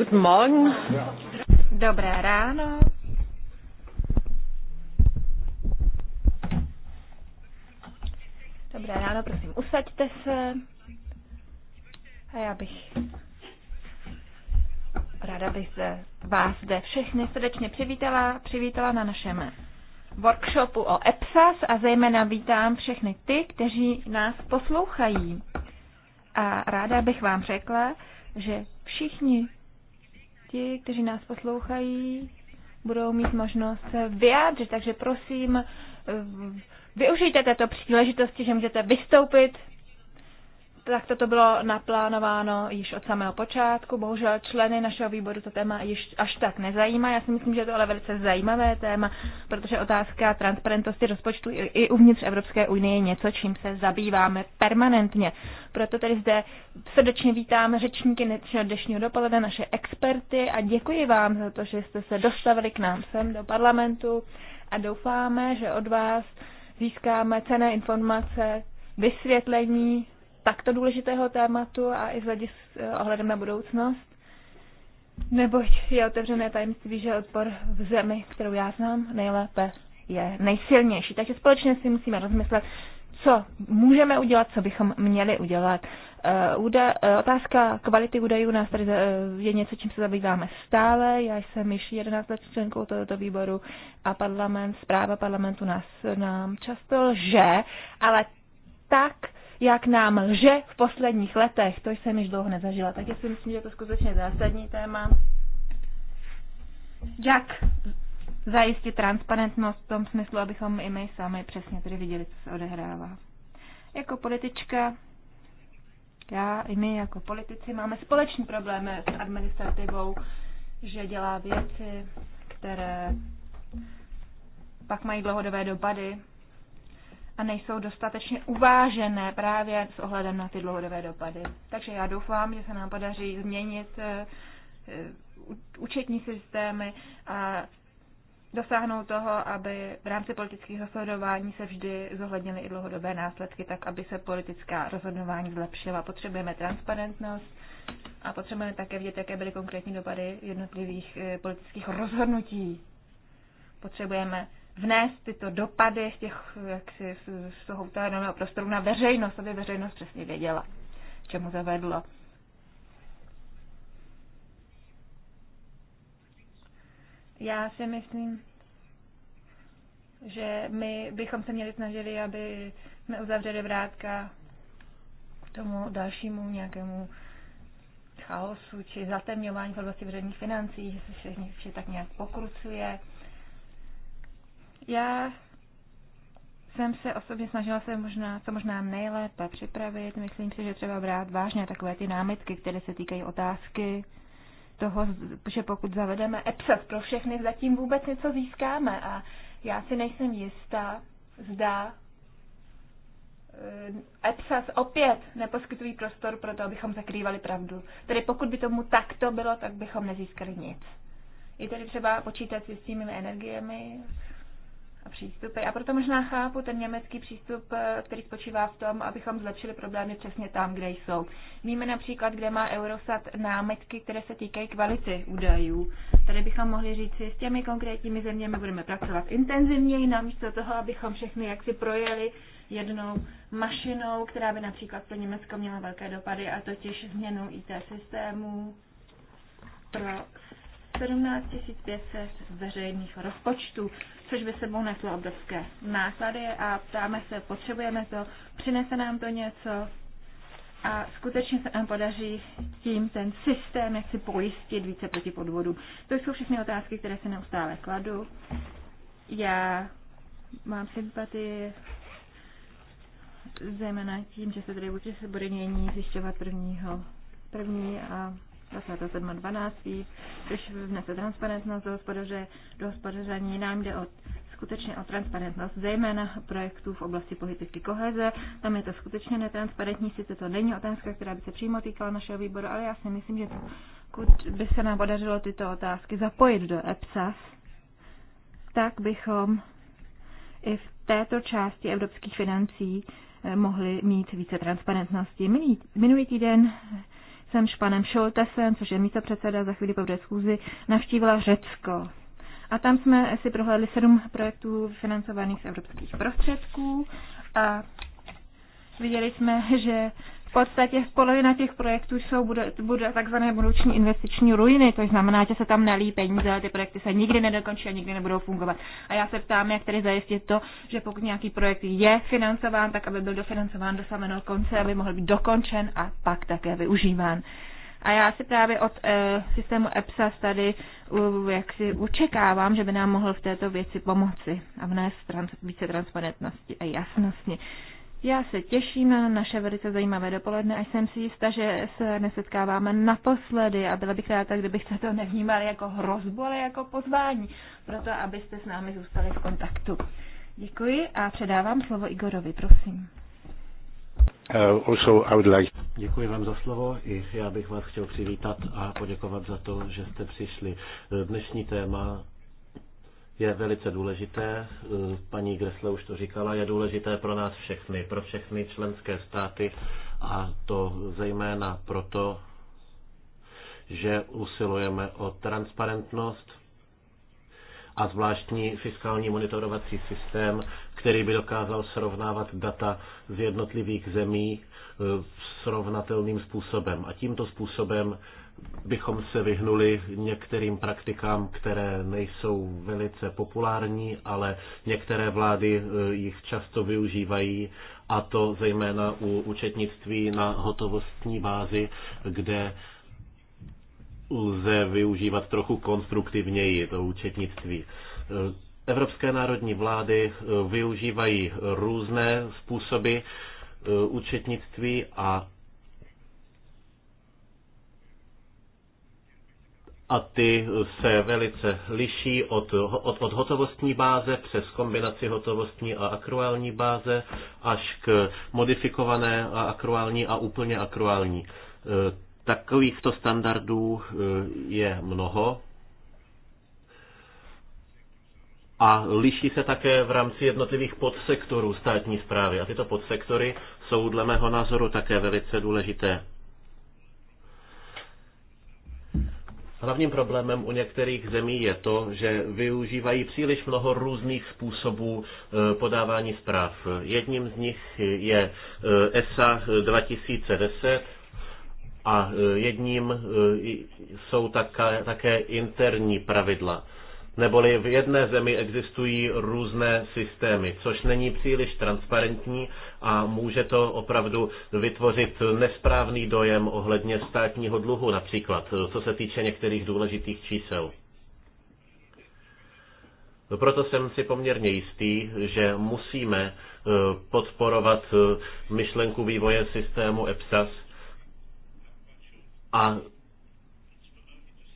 Guten Morgen. Dobré ráno. Dobré ráno, prosím, usaďte se. A já bych ráda bych se vás zde všechny srdečně přivítala, přivítala na našem workshopu o EPSAS a zejména vítám všechny ty, kteří nás poslouchají. A ráda bych vám řekla, že všichni ti, kteří nás poslouchají, budou mít možnost se vyjádřit. Takže prosím, využijte této příležitosti, že můžete vystoupit tak toto bylo naplánováno již od samého počátku. Bohužel členy našeho výboru to téma již až tak nezajímá. Já si myslím, že to ale velice zajímavé téma, protože otázka transparentnosti rozpočtu i uvnitř Evropské unie je něco, čím se zabýváme permanentně. Proto tedy zde srdečně vítám řečníky dnešního dopoledne, naše experty a děkuji vám za to, že jste se dostavili k nám sem do parlamentu a doufáme, že od vás získáme cené informace, vysvětlení takto důležitého tématu a i s hledis, eh, ohledem na budoucnost, neboť je otevřené tajemství, že odpor v zemi, kterou já znám, nejlépe je nejsilnější. Takže společně si musíme rozmyslet, co můžeme udělat, co bychom měli udělat. Uda, eh, eh, otázka kvality údajů nás tady je něco, čím se zabýváme stále. Já jsem již 11 let členkou tohoto výboru a parlament, zpráva parlamentu nás nám často lže, ale tak jak nám lže v posledních letech. To jsem již dlouho nezažila, takže si myslím, že to skutečně zásadní téma. Jak zajistit transparentnost v tom smyslu, abychom i my sami přesně tedy viděli, co se odehrává. Jako politička, já i my jako politici máme společný problém s administrativou, že dělá věci, které pak mají dlouhodobé dopady a nejsou dostatečně uvážené právě s ohledem na ty dlouhodobé dopady. Takže já doufám, že se nám podaří změnit eh, eh, účetní systémy a dosáhnout toho, aby v rámci politických rozhodování se vždy zohlednily i dlouhodobé následky, tak aby se politická rozhodování zlepšila. Potřebujeme transparentnost a potřebujeme také vědět, jaké byly konkrétní dopady jednotlivých eh, politických rozhodnutí. Potřebujeme vnést tyto dopady z, těch, jaksi, z toho utajeného prostoru na veřejnost, aby veřejnost přesně věděla, čemu zavedlo. Já si myslím, že my bychom se měli snažili, aby jsme uzavřeli vrátka k tomu dalšímu nějakému chaosu či zatemňování v oblasti veřejných financí, že se všichni vše tak nějak pokrucuje. Já jsem se osobně snažila se možná, co možná nejlépe připravit. Myslím si, že třeba brát vážně takové ty námitky, které se týkají otázky toho, že pokud zavedeme EPSAS pro všechny, zatím vůbec něco získáme. A já si nejsem jistá, zda eh, EPSAS opět neposkytují prostor pro to, abychom zakrývali pravdu. Tedy pokud by tomu takto bylo, tak bychom nezískali nic. Je tedy třeba počítat s jistými energiemi, a přístupy. A proto možná chápu ten německý přístup, eh, který spočívá v tom, abychom zlepšili problémy přesně tam, kde jsou. Víme například, kde má Eurostat námetky, které se týkají kvality údajů. Tady bychom mohli říct, že s těmi konkrétními zeměmi budeme pracovat intenzivněji, namísto toho, abychom všechny jaksi projeli jednou mašinou, která by například pro Německo měla velké dopady, a totiž změnu IT systému pro 17 500 veřejných rozpočtů, což by sebou neslo obrovské náklady a ptáme se, potřebujeme to, přinese nám to něco a skutečně se nám podaří tím ten systém, jak si pojistit více proti podvodu. To jsou všechny otázky, které se neustále kladu. Já mám sympatii zejména tím, že se tady určitě se bude mění zjišťovat prvního, první a 27.12., což vnese transparentnost do, hospodaře, do hospodaření. Nám jde o, skutečně o transparentnost, zejména projektů v oblasti politiky koheze. Tam je to skutečně netransparentní, sice to není otázka, která by se přímo týkala našeho výboru, ale já si myslím, že pokud by se nám podařilo tyto otázky zapojit do EPSAS, tak bychom i v této části evropských financí eh, mohli mít více transparentnosti. Minulý týden jsem s panem Šoltesem, což je místopředseda, za chvíli po schůzi, navštívila Řecko. A tam jsme si prohlédli sedm projektů financovaných z evropských prostředků a viděli jsme, že v podstatě polovina těch projektů jsou bude, bude takzvané budoucí investiční ruiny, to znamená, že se tam nalí peníze, ale ty projekty se nikdy nedokončí a nikdy nebudou fungovat. A já se ptám, jak tedy zajistit to, že pokud nějaký projekt je financován, tak aby byl dofinancován do samého konce, aby mohl být dokončen a pak také využíván. A já si právě od e, systému EPSAS tady u, jak si očekávám, že by nám mohl v této věci pomoci a vnést trans, více transparentnosti a jasnosti. Já se těším na naše velice zajímavé dopoledne a jsem si jistá, že se nesetkáváme naposledy a byla bych ráda, kdybyste to nevnímali jako hrozbu, ale jako pozvání, proto abyste s námi zůstali v kontaktu. Děkuji a předávám slovo Igorovi, prosím. Uh, also I would like... Děkuji vám za slovo. I já bych vás chtěl přivítat a poděkovat za to, že jste přišli. Dnešní téma je velice důležité, eh, paní Gresle už to říkala, je důležité pro nás všechny, pro všechny členské státy a to zejména proto, že usilujeme o transparentnost a zvláštní fiskální monitorovací systém, který by dokázal srovnávat data z jednotlivých zemí eh, srovnatelným způsobem. A tímto způsobem bychom se vyhnuli některým praktikám, které nejsou velice populární, ale některé vlády e, jich často využívají, a to zejména u účetnictví na hotovostní bázi, kde lze využívat trochu konstruktivněji to účetnictví. E, Evropské národní vlády e, využívají různé způsoby účetnictví a a ty se velice liší od, od, od hotovostní báze přes kombinaci hotovostní a akruální báze až k modifikované a akruální a úplně akruální. E, takovýchto standardů e, je mnoho a liší se také v rámci jednotlivých podsektorů státní zprávy. A tyto podsektory jsou dle mého názoru také velice důležité Hlavním problémem u některých zemí je to, že využívají příliš mnoho různých způsobů e, podávání zpráv. Jedním z nich je ESA e 2010, a e, jedním jsou také, také interní pravidla. Neboli v jedné zemi existují různé systémy, což není příliš transparentní a může to opravdu vytvořit nesprávný dojem ohledně státního dluhu například, co se týče některých důležitých čísel. Proto jsem si poměrně jistý, že musíme eh, podporovat eh, myšlenku vývoje systému EPSAS a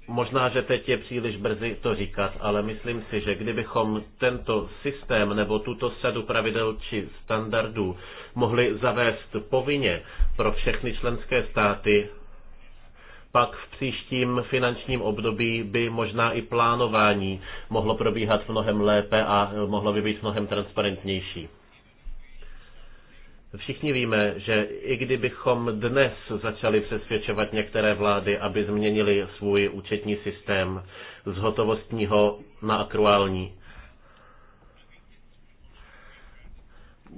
Možná, že teď je příliš brzy to říkat, ale myslím si, že kdybychom tento systém nebo tuto sadu pravidel či standardů mohli zavést povinně pro všechny členské státy, pak v příštím finančním období by možná i plánování mohlo probíhat mnohem lépe a mohlo by být mnohem transparentnější. Všichni víme, že i kdybychom dnes začali přesvědčovat některé vlády, aby změnili svůj účetní systém z hotovostního na akruální,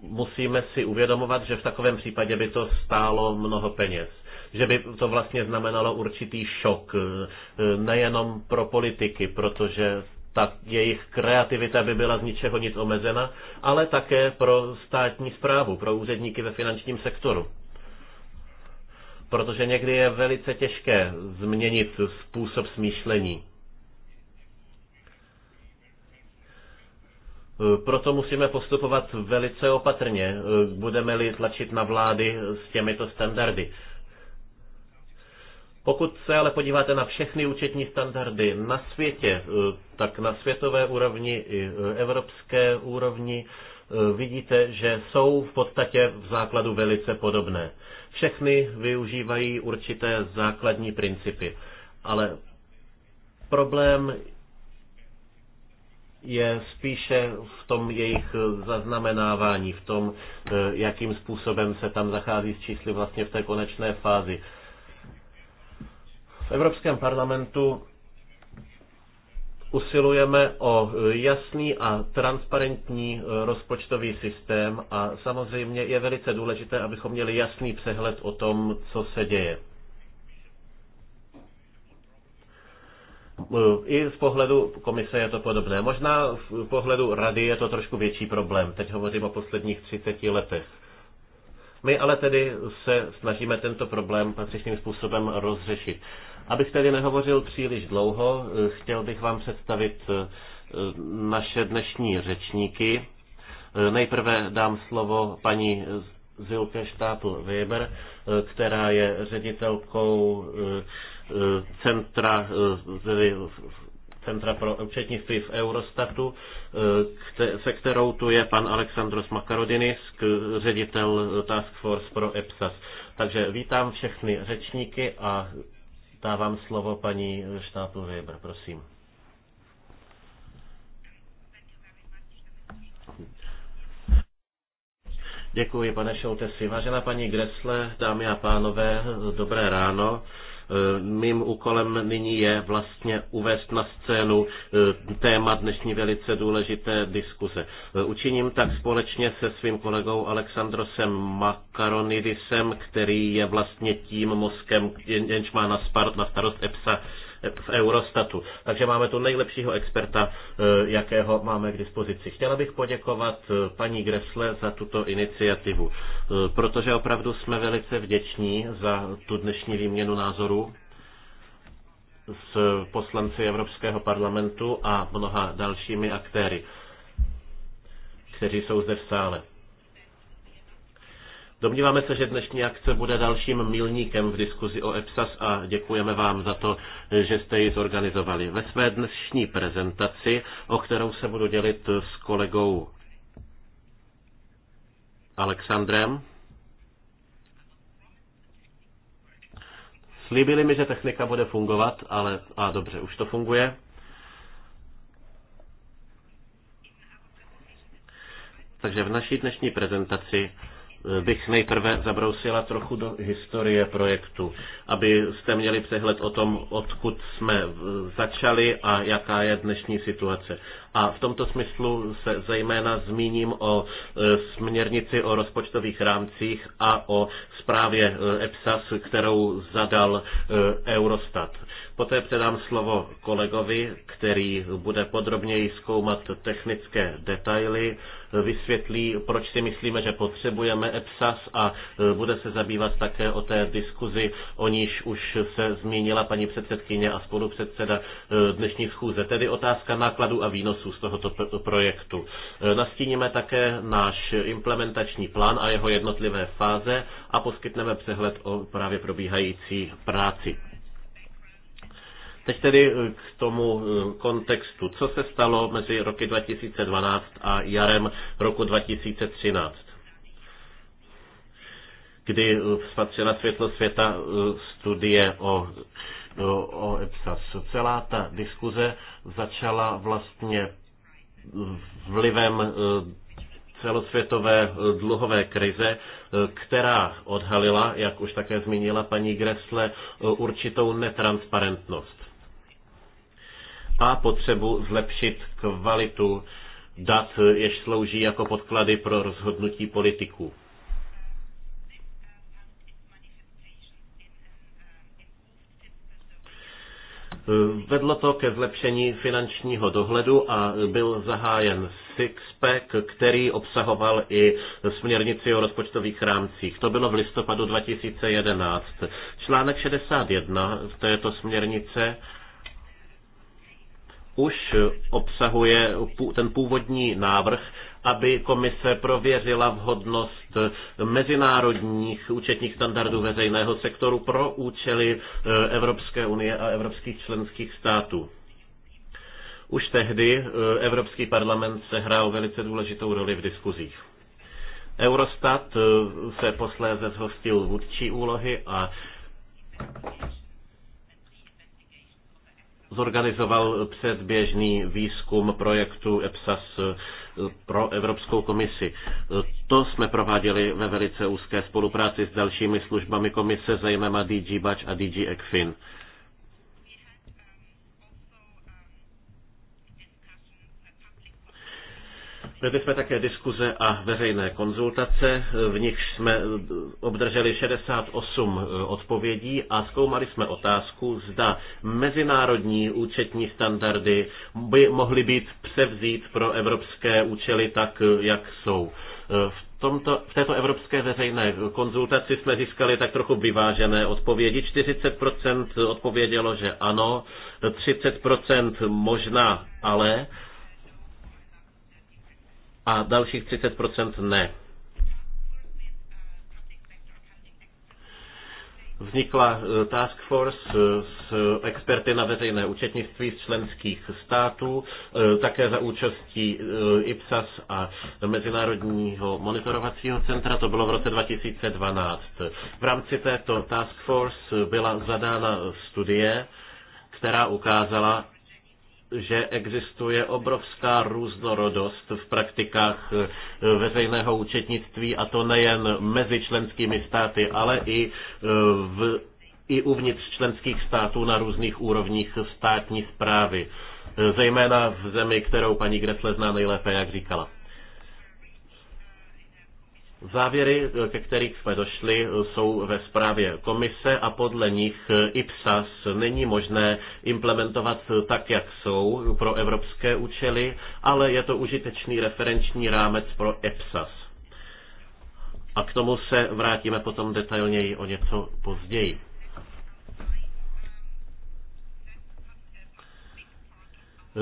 musíme si uvědomovat, že v takovém případě by to stálo mnoho peněz. Že by to vlastně znamenalo určitý šok, eh, nejenom pro politiky, protože tak jejich kreativita by byla z ničeho nic omezena, ale také pro státní zprávu, pro úředníky ve finančním sektoru. Protože někdy je velice těžké změnit způsob smýšlení. Proto musíme postupovat velice opatrně, budeme-li tlačit na vlády s těmito standardy. Pokud se ale podíváte na všechny účetní standardy na světě, eh, tak na světové úrovni i eh, evropské úrovni eh, vidíte, že jsou v podstatě v základu velice podobné. Všechny využívají určité základní principy, ale problém je spíše v tom jejich zaznamenávání, v tom, jakým způsobem se tam zachází s čísly vlastně v té konečné fázi. V Evropském parlamentu usilujeme o jasný a transparentní e, rozpočtový systém a samozřejmě je velice důležité, abychom měli jasný přehled o tom, co se děje. E, I z pohledu komise je to podobné. Možná z pohledu rady je to trošku větší problém. Teď hovořím o posledních 30 letech. My ale tedy se snažíme tento problém patřičným způsobem rozřešit. Abych tedy nehovořil příliš dlouho, eh, chtěl bych vám představit eh, naše dnešní řečníky. Eh, nejprve dám slovo paní Zilke Štátl Weber, která je ředitelkou centra, Centra pro účetnictví v Eurostatu, se kterou tu je pan Alexandros Makarodinis, ředitel Task Force pro EPSAS. Takže vítám všechny řečníky a Dávám slovo paní štátu Weber, prosím. Děkuji, pane Šoutesi. Vážená paní Gresle, dámy a pánové, dobré ráno. Eh, mým úkolem nyní je vlastně uvést na scénu eh, téma dnešní velice důležité diskuze. Eh, učiním tak společně se svým kolegou Alexandrosem Makaronidisem, který je vlastně tím mozkem, jenž má na starost EPSA v Eurostatu. Takže máme tu nejlepšího experta, eh, jakého máme k dispozici. Chtěla bych poděkovat eh, paní Gresle za tuto iniciativu, eh, protože opravdu jsme velice vděční za tu dnešní výměnu názorů s poslanci Evropského parlamentu a mnoha dalšími aktéry, kteří jsou zde v sále. Domníváme se, že dnešní akce bude dalším milníkem v diskuzi o EPSAS a děkujeme vám za to, že jste ji zorganizovali. Ve své dnešní prezentaci, o kterou se budu dělit s kolegou Alexandrem, Slíbili mi, že technika bude fungovat, ale a dobře, už to funguje. Takže v naší dnešní prezentaci bych nejprve zabrousila trochu do historie projektu, abyste měli přehled o tom, odkud jsme začali a jaká je dnešní situace. A v tomto smyslu se zejména zmíním o e, směrnici o rozpočtových rámcích a o zprávě e, EPSAS, kterou zadal e, Eurostat. Poté předám slovo kolegovi, který bude podrobněji zkoumat technické detaily, vysvětlí, proč si myslíme, že potřebujeme EPSAS a bude se zabývat také o té diskuzi, o níž už se zmínila paní předsedkyně a spolupředseda dnešní schůze, tedy otázka nákladů a výnosů přínosů z tohoto projektu. E, nastíníme také náš implementační plán a jeho jednotlivé fáze a poskytneme přehled o právě probíhající práci. Teď tedy e, k tomu e, kontextu. Co se stalo mezi roky 2012 a jarem roku 2013? kdy spatřila světlo světa studie o o EPSAS. Celá ta diskuze začala vlastně vlivem eh, celosvětové eh, dluhové krize, eh, která odhalila, jak už také zmínila paní Gressle, určitou netransparentnost a potřebu zlepšit kvalitu dat, jež slouží jako podklady pro rozhodnutí politiků. Eh, vedlo to ke zlepšení finančního dohledu a byl zahájen Sixpack, který obsahoval i směrnici o rozpočtových rámcích. To bylo v listopadu 2011. Článek 61 v této směrnice už obsahuje ten původní návrh, aby komise prověřila vhodnost mezinárodních účetních standardů veřejného sektoru pro účely e, Evropské unie a evropských členských států. Už tehdy e, Evropský parlament sehrál velice důležitou roli v diskuzích. Eurostat e, se posléze zhostil vůdčí úlohy a zorganizoval předběžný výzkum projektu EPSAS pro Evropskou komisi. To jsme prováděli ve velice úzké spolupráci s dalšími službami komise, zejména DG Bač a DG ECFIN. Vedli jsme také diskuze a veřejné konzultace, v nich jsme obdrželi 68 e, odpovědí a zkoumali jsme otázku, zda mezinárodní účetní standardy by mohly být převzít pro evropské účely tak, jak jsou. E, v tomto, v této evropské veřejné konzultaci jsme získali tak trochu vyvážené odpovědi. 40% odpovědělo, že ano, 30% možná ale a dalších 30% ne. Vznikla eh, task force eh, s experty na veřejné účetnictví z členských států, eh, také za účastí IPSAS a Mezinárodního monitorovacího centra, to bylo v roce 2012. V rámci této task force byla zadána studie, která ukázala, že existuje obrovská různorodost v praktikách eh, veřejného účetnictví a to nejen mezi členskými státy, ale i eh, v i uvnitř členských států na různých úrovních státní zprávy, eh, zejména v zemi, kterou paní Gressle zná nejlépe, jak říkala. Závěry, ke kterých jsme došli, jsou ve zprávě komise a podle nich IPSAS není možné implementovat tak, jak jsou pro evropské účely, ale je to užitečný referenční rámec pro EPSAS. A k tomu se vrátíme potom detailněji o něco později.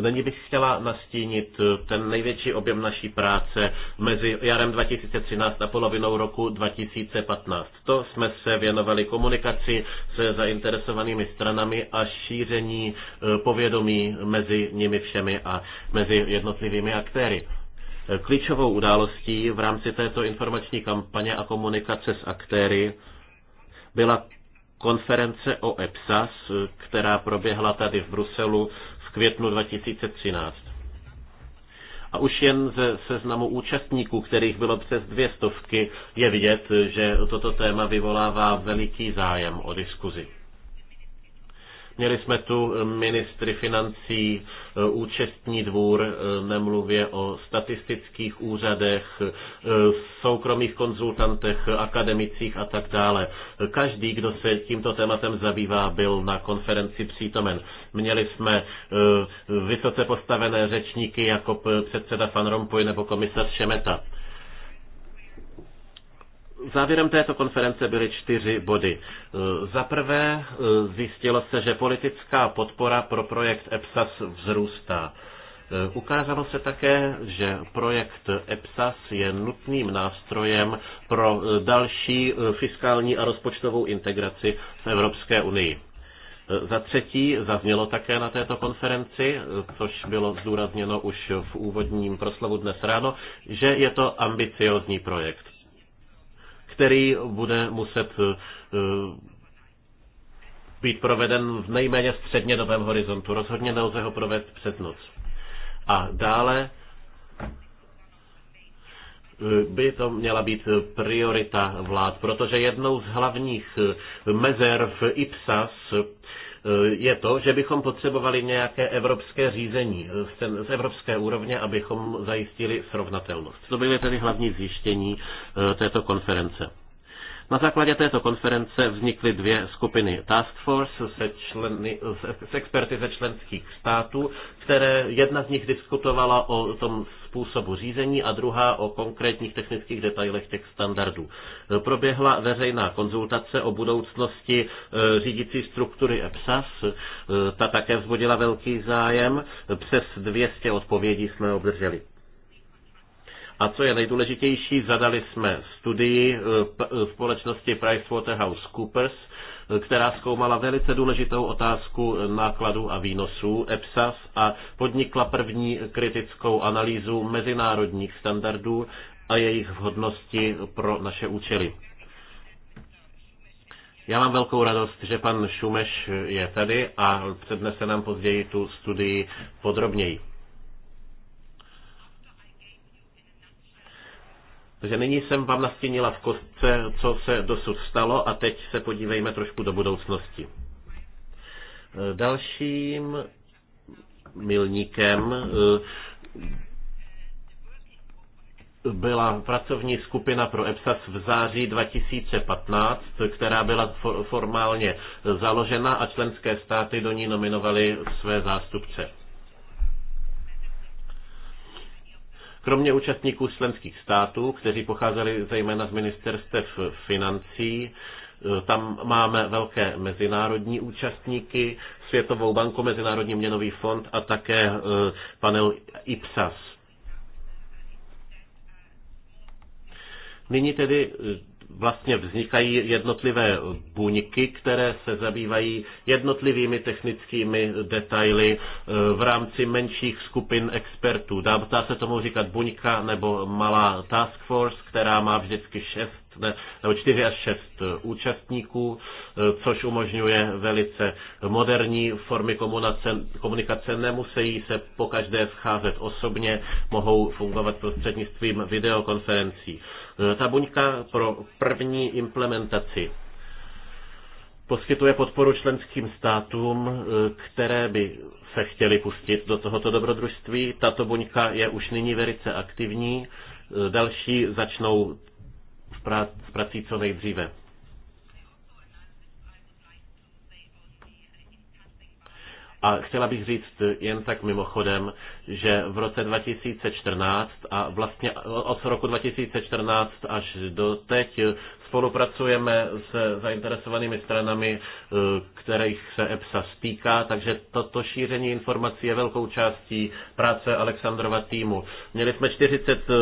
ní bych chtěla nastínit eh, ten největší objem naší práce mezi jarem 2013 a polovinou roku 2015. To jsme se věnovali komunikaci se zainteresovanými stranami a šíření eh, povědomí mezi nimi všemi a mezi jednotlivými aktéry. Eh, klíčovou událostí v rámci této informační kampaně a komunikace s aktéry byla konference o EPSAS, která proběhla tady v Bruselu květnu 2013. A už jen ze seznamu účastníků, kterých bylo přes dvě stovky, je vidět, že toto téma vyvolává veliký zájem o diskuzi. Měli jsme tu eh, ministry financí, eh, účestní dvůr, eh, nemluvě o statistických úřadech, soukromých konzultantech, akademicích a tak dále. Každý, kdo se tímto tématem zabývá, byl na konferenci přítomen. Měli jsme vysoce postavené řečníky jako předseda Van Rompuy nebo komisař Šemeta. Závěrem této konference byly čtyři body. E, za prvé e, zjistilo se, že politická podpora pro projekt EPSAS vzrůstá. E, ukázalo se také, že projekt EPSAS je nutným nástrojem pro další fiskální a rozpočtovou integraci v Evropské unii. Za třetí zaznělo také na této konferenci, což bylo zdůrazněno už v úvodním proslovu dnes ráno, že je to ambiciozní projekt který bude muset eh, být proveden v nejméně střednědobém horizontu. Rozhodně nelze ho provést před noc. A dále eh, by to měla být priorita vlád, protože jednou z hlavních eh, mezer v IPSAS je to, že bychom potřebovali nějaké evropské řízení eh, z evropské úrovně, abychom zajistili srovnatelnost. To byly tedy hlavní zjištění eh, této konference. Na základě této konference vznikly dvě skupiny Task Force se členy, se experty ze členských států, které jedna z nich diskutovala o tom způsobu řízení a druhá o konkrétních technických detailech těch standardů. Proběhla veřejná konzultace o budoucnosti e, řídící struktury EPSAS. E, ta také vzbudila velký zájem. Přes 200 odpovědí jsme obdrželi. A co je nejdůležitější, zadali jsme studii eh, eh, společnosti PricewaterhouseCoopers, eh, která zkoumala velice důležitou otázku nákladů a výnosů EPSAS a podnikla první kritickou analýzu mezinárodních standardů a jejich vhodnosti pro naše účely. Já mám velkou radost, že pan Šumeš je tady a přednese nám později tu studii podrobněji. Takže nyní jsem vám nastínila v kostce, co se dosud stalo a teď se podívejme trošku do budoucnosti. E, dalším milníkem e, byla pracovní skupina pro EPSAS v září 2015, která byla formálně založena a členské státy do ní nominovaly své zástupce. Kromě účastníků členských států, kteří pocházeli zejména z ministerstev financí, eh, tam máme velké mezinárodní účastníky, Světovou banku, Mezinárodní měnový fond a také eh, panel IPSAS. Nyní tedy eh, vlastně vznikají jednotlivé buňky, které se zabývají jednotlivými technickými detaily eh, v rámci menších skupin expertů. Dá, dá se tomu říkat buňka nebo malá task force, která má vždycky šest nebo 4 až 6 eh, účastníků, eh, což umožňuje velice moderní formy komunikace. komunikace nemusí se po každé scházet osobně, mohou fungovat prostřednictvím videokonferencí. Eh, ta buňka pro první implementaci poskytuje podporu členským státům, eh, které by se chtěli pustit do tohoto dobrodružství. Tato buňka je už nyní velice aktivní. Eh, další začnou s prací co nejdříve. A chtěla bych říct jen tak mimochodem, že v roce 2014 a vlastně od roku 2014 až do teď spolupracujeme s zainteresovanými stranami, eh, kterých se EPSA stýká, takže toto šíření informací je velkou částí práce Alexandrova týmu. Měli jsme 40 eh,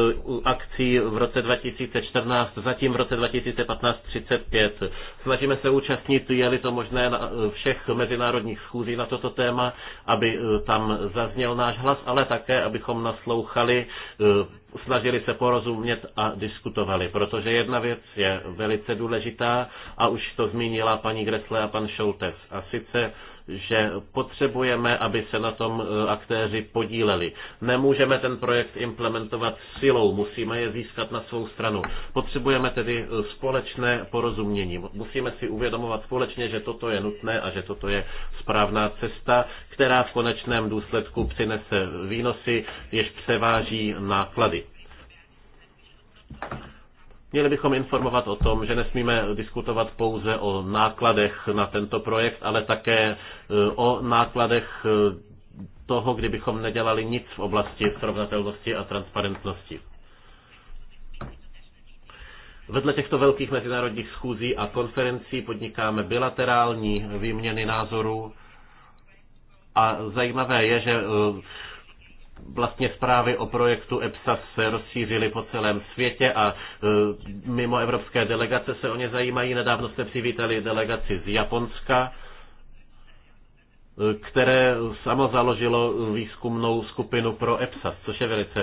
akcí v roce 2014, zatím v roce 2015 35. Snažíme se účastnit, je-li to možné, na eh, všech mezinárodních schůzí na toto téma, aby tam zazněl náš hlas, ale také, abychom naslouchali snažili se porozumět a diskutovali, protože jedna věc je velice důležitá a už to zmínila paní Gresle a pan Šoltec. A sice že potřebujeme, aby se na tom e, aktéři podíleli. Nemůžeme ten projekt implementovat silou, musíme je získat na svou stranu. Potřebujeme tedy e, společné porozumění. Musíme si uvědomovat společně, že toto je nutné a že toto je správná cesta, která v konečném důsledku přinese výnosy, jež převáží náklady. Měli bychom informovat o tom, že nesmíme diskutovat pouze o nákladech na tento projekt, ale také e, o nákladech e, toho, kdybychom nedělali nic v oblasti srovnatelnosti a transparentnosti. Vedle těchto velkých mezinárodních schůzí a konferencí podnikáme bilaterální výměny názorů a zajímavé je, že e, vlastně zprávy o projektu EPSAS se rozšířily po celém světě a e, mimo evropské delegace se o ně zajímají. Nedávno jsme přivítali delegaci z Japonska, e, které samo založilo výzkumnou skupinu pro EPSAS, což je velice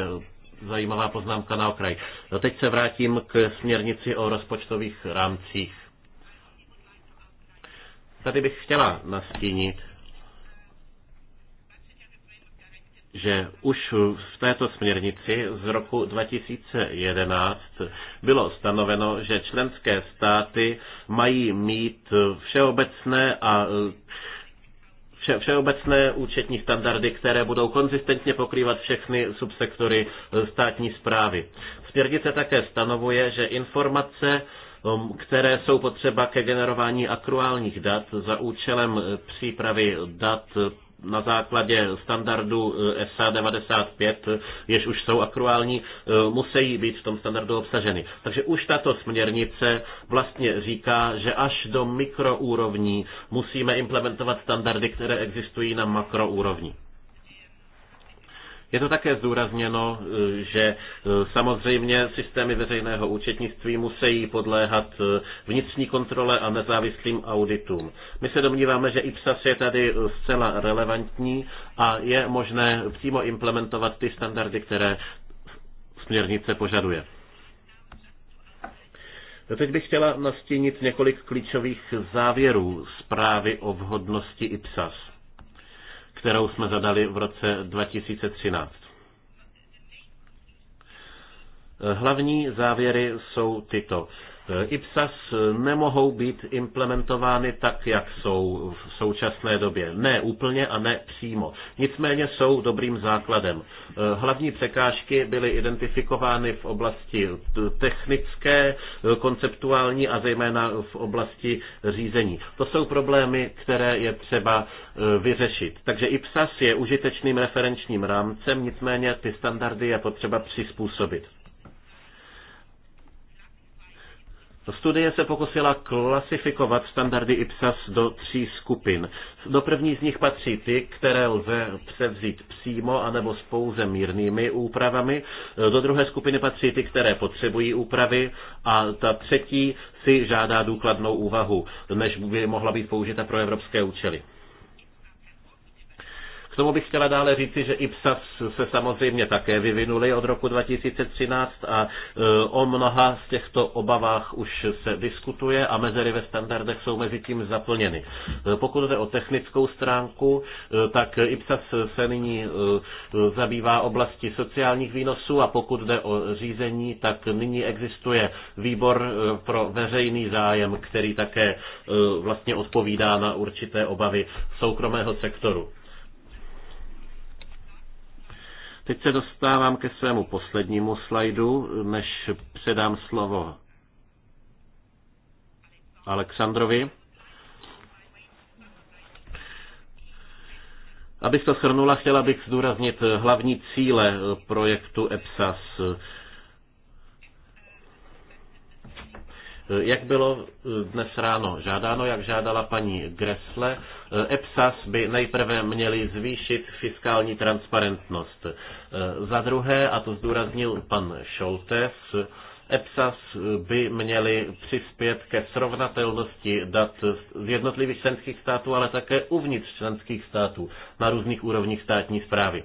zajímavá poznámka na okraj. No teď se vrátím k směrnici o rozpočtových rámcích. Tady bych chtěla nastínit, že už v této směrnici z roku 2011 bylo stanoveno, že členské státy mají mít všeobecné a vše, všeobecné účetní standardy, které budou konzistentně pokrývat všechny subsektory e, státní zprávy. Směrnice také stanovuje, že informace um, které jsou potřeba ke generování akruálních dat za účelem e, přípravy dat na základě standardu eh, SA 95, jež už jsou akruální, eh, musí být v tom standardu obsaženy. Takže už tato směrnice vlastně říká, že až do mikroúrovní musíme implementovat standardy, které existují na makroúrovni. Je to také zdůrazněno, eh, že eh, samozřejmě systémy veřejného účetnictví musí podléhat eh, vnitřní kontrole a nezávislým auditům. My se domníváme, že IPSAS je tady zcela relevantní a je možné přímo implementovat ty standardy, které směrnice požaduje. No, teď bych chtěla nastínit několik klíčových závěrů zprávy o vhodnosti IPSAS kterou jsme zadali v roce 2013. Hlavní závěry jsou tyto. Eh, IPSAS eh, nemohou být implementovány tak, jak jsou v současné době. Ne úplně a ne přímo. Nicméně jsou dobrým základem. Eh, hlavní překážky byly identifikovány v oblasti technické, konceptuální a zejména v oblasti řízení. To jsou problémy, které je třeba vyřešit. Takže IPSAS je užitečným referenčním rámcem, nicméně ty standardy je potřeba přizpůsobit. Studie se pokusila klasifikovat standardy IPSAS do tří skupin. Do první z nich patří ty, které lze převzít přímo anebo s pouze mírnými úpravami. Do druhé skupiny patří ty, které potřebují úpravy a ta třetí si žádá důkladnou úvahu, než by mohla být použita pro evropské účely. K tomu bych chtěla dále říci, že IPSAS se samozřejmě také vyvinuli od roku 2013 a e, o mnoha z těchto obavách už se diskutuje a mezery ve standardech jsou mezi tím zaplněny. E, pokud jde o technickou stránku, e, tak IPSAS se nyní zabývá oblasti sociálních výnosů a pokud jde o řízení, tak nyní existuje výbor pro veřejný zájem, který také vlastně odpovídá na určité obavy soukromého sektoru. Teď se dostávám ke svému poslednímu slajdu, než předám slovo Alexandrovi. Abych to shrnula, chtěla bych zdůraznit hlavní cíle projektu EPSAS Jak bylo eh, dnes ráno žádáno, jak žádala paní Gressle, eh, EPSAS by nejprve měli zvýšit fiskální transparentnost. Eh, za druhé, a to zdůraznil pan Šoltes, EPSAS by měli přispět ke srovnatelnosti dat z jednotlivých členských států, ale také uvnitř členských států na různých úrovních státní zprávy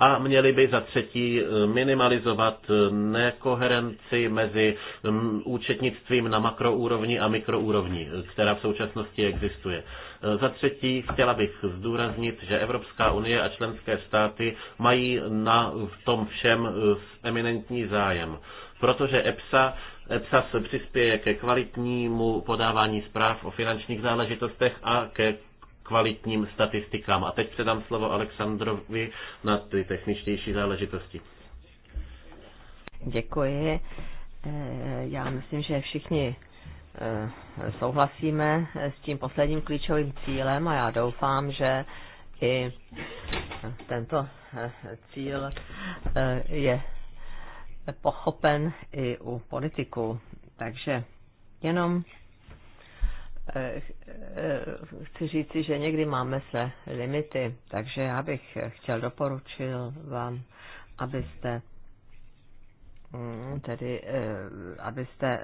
a měli by za třetí eh, minimalizovat eh, nekoherenci mezi mm, účetnictvím na makroúrovni a mikroúrovni, eh, která v současnosti existuje. Za třetí chtěla bych zdůraznit, že Evropská unie a členské státy mají na v tom všem eminentní zájem, protože EPSA EPSAS přispěje ke kvalitnímu podávání zpráv o finančních záležitostech a ke kvalitním statistikám. A teď předám slovo Aleksandrovi na ty techničtější záležitosti. Děkuji. Eh, já myslím, že všichni eh, souhlasíme eh, s tím posledním klíčovým cílem a já doufám, že i tento cíl je pochopen i u politiků. Takže jenom Eh, eh, chci říci, že někdy máme své limity, takže já bych chtěl doporučil vám, abyste mm, tedy, eh, abyste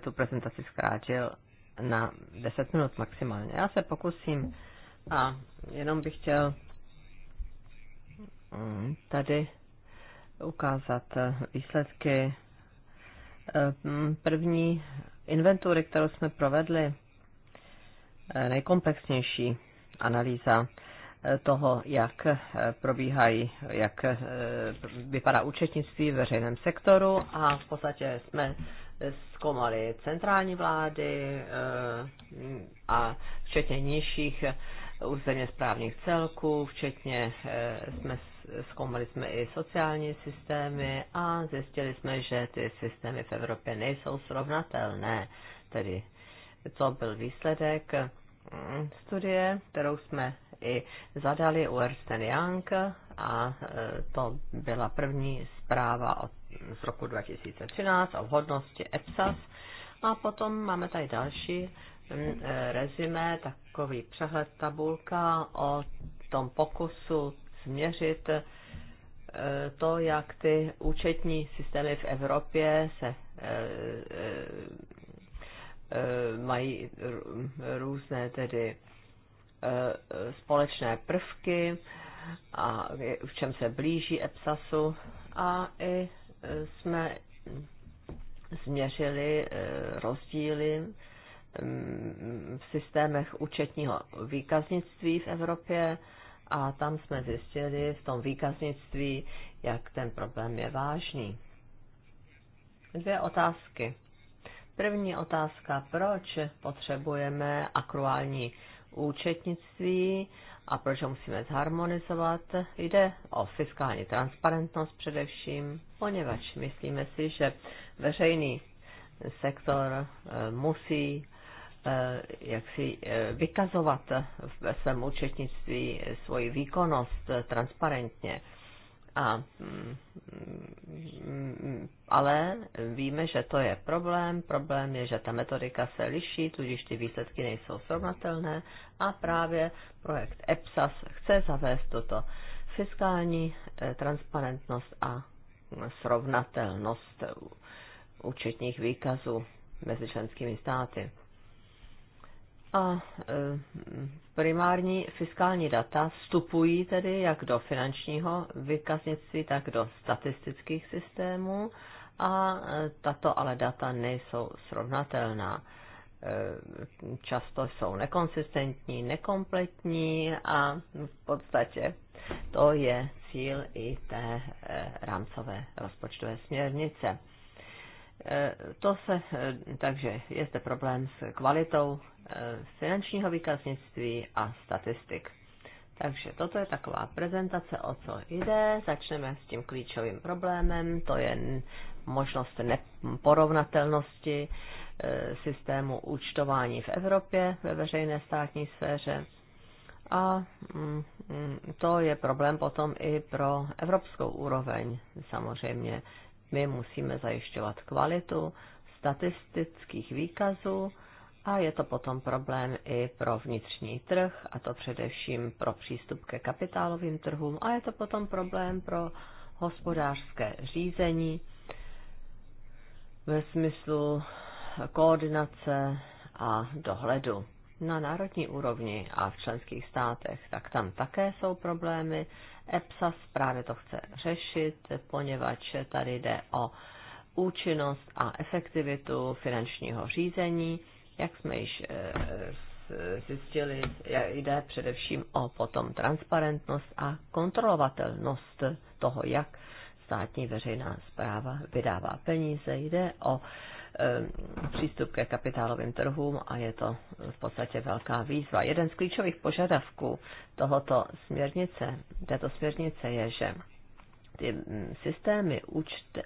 tu prezentaci zkrátil na 10 minut maximálně. Já se pokusím a jenom bych chtěl mm, tady ukázat výsledky mm, první inventury, kterou jsme provedli Eh, nejkomplexnější analýza eh, toho, jak eh, probíhají, jak vypadá účetnictví v veřejném sektoru a v podstatě jsme zkoumali centrální vlády a včetně nižších územně správních celků, včetně jsme zkoumali jsme i sociální systémy a zjistili jsme, že ty systémy v Evropě nejsou srovnatelné, tedy to byl výsledek studie, kterou jsme i zadali u Ernst Young a e, to byla první zpráva od, z roku 2013 o vhodnosti EPSAS. A potom máme tady další e, rezime, takový přehled tabulka o tom pokusu změřit e, to, jak ty účetní systémy v Evropě se Eh, mají různé tedy eh, společné prvky a v čem se blíží EPSASu a i eh, jsme změřili rozdíly mm, v systémech účetního výkaznictví v Evropě a tam jsme zjistili v tom výkaznictví, jak ten problém je vážný. Dvě otázky První otázka, proč potřebujeme akruální účetnictví a proč ho musíme zharmonizovat, jde o fiskální transparentnost především, poněvadž myslíme si, že veřejný sektor eh, musí eh, jak si eh, vykazovat ve svém účetnictví svoji výkonnost transparentně. A, ale víme, že to je problém. Problém je, že ta metodika se liší, tudíž ty výsledky nejsou srovnatelné a právě projekt EPSAS chce zavést toto fiskální eh, transparentnost a srovnatelnost účetních výkazů mezi členskými státy. A e, primární fiskální data vstupují tedy jak do finančního vykaznictví, tak do statistických systémů a e, tato ale data nejsou srovnatelná. E, často jsou nekonsistentní, nekompletní a v podstatě to je cíl i té rámcové rozpočtové směrnice. Eh, to se, eh, takže je zde problém s kvalitou eh, finančního výkaznictví a statistik. Takže toto je taková prezentace, o co jde. Začneme s tím klíčovým problémem, to je možnost neporovnatelnosti systému účtování v Evropě ve veřejné státní sféře. A mm, mm, to je problém potom i pro evropskou úroveň samozřejmě. My musíme zajišťovat kvalitu statistických výkazů a je to potom problém i pro vnitřní trh, a to především pro přístup ke kapitálovým trhům, a je to potom problém pro hospodářské řízení ve smyslu koordinace a dohledu na národní úrovni a v členských státech, tak tam také jsou problémy. EPSAS právě to chce řešit, poněvadž tady jde o účinnost a efektivitu finančního řízení. Jak jsme již eh, zjistili, jde především o potom transparentnost a kontrolovatelnost toho, jak státní veřejná zpráva vydává peníze. Jde o Eh, přístup ke kapitálovým trhům a je to v podstatě velká výzva. Jeden z klíčových požadavků tohoto směrnice, této směrnice je, že ty mm, systémy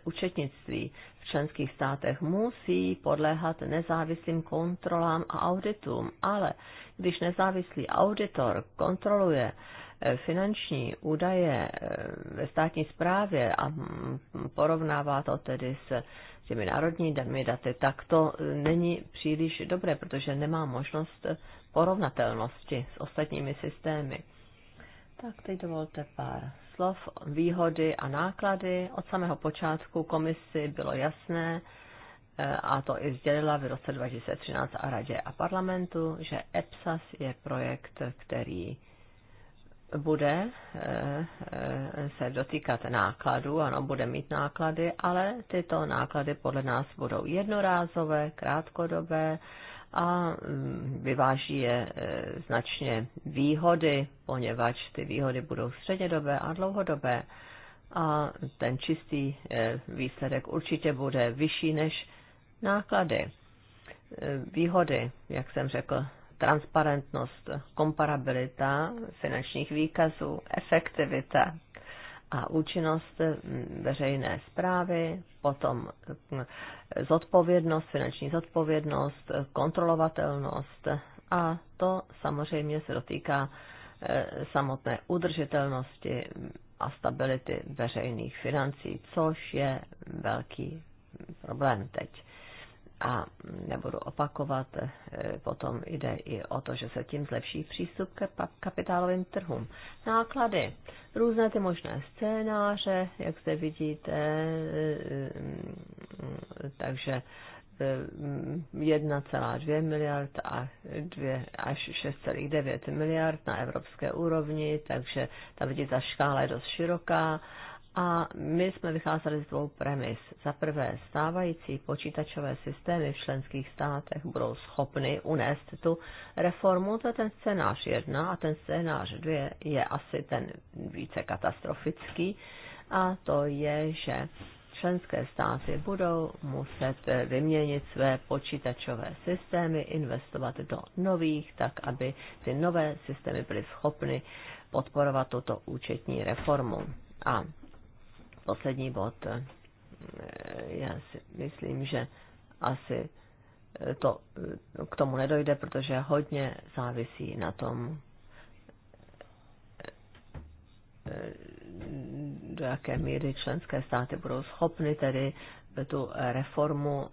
účetnictví v členských státech musí podléhat nezávislým kontrolám a auditům, ale když nezávislý auditor kontroluje Eh, finanční údaje eh, ve státní správě a mm, porovnává to tedy s těmi národními daty, tak to eh, není příliš dobré, protože nemá možnost porovnatelnosti s ostatními systémy. Tak teď dovolte pár slov. Výhody a náklady. Od samého počátku komisi bylo jasné, a to i sdělila v roce 2013 a radě a parlamentu, že EPSAS je projekt, který bude eh, eh, se dotýkat nákladů, ano, bude mít náklady, ale tyto náklady podle nás budou jednorázové, krátkodobé a mm, vyváží je eh, značně výhody, poněvadž ty výhody budou střednědobé a dlouhodobé a ten čistý výsledek určitě bude vyšší než náklady. Výhody, jak jsem řekl, transparentnost, komparabilita finančních výkazů, efektivita a účinnost veřejné zprávy, potom zodpovědnost, finanční zodpovědnost, kontrolovatelnost a to samozřejmě se dotýká eh, samotné udržitelnosti a stability veřejných financí, což je velký problém teď a nebudu opakovat, eh, potom jde i o to, že se tím zlepší přístup k kapitálovým trhům. Náklady, různé ty možné scénáře, jak zde vidíte, eh, mm, takže 1,2 eh, miliard a 2 až 6,9 miliard na evropské úrovni, takže ta vidíte, ta škála je dost široká a my jsme vycházeli z dvou premis. Za prvé, stávající počítačové systémy v členských státech budou schopny unést tu reformu, to je ten scénář jedna a ten scénář dvě je asi ten více katastrofický a to je, že členské státy budou muset vyměnit své počítačové systémy, investovat do nových, tak aby ty nové systémy byly schopny podporovat tuto účetní reformu. A poslední bod. Já si myslím, že asi to k tomu nedojde, protože hodně závisí na tom, do jaké míry členské státy budou schopny tedy tu reformu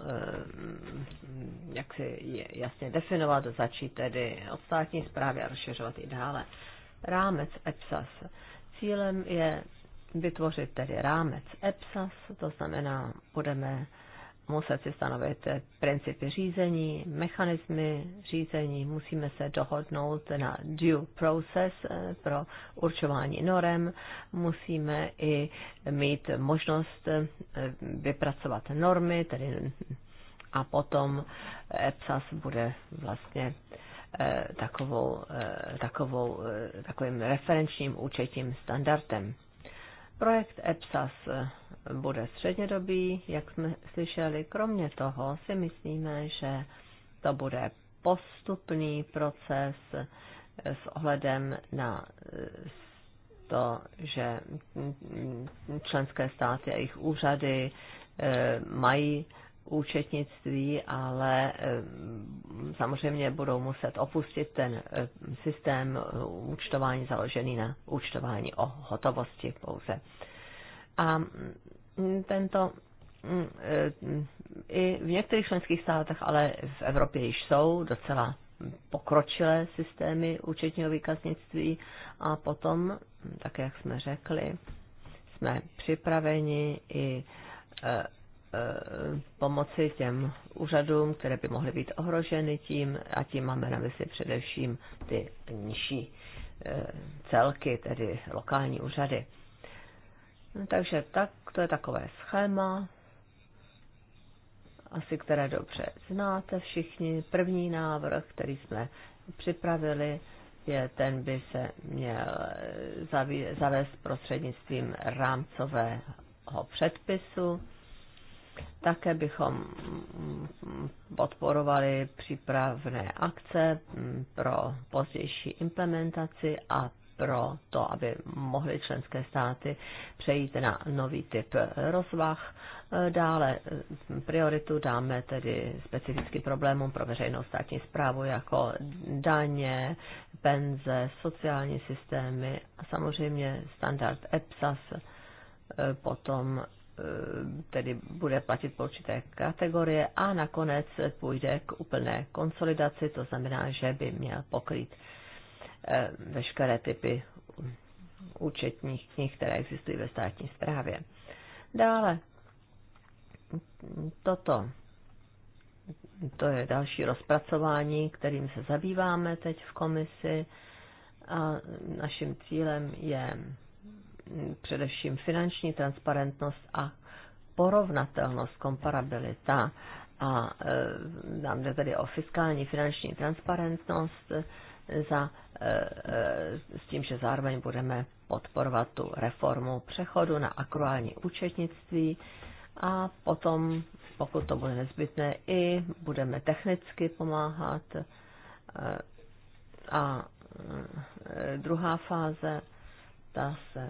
jak si jasně definovat, začít tedy od státní zprávy a rozšiřovat i dále. Rámec EPSAS. Cílem je vytvořit tedy rámec EPSAS, to znamená, budeme muset si stanovit principy řízení, mechanismy řízení, musíme se dohodnout na due process eh, pro určování norem, musíme i mít možnost eh, vypracovat normy, tedy a potom EPSAS bude vlastně eh, takovou, takovou, takovým referenčním účetním standardem. Projekt EPSAS eh, bude střednědobý, jak jsme slyšeli. Kromě toho si myslíme, že to bude postupný proces eh, s ohledem na eh, to, že mm, mm, členské státy a jejich úřady mají účetnictví, ale eh, samozřejmě budou muset opustit ten eh, systém účtování založený na účtování o hotovosti pouze. A mm, tento mm, eh, i v některých členských státech, ale v Evropě již jsou docela pokročilé systémy účetního výkaznictví a potom, tak jak jsme řekli, jsme připraveni i Eh, pomoci těm úřadům, které by mohly být ohroženy tím, a tím máme na mysli především ty nižší eh, celky, tedy lokální úřady. Takže tak, to je takové schéma, asi které dobře znáte všichni. První návrh, který jsme připravili, je ten by se měl eh, zavést prostřednictvím rámcového předpisu také bychom podporovali přípravné akce pro pozdější implementaci a pro to, aby mohly členské státy přejít na nový typ rozvah. Dále prioritu dáme tedy specificky problémům pro veřejnou státní zprávu jako daně, penze, sociální systémy a samozřejmě standard EPSAS, potom Eh, tedy bude platit po určité kategorie a nakonec půjde k úplné konsolidaci, to znamená, že by měl pokrýt eh, veškeré typy účetních knih, které existují ve státní správě. Dále, toto, to je další rozpracování, kterým se zabýváme teď v komisi a naším cílem je především finanční transparentnost a porovnatelnost, komparabilita. A e, nám jde tedy o fiskální finanční transparentnost za, e, e, s tím, že zároveň budeme podporovat tu reformu přechodu na akruální účetnictví a potom, pokud to bude nezbytné, i budeme technicky pomáhat. A druhá fáze, ta se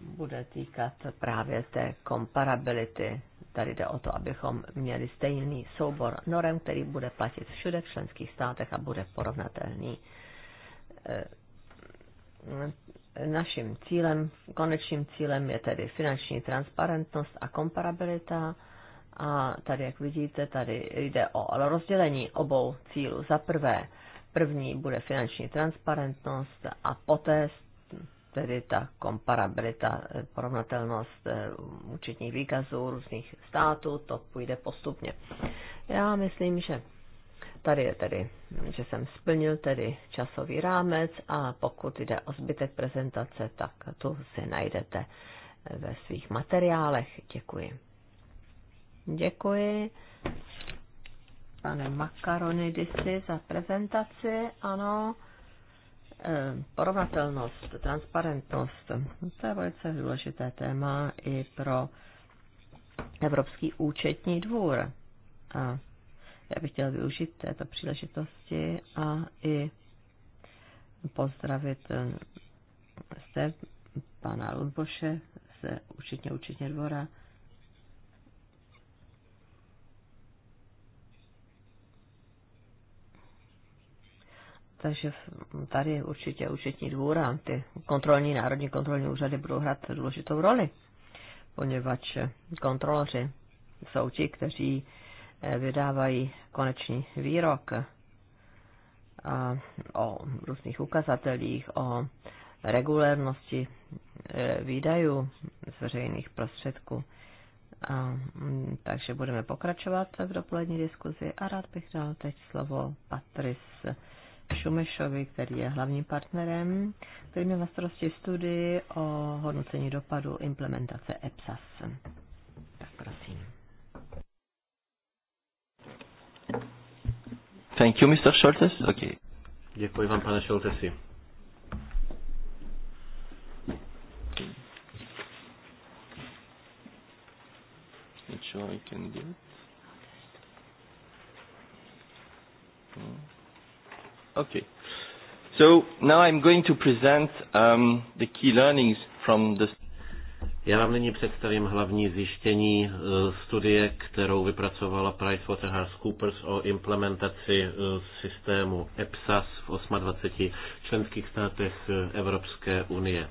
bude týkat právě té komparability. Tady jde o to, abychom měli stejný soubor norem, který bude platit všude v členských státech a bude porovnatelný. Eh, naším cílem, konečným cílem je tedy finanční transparentnost a komparabilita. A tady, jak vidíte, tady jde o rozdělení obou cílů. Za prvé, první bude finanční transparentnost a poté tedy ta komparabilita, eh, porovnatelnost eh, účetních výkazů různých států, to půjde postupně. Já myslím, že tady je tedy, že jsem splnil tedy časový rámec a pokud jde o zbytek prezentace, tak tu si najdete eh, ve svých materiálech. Děkuji. Děkuji pane Makaronidisi za prezentaci, ano. Eh, porovnatelnost, transparentnost, to je velice důležité téma i pro Evropský účetní dvůr. A já bych chtěla využít této příležitosti a i pozdravit se eh, pana Lumboše ze účetně účetně dvora Takže tady určitě účetní dvůr a ty kontrolní, národní kontrolní úřady budou hrát důležitou roli, poněvadž kontroloři jsou ti, kteří eh, vydávají konečný výrok eh, a o různých ukazatelích, o regulérnosti eh, výdajů z veřejných prostředků. A, mm, takže budeme pokračovat v dopolední diskuzi a rád bych dal teď slovo Patris Šumešovi, který je hlavním partnerem, který měl na starosti studii o hodnocení dopadu implementace EPSAS. Tak prosím. Thank you, Mr. Schultes. Okay. Děkuji vám, pane Šoltesi. Make sure I can do it. Hmm. Okay. So now I'm going to present um, the key learnings from the já vám nyní představím hlavní zjištění eh, studie, kterou vypracovala PricewaterhouseCoopers o implementaci eh, systému EPSAS v 28 členských státech eh, Evropské unie.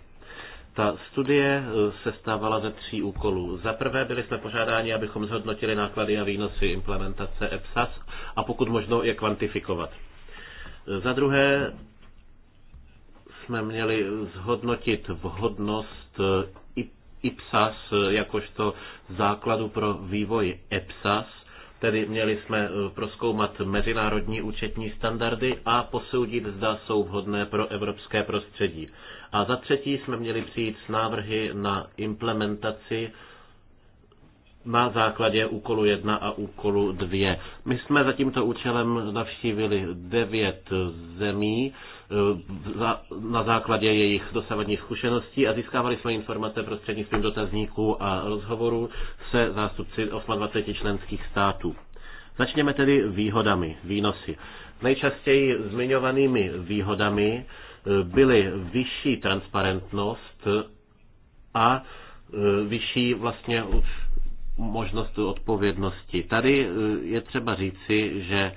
Ta studie se stávala ze tří úkolů. Za prvé byli jsme požádáni, abychom zhodnotili náklady a výnosy implementace EPSAS a pokud možno je kvantifikovat. Za druhé jsme měli zhodnotit vhodnost eh, IPSAS eh, jakožto základu pro vývoj EPSAS, tedy měli jsme eh, proskoumat mezinárodní účetní standardy a posoudit, zda jsou vhodné pro evropské prostředí. A za třetí jsme měli přijít s návrhy na implementaci na základě úkolu 1 a úkolu 2. My jsme za tímto účelem navštívili 9 zemí eh, na základě jejich dosavadních zkušeností a získávali jsme informace prostřednictvím dotazníků a rozhovorů se zástupci 28 členských států. Začněme tedy výhodami, výnosy. Nejčastěji zmiňovanými výhodami eh, byly vyšší transparentnost a eh, vyšší vlastně možnost odpovědnosti. Tady eh, je třeba říci, že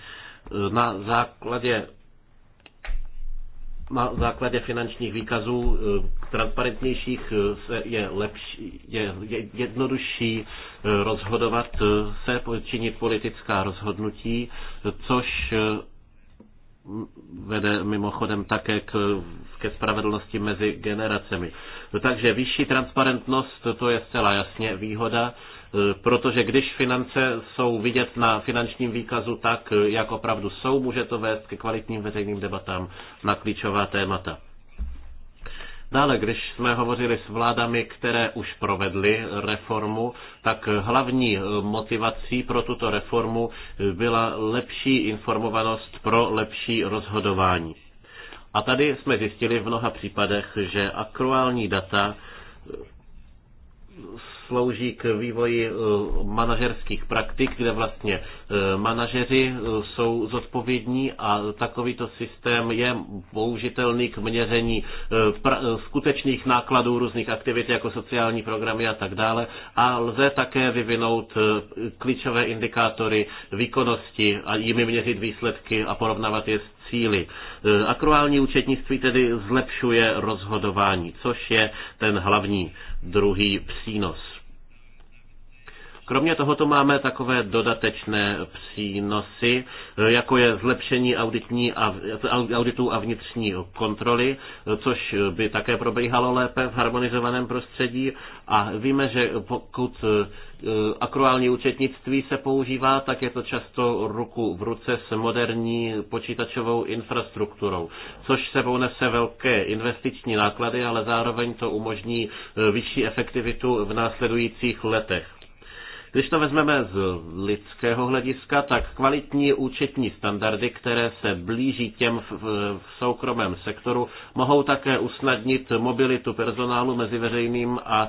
eh, na základě na základě finančních výkazů eh, transparentnějších je, lepší, je, je jednodušší rozhodovat se, činit politická rozhodnutí, což vede mimochodem také k, ke spravedlnosti mezi generacemi. Takže vyšší transparentnost, to je zcela jasně výhoda, Eh, protože když finance jsou vidět na finančním výkazu tak, eh, jak opravdu jsou, může to vést ke kvalitním veřejným debatám na klíčová témata. Dále, když jsme hovořili s vládami, které už provedly reformu, tak hlavní eh, motivací pro tuto reformu byla lepší informovanost pro lepší rozhodování. A tady jsme zjistili v mnoha případech, že aktuální data slouží k vývoji eh, manažerských praktik, kde vlastně eh, manažeři eh, jsou zodpovědní a takovýto systém je použitelný k měření skutečných nákladů různých aktivit jako sociální programy a tak dále a lze také vyvinout klíčové indikátory výkonnosti a jimi měřit výsledky a porovnávat je s cíly. Akruální účetnictví tedy zlepšuje rozhodování, což je ten hlavní druhý přínos. Kromě tohoto máme takové dodatečné přínosy, jako je zlepšení auditní a, auditu a vnitřní kontroly, což by také probíhalo lépe v harmonizovaném prostředí. A víme, že pokud e, akruální účetnictví se používá, tak je to často ruku v ruce s moderní počítačovou infrastrukturou, což sebou nese velké investiční náklady, ale zároveň to umožní e, vyšší efektivitu v následujících letech. Když to vezmeme z lidského hlediska, tak kvalitní účetní standardy, které se blíží těm v, v soukromém sektoru, mohou také usnadnit mobilitu personálu mezi veřejným a e,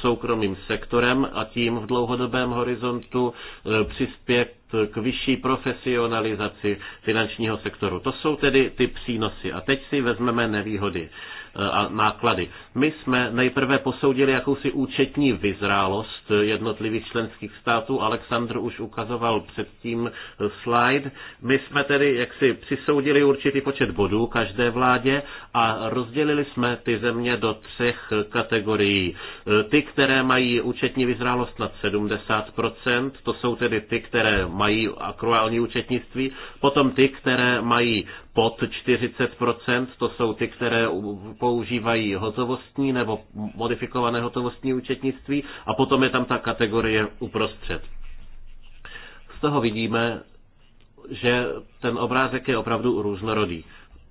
soukromým sektorem a tím v dlouhodobém horizontu e, přispět k vyšší profesionalizaci finančního sektoru. To jsou tedy ty přínosy. A teď si vezmeme nevýhody. Eh, a náklady. My jsme nejprve posoudili jakousi účetní vyzrálost jednotlivých členských států. Aleksandr už ukazoval předtím eh, slide. My jsme tedy jaksi přisoudili určitý počet bodů každé vládě a rozdělili jsme ty země do třech kategorií. Eh, ty, které mají účetní vyzrálost nad 70%, to jsou tedy ty, které mají akruální účetnictví, potom ty, které mají pod 40%, to jsou ty, které používají hotovostní nebo modifikované hotovostní účetnictví a potom je tam ta kategorie uprostřed. Z toho vidíme, že ten obrázek je opravdu různorodý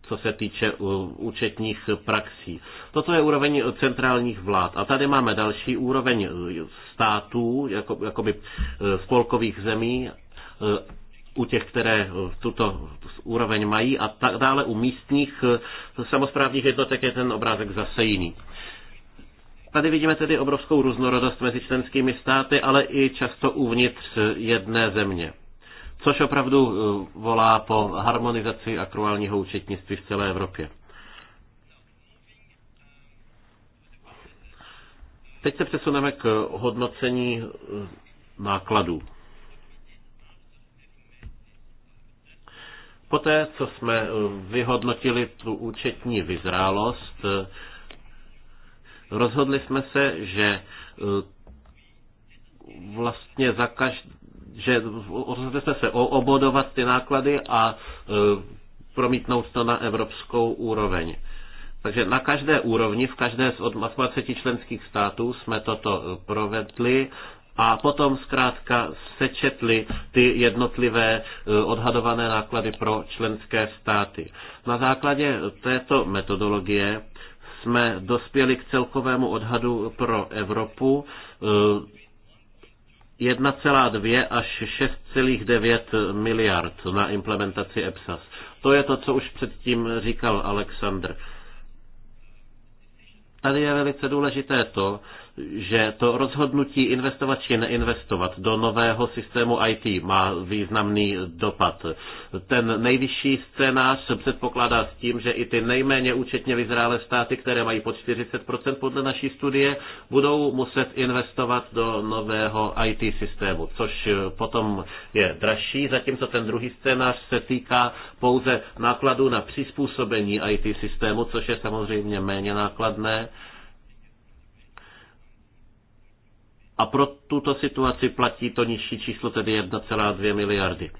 co se týče účetních praxí. Toto je úroveň centrálních vlád. A tady máme další úroveň států, jako, jakoby e, spolkových zemí e, u těch, které eh, tuto úroveň mají a tak dále u místních eh, samozprávních jednotek je ten obrázek zase jiný. Tady vidíme tedy obrovskou různorodost mezi členskými státy, ale i často uvnitř jedné země. Což opravdu eh, volá po harmonizaci akruálního účetnictví v celé Evropě. Teď se přesuneme k hodnocení nákladů. Poté, co jsme eh, vyhodnotili tu účetní vyzrálost, eh, rozhodli jsme se, že eh, vlastně za každý, že rozhodli jsme se obodovat ty náklady a promítnout to na evropskou úroveň. Takže na každé úrovni, v každé z od 20 členských států jsme toto provedli a potom zkrátka sečetli ty jednotlivé e, odhadované náklady pro členské státy. Na základě této metodologie jsme dospěli k celkovému odhadu pro Evropu 1,2 e, až 6,9 miliard na implementaci EPSAS. To je to, co už předtím říkal Aleksandr. Tady je velice důležité to, že to rozhodnutí investovat či neinvestovat do nového systému IT má významný dopad. Ten nejvyšší scénář se předpokládá s tím, že i ty nejméně účetně vyzrálé státy, které mají pod 40% podle naší studie, budou muset investovat do nového IT systému, což potom je dražší, zatímco ten druhý scénář se týká pouze nákladů na přizpůsobení IT systému, což je samozřejmě méně nákladné A pro tuto situaci platí to nižší číslo, tedy 1,2 miliardy.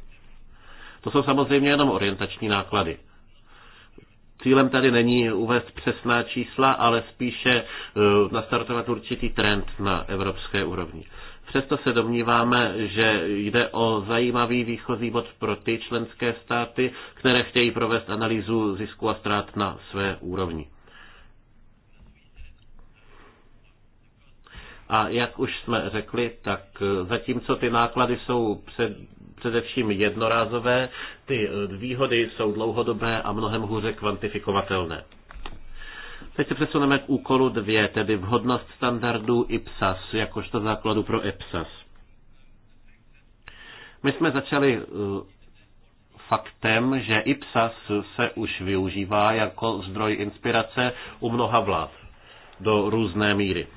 To jsou samozřejmě jenom orientační náklady. Cílem tady není uvést přesná čísla, ale spíše e, nastartovat určitý trend na evropské úrovni. Přesto se domníváme, že jde o zajímavý výchozí bod pro ty členské státy, které chtějí provést analýzu zisku a ztrát na své úrovni. A jak už jsme řekli, tak eh, zatímco ty náklady jsou před, především jednorázové, ty eh, výhody jsou dlouhodobé a mnohem hůře kvantifikovatelné. Teď se přesuneme k úkolu dvě tedy vhodnost standardů IPSAS, jakožto základu pro IPSAS. My jsme začali eh, faktem, že IPSAS se už využívá jako zdroj inspirace u mnoha vlád do různé míry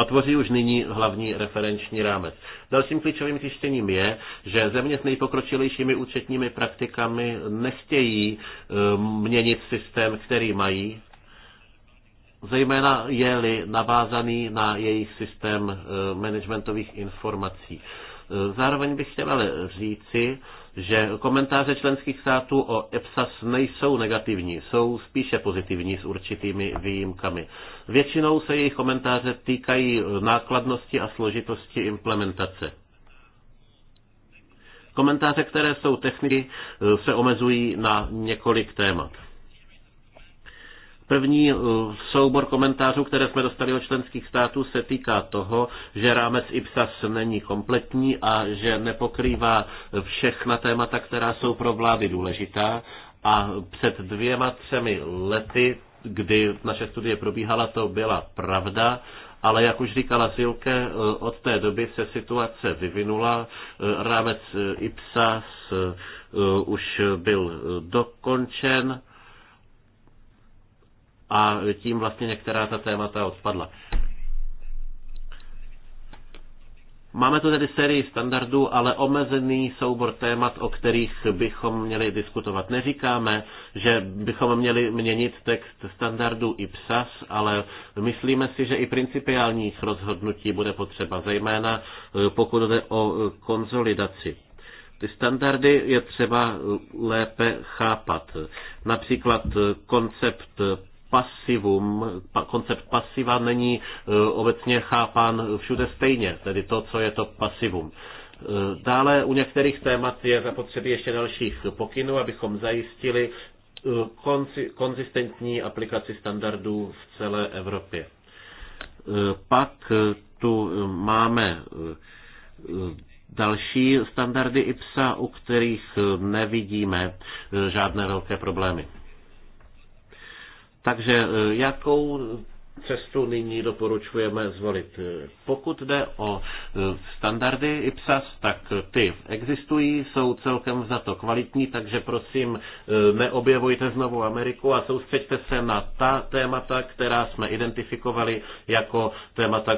a tvoří už nyní hlavní referenční rámec. Dalším klíčovým zjištěním je, že země s nejpokročilejšími účetními praktikami nechtějí eh, měnit systém, který mají, zejména je-li navázaný na jejich systém eh, managementových informací. Eh, zároveň bych chtěl ale říci, že komentáře členských států o EPSAS nejsou negativní, jsou spíše pozitivní s určitými výjimkami. Většinou se jejich komentáře týkají nákladnosti a složitosti implementace. Komentáře, které jsou techniky, se omezují na několik témat. První eh, soubor komentářů, které jsme dostali od členských států, se týká toho, že rámec IPSAS není kompletní a že nepokrývá všechna témata, která jsou pro vlády důležitá. A před dvěma, třemi lety, kdy naše studie probíhala, to byla pravda, ale jak už říkala Silke, eh, od té doby se situace vyvinula. Eh, rámec IPSAS už byl dokončen a tím vlastně některá ta témata odpadla. Máme tu tedy sérii standardů, ale omezený soubor témat, o kterých bychom měli diskutovat. Neříkáme, že bychom měli měnit text standardů i PSAS, ale myslíme si, že i principiálních rozhodnutí bude potřeba, zejména eh, pokud jde o eh, konzolidaci. Ty standardy je třeba eh, lépe chápat. Například koncept pasivum, koncept pasiva není e, obecně chápán všude stejně, tedy to, co je to pasivum. E, dále u některých témat je zapotřebí ještě dalších pokynů, abychom zajistili e, konzistentní aplikaci standardů v celé Evropě. Pak tu máme další standardy IPSA, u kterých nevidíme žádné velké problémy. Takže e, jakou cestu nyní doporučujeme zvolit. Pokud jde o e, standardy IPSAS, tak ty existují, jsou celkem za to kvalitní, takže prosím e, neobjevujte znovu Ameriku a soustřeďte se na ta témata, která jsme identifikovali jako témata,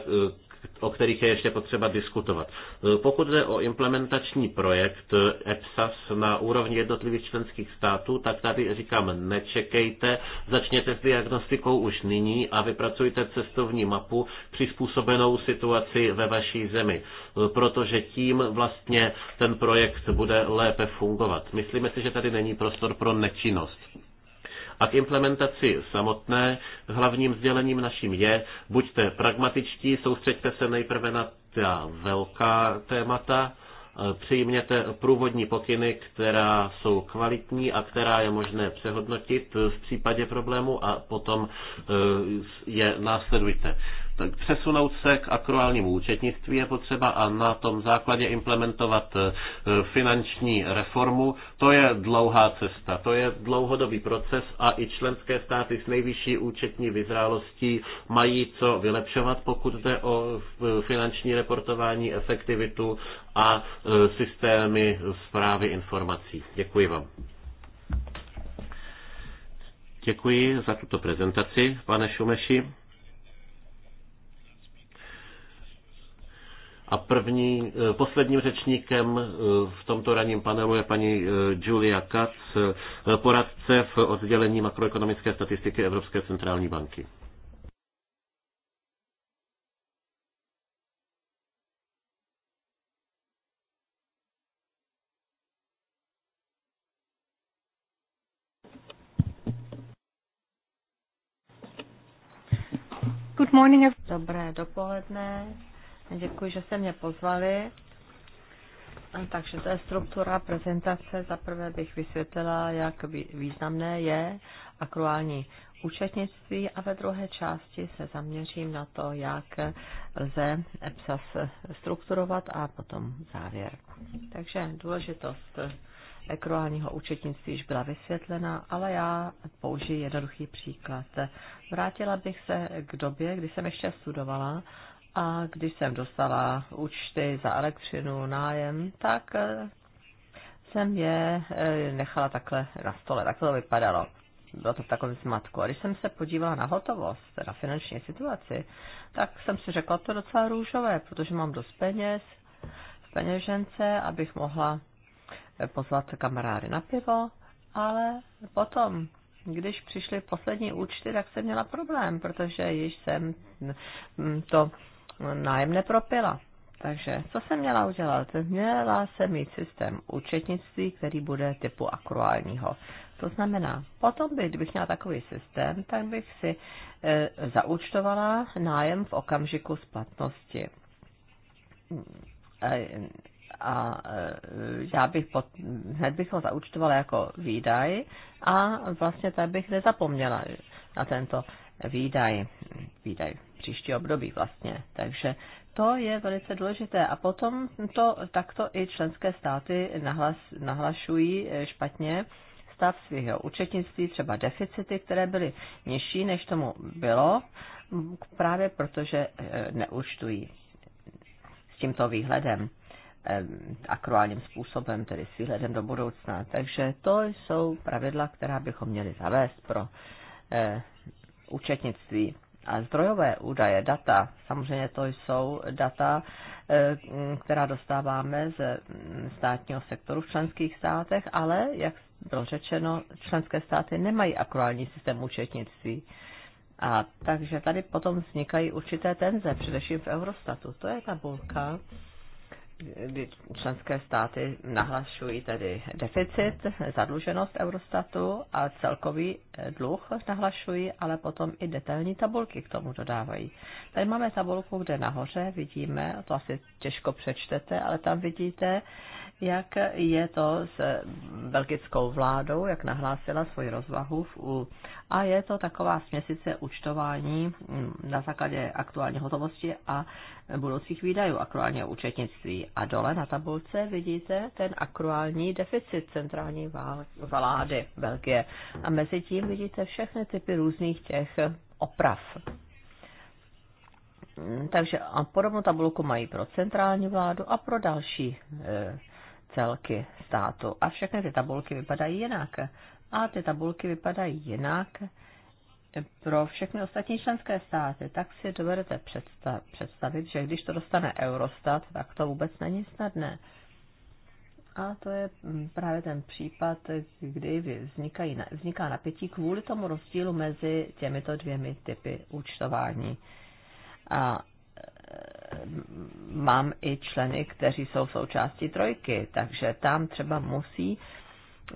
o kterých je ještě potřeba diskutovat. E, pokud jde o implementační projekt e, EPSAS na úrovni jednotlivých členských států, tak tady říkám, nečekejte, začněte s diagnostikou už nyní a vypracujte cestovní mapu přizpůsobenou situaci ve vaší zemi, e, protože tím vlastně ten projekt bude lépe fungovat. Myslíme si, že tady není prostor pro nečinnost. A k implementaci samotné hlavním sdělením naším je, buďte pragmatičtí, soustřeďte se nejprve na ta velká témata, e, přijměte průvodní pokyny, která jsou kvalitní a která je možné přehodnotit v případě problému a potom e, je následujte přesunout se k akruálnímu účetnictví je potřeba a na tom základě implementovat e, finanční reformu. To je dlouhá cesta, to je dlouhodobý proces a i členské státy s nejvyšší účetní vyzrálostí mají co vylepšovat, pokud jde o e, finanční reportování, efektivitu a e, systémy zprávy informací. Děkuji vám. Děkuji za tuto prezentaci, pane Šumeši. A první, eh, posledním řečníkem eh, v tomto ranním panelu je paní eh, Julia Katz, poradce v oddělení makroekonomické statistiky Evropské centrální banky. Good morning. Dobré dopoledne. Děkuji, že jste mě pozvali. Takže to je struktura prezentace. Zaprvé bych vysvětlila, jak významné je akruální účetnictví a ve druhé části se zaměřím na to, jak lze EPSAS strukturovat a potom závěr. Takže důležitost ekruálního účetnictví již byla vysvětlena, ale já použiji jednoduchý příklad. Vrátila bych se k době, kdy jsem ještě studovala a když jsem dostala účty za elektřinu, nájem, tak eh, jsem je eh, nechala takhle na stole. Tak to vypadalo. Bylo to v takovém zmatku. A když jsem se podívala na hotovost, na finanční situaci, tak jsem si řekla, to je docela růžové, protože mám dost peněz v peněžence, abych mohla eh, pozvat kamarády na pivo, ale potom když přišly poslední účty, tak jsem měla problém, protože již jsem mm, to nájemné propila. Takže co jsem měla udělat? Měla jsem mít systém účetnictví, který bude typu akruálního. To znamená, potom by, kdybych měla takový systém, tak bych si e, zaúčtovala nájem v okamžiku splatnosti. E, a e, já bych pot, hned bych ho zaúčtovala jako výdaj a vlastně tak bych nezapomněla na tento výdaj, výdaj příští období vlastně. Takže to je velice důležité. A potom to takto i členské státy nahlas, nahlašují eh, špatně stav svého účetnictví, třeba deficity, které byly nižší, než tomu bylo, právě protože eh, neúčtují s tímto výhledem eh, akruálním způsobem, tedy s výhledem do budoucna. Takže to jsou pravidla, která bychom měli zavést pro účetnictví. A zdrojové údaje, data, samozřejmě to jsou data, eh, která dostáváme ze státního sektoru v členských státech, ale, jak bylo řečeno, členské státy nemají akruální systém účetnictví. A takže tady potom vznikají určité tenze, především v Eurostatu. To je tabulka, kdy členské státy nahlašují tedy deficit, zadluženost Eurostatu a celkový eh, dluh nahlašují, ale potom i detailní tabulky k tomu dodávají. Tady máme tabulku, kde nahoře vidíme, to asi těžko přečtete, ale tam vidíte, jak je to s belgickou vládou, jak nahlásila svoji rozvahu v U. A je to taková směsice účtování na základě aktuální hotovosti a budoucích výdajů aktuálního účetnictví. A dole na tabulce vidíte ten aktuální deficit centrální vlády Belgie. A mezi tím vidíte všechny typy různých těch oprav. Takže a podobnou tabulku mají pro centrální vládu a pro další e, celky státu. A všechny ty tabulky vypadají jinak. A ty tabulky vypadají jinak pro všechny ostatní členské státy. Tak si dovedete představit, že když to dostane Eurostat, tak to vůbec není snadné. A to je mm, právě ten případ, kdy vznikají, vzniká napětí kvůli tomu rozdílu mezi těmito dvěmi typy účtování. A e, mám i členy, kteří jsou součástí trojky, takže tam třeba musí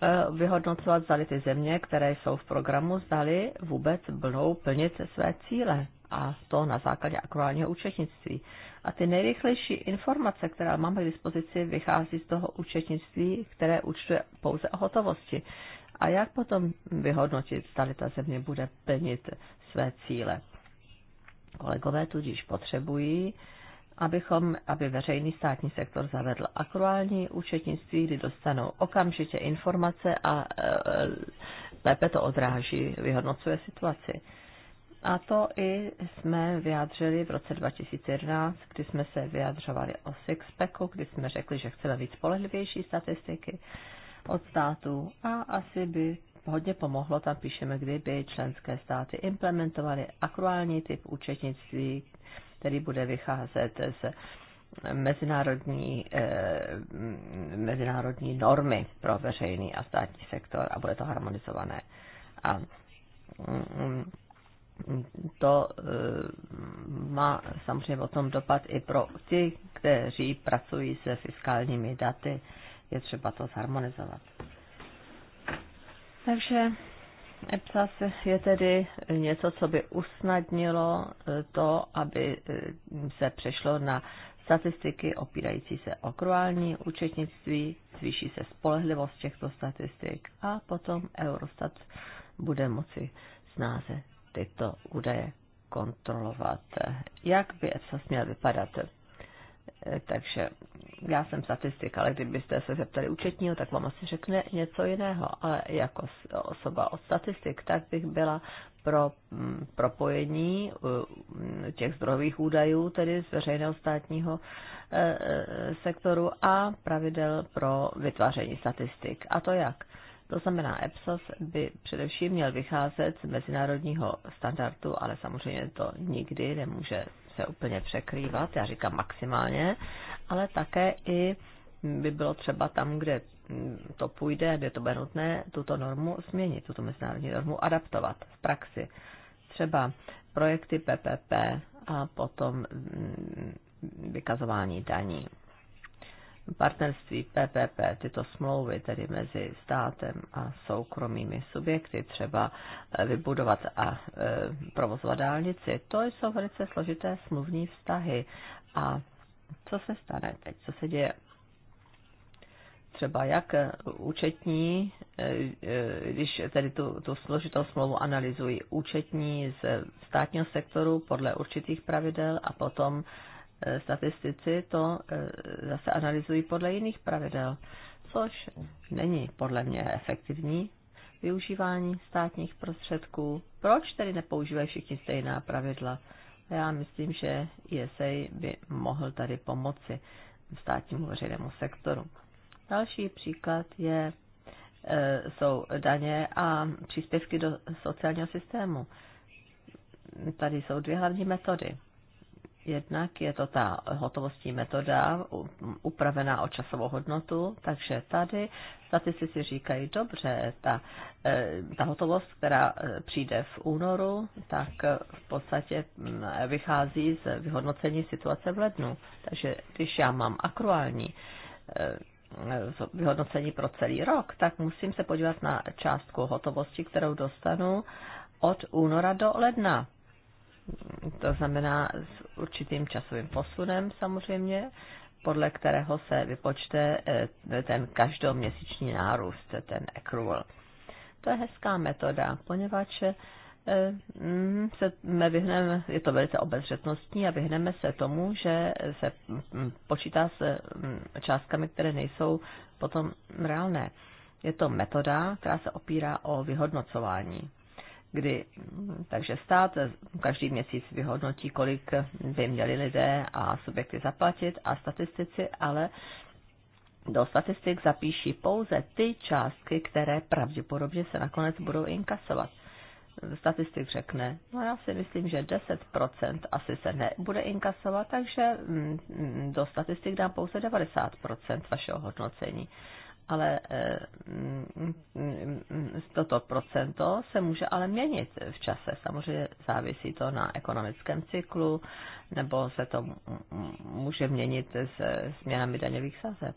eh, vyhodnocovat, zdali ty země, které jsou v programu, zdali vůbec budou plnit své cíle. A to na základě akruálního účetnictví. A ty nejrychlejší informace, která máme k dispozici, vychází z toho účetnictví, které účtuje pouze o hotovosti. A jak potom vyhodnotit, zdali ta země bude plnit své cíle? Kolegové tudíž potřebují uh, abychom, aby veřejný státní sektor zavedl akruální účetnictví, kdy dostanou okamžitě informace a e, lépe to odráží, vyhodnocuje situaci. A to i jsme vyjádřili v roce 2011, kdy jsme se vyjadřovali o Sixpacku, kdy jsme řekli, že chceme víc spolehlivější statistiky od států a asi by hodně pomohlo, tam píšeme, kdyby členské státy implementovaly akruální typ účetnictví, který bude vycházet z mezinárodní, eh, mezinárodní normy pro veřejný a státní sektor a bude to harmonizované. A mm, to eh, má samozřejmě tom dopad i pro ty, kteří pracují se fiskálními daty. Je třeba to zharmonizovat. Takže EPSAS je tedy něco, co by usnadnilo eh, to, aby eh, se přešlo na statistiky opírající se o kruální účetnictví, zvýší se spolehlivost těchto statistik a potom Eurostat bude moci snáze tyto údaje kontrolovat. Eh, jak by EPSAS měl vypadat? takže já jsem statistik, ale kdybyste se zeptali účetního, tak vám asi řekne něco jiného. Ale jako osoba od statistik, tak bych byla pro mm, propojení mm, těch zdrojových údajů, tedy z veřejného státního e, e, sektoru a pravidel pro vytváření statistik. A to jak? To znamená, EPSOS by především měl vycházet z mezinárodního standardu, ale samozřejmě to nikdy nemůže se úplně překrývat, já říkám maximálně, ale také i by bylo třeba tam, kde to půjde, kde to bude nutné, tuto normu změnit, tuto mezinárodní normu adaptovat v praxi. Třeba projekty PPP a potom mm, vykazování daní partnerství PPP, tyto smlouvy tedy mezi státem a soukromými subjekty, třeba eh, vybudovat a eh, provozovat dálnici, to jsou velice složité smluvní vztahy. A co se stane teď? Co se děje? třeba jak eh, účetní, když tedy tu, tu složitou smlouvu analyzují účetní z státního sektoru podle určitých pravidel a potom Eh, statistici to eh, zase analyzují podle jiných pravidel, což není podle mě efektivní využívání státních prostředků. Proč tedy nepoužívají všichni stejná pravidla? Já myslím, že ISA e by mohl tady pomoci státnímu veřejnému sektoru. Další příklad je, eh, jsou daně a příspěvky do sociálního systému. Tady jsou dvě hlavní metody. Jednak je to ta hotovostní metoda upravená o časovou hodnotu, takže tady statistici říkají, dobře, ta, e, ta hotovost, která e, přijde v únoru, tak v podstatě mm, vychází z vyhodnocení situace v lednu. Takže když já mám akruální e, vyhodnocení pro celý rok, tak musím se podívat na částku hotovosti, kterou dostanu od února do ledna to znamená s určitým časovým posunem samozřejmě, podle kterého se vypočte eh, ten každoměsíční nárůst, ten accrual. To je hezká metoda, poněvadž eh, mm, se vyhneme, je to velice obezřetnostní a vyhneme se tomu, že se mm, počítá s mm, částkami, které nejsou potom reálné. Je to metoda, která se opírá o vyhodnocování kdy, takže stát každý měsíc vyhodnotí, kolik by měli lidé a subjekty zaplatit a statistici, ale do statistik zapíší pouze ty částky, které pravděpodobně se nakonec budou inkasovat. Statistik řekne, no já si myslím, že 10% asi se nebude inkasovat, takže mm, mm, do statistik dám pouze 90% vašeho hodnocení ale eh, mm, mm, mm, toto procento se může ale měnit v čase. Samozřejmě závisí to na ekonomickém cyklu, nebo se to může měnit s změnami daňových sazeb.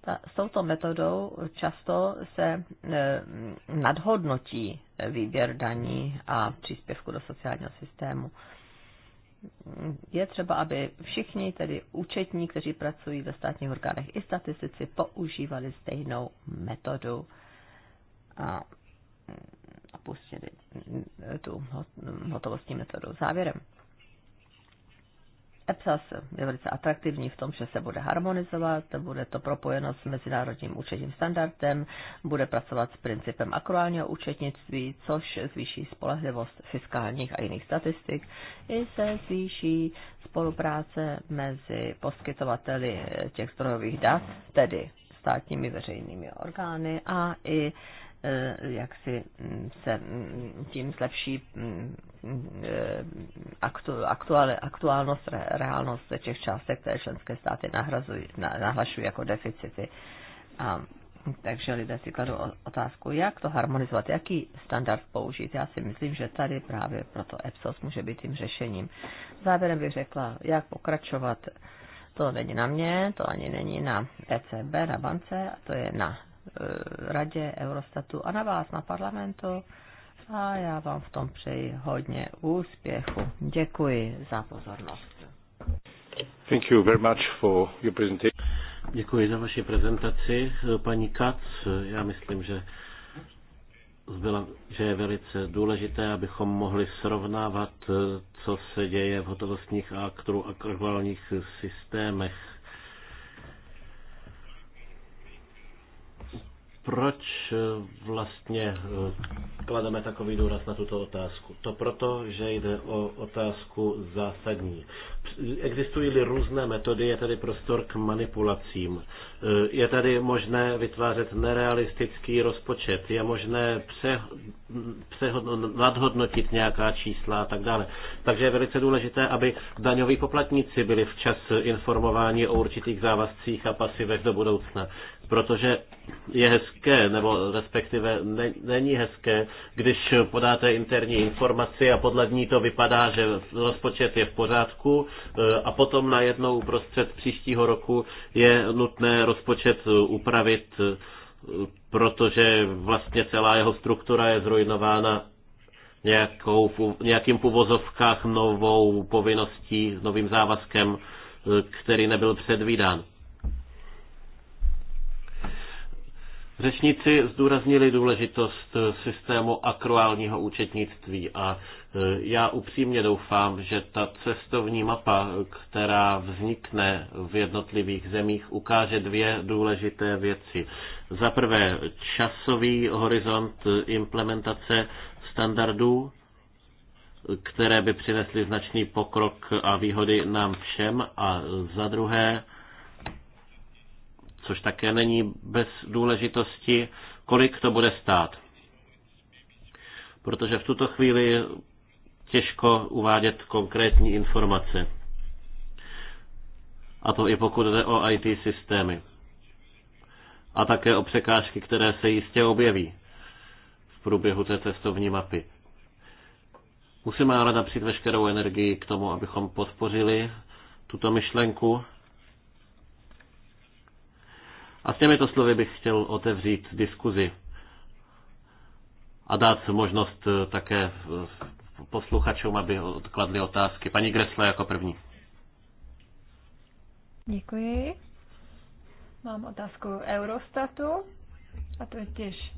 Ta, s touto metodou často se eh, nadhodnotí výběr daní a příspěvku do sociálního systému je třeba, aby všichni, tedy účetní, kteří pracují ve státních orgánech i statistici, používali stejnou metodu a opustili tu hm, hotovostní metodu. Závěrem EPSAS je velice atraktivní v tom, že se bude harmonizovat, bude to propojeno s mezinárodním účetním standardem, bude pracovat s principem akruálního účetnictví, což zvýší spolehlivost fiskálních a jiných statistik. I se zvýší spolupráce mezi poskytovateli těch zdrojových dat, tedy státními veřejnými orgány a i Eh, jak si mm, se mm, tím zlepší mm, eh, aktuál, aktuálnost, reálnost těch částek, které členské státy nahrazují, nahlašují jako deficity. A, takže lidé si kladou otázku, jak to harmonizovat, jaký standard použít. Já si myslím, že tady právě proto EPSOS může být tím řešením. Závěrem bych řekla, jak pokračovat. To není na mě, to ani není na ECB, na bance, a to je na Eh, radě Eurostatu a na vás, na parlamentu. A já vám v tom přeji hodně úspěchu. Děkuji za pozornost. Thank you very much for your presentation. Děkuji za vaši prezentaci, paní Kac. Já myslím, že zbyla, že je velice důležité, abychom mohli srovnávat, co se děje v hotovostních a aktuálních systémech Proč eh, vlastně eh, klademe takový důraz na tuto otázku? To proto, že jde o otázku zásadní. Existují-li různé metody, je tady prostor k manipulacím. Eh, je tady možné vytvářet nerealistický rozpočet, je možné pře, přehodno, nadhodnotit nějaká čísla a tak dále. Takže je velice důležité, aby daňoví poplatníci byli včas informováni o určitých závazcích a pasivech do budoucna. Protože je hezké, nebo respektive ne, není hezké, když podáte interní informaci a podle ní to vypadá, že rozpočet je v pořádku, Eh, a potom najednou uprostřed příštího roku je nutné rozpočet eh, upravit, eh, protože vlastně celá jeho struktura je zrujnována nějakou, nějakým v uvozovkách novou povinností, novým závazkem, který nebyl předvídán. Řečníci zdůraznili důležitost systému akruálního účetnictví a e, já upřímně doufám, že ta cestovní mapa, která vznikne v jednotlivých zemích, ukáže dvě důležité věci. Za prvé časový horizont implementace standardů, které by přinesly značný pokrok a výhody nám všem a za druhé což také není bez důležitosti, kolik to bude stát. Protože v tuto chvíli těžko uvádět konkrétní informace. A to i pokud jde o IT systémy. A také o překážky, které se jistě objeví v průběhu té cestovní mapy. Musíme ale napřít veškerou energii k tomu, abychom podpořili tuto myšlenku a s těmito slovy bych chtěl otevřít diskuzi a dát možnost eh, také eh, posluchačům, aby odkladli otázky. Paní Gresle jako první. Děkuji. Mám otázku Eurostatu a to je těž.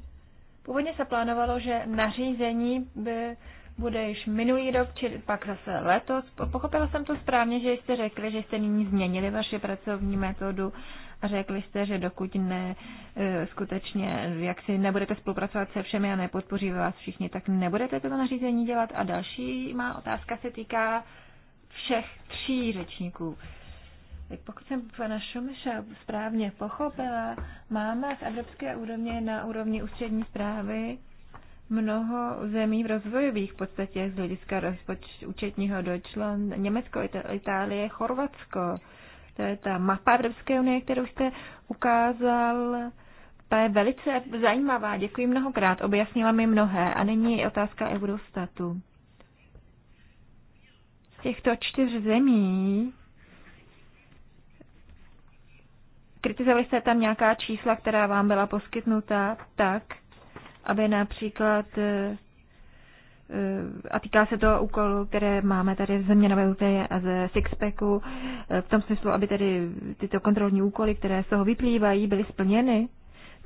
původně se plánovalo, že nařízení by bude již minulý rok, či pak zase letos. Pochopila jsem to správně, že jste řekli, že jste nyní změnili vaši pracovní metodu a Řekli jste, že dokud ne e, skutečně, jak si nebudete spolupracovat se všemi a nepodpoří vás všichni, tak nebudete toto nařízení dělat. A další má otázka se týká všech tří řečníků. Tak pokud jsem pana Šumeša správně pochopila, máme z evropské úrovně na úrovni ústřední zprávy mnoho zemí v rozvojových v podstatě z hlediska rozpočtu účetního dočlo Německo, Itálie, Chorvatsko. To je ta mapa Evropské unie, kterou jste ukázal. Ta je velice zajímavá. Děkuji mnohokrát. Objasnila mi mnohé. A nyní otázka Eurostatu. Z těchto čtyř zemí kritizovali jste tam nějaká čísla, která vám byla poskytnuta tak, aby například a týká se to úkolů, které máme tady v zeměnové úteje a ze Sixpacku, eh, v tom smyslu, aby tedy tyto kontrolní úkoly, které z toho vyplývají, byly splněny.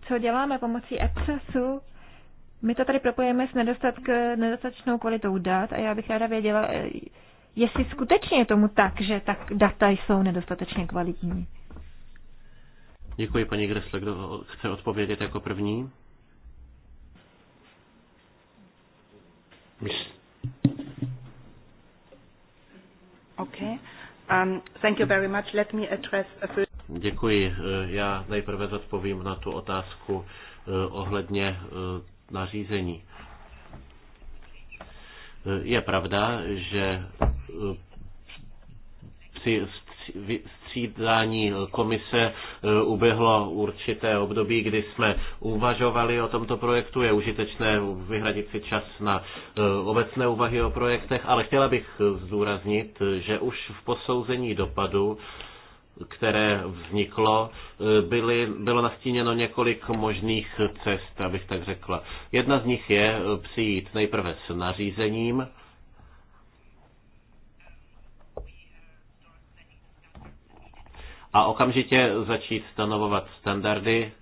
Co děláme pomocí EPSASu? My to tady propojeme s nedostatk, nedostatečnou kvalitou dat a já bych ráda věděla, eh, jestli skutečně je tomu tak, že tak data jsou nedostatečně kvalitní. Děkuji, paní Gresle, Kdo chce odpovědět jako první? Děkuji. Já nejprve zodpovím na tu otázku uh, ohledně uh, nařízení. Uh, je pravda, že při zasídání komise eh, uběhlo určité období, kdy jsme uvažovali o tomto projektu. Je užitečné vyhradit si čas na eh, obecné úvahy o projektech, ale chtěla bych zdůraznit, že už v posouzení dopadu které vzniklo, eh, byly, bylo nastíněno několik možných cest, abych tak řekla. Jedna z nich je přijít nejprve s nařízením, a okamžitě začít stanovovat standardy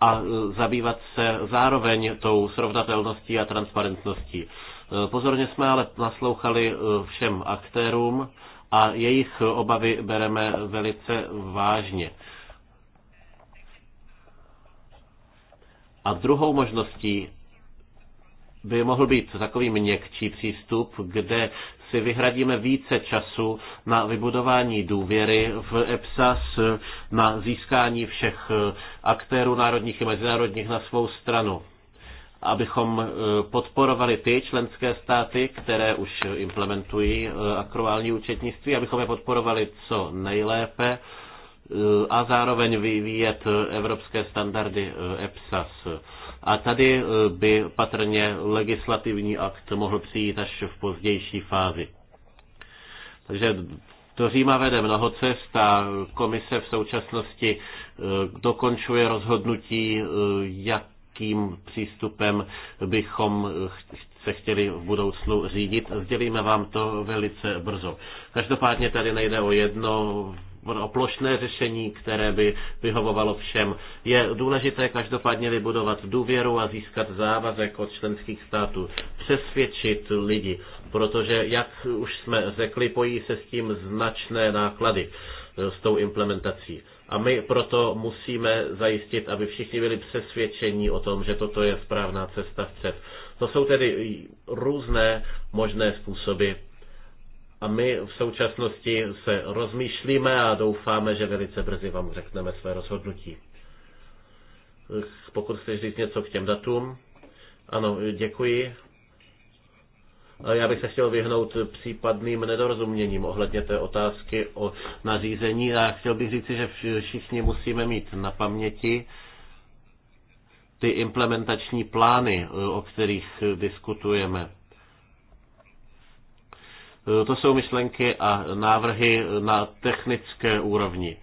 a zabývat se zároveň tou srovnatelností a transparentností. Pozorně jsme ale naslouchali eh, všem aktérům a jejich obavy bereme velice vážně. A druhou možností by mohl být takový měkčí přístup, kde si vyhradíme více času na vybudování důvěry v EPSAS, na získání všech eh, aktérů národních i mezinárodních na svou stranu abychom eh, podporovali ty členské státy, které už implementují eh, akruální účetnictví, abychom je podporovali co nejlépe a zároveň vyvíjet evropské standardy EPSAS. A tady eh, by patrně legislativní akt mohl přijít až v pozdější fázi. Takže do Říma vede mnoho cest a komise v současnosti eh, dokončuje rozhodnutí, eh, jakým přístupem bychom se chtěli v budoucnu řídit. Sdělíme vám to velice brzo. Každopádně tady nejde o jedno plošné řešení, které by vyhovovalo všem. Je důležité každopádně vybudovat důvěru a získat závazek od členských států, přesvědčit lidi, protože, jak už jsme řekli, pojí se s tím značné náklady e, s tou implementací. A my proto musíme zajistit, aby všichni byli přesvědčeni o tom, že toto je správná cesta vpřed. To jsou tedy různé možné způsoby a my v současnosti se rozmýšlíme a doufáme, že velice brzy vám řekneme své rozhodnutí. Pokud chceš říct něco k těm datům. Ano, děkuji. Já bych se chtěl vyhnout případným nedorozuměním ohledně té otázky o nařízení a chtěl bych říci, že všichni musíme mít na paměti ty implementační plány, o kterých diskutujeme. Eh, to jsou myšlenky a návrhy na technické úrovni.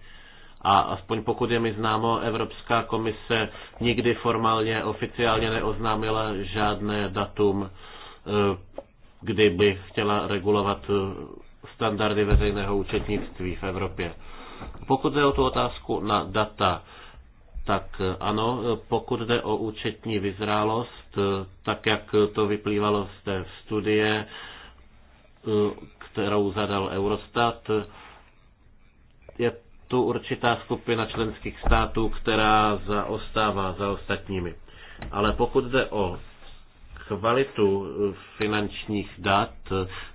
A aspoň pokud je mi známo, Evropská komise nikdy formálně, oficiálně neoznámila žádné datum, eh, kdy by chtěla regulovat eh, standardy veřejného účetnictví v Evropě. Pokud jde o tu otázku na data, tak ano, pokud jde o účetní vyzrálost, tak jak to vyplývalo z té studie, kterou zadal Eurostat. Je tu určitá skupina členských států, která zaostává za ostatními. Ale pokud jde o kvalitu finančních dat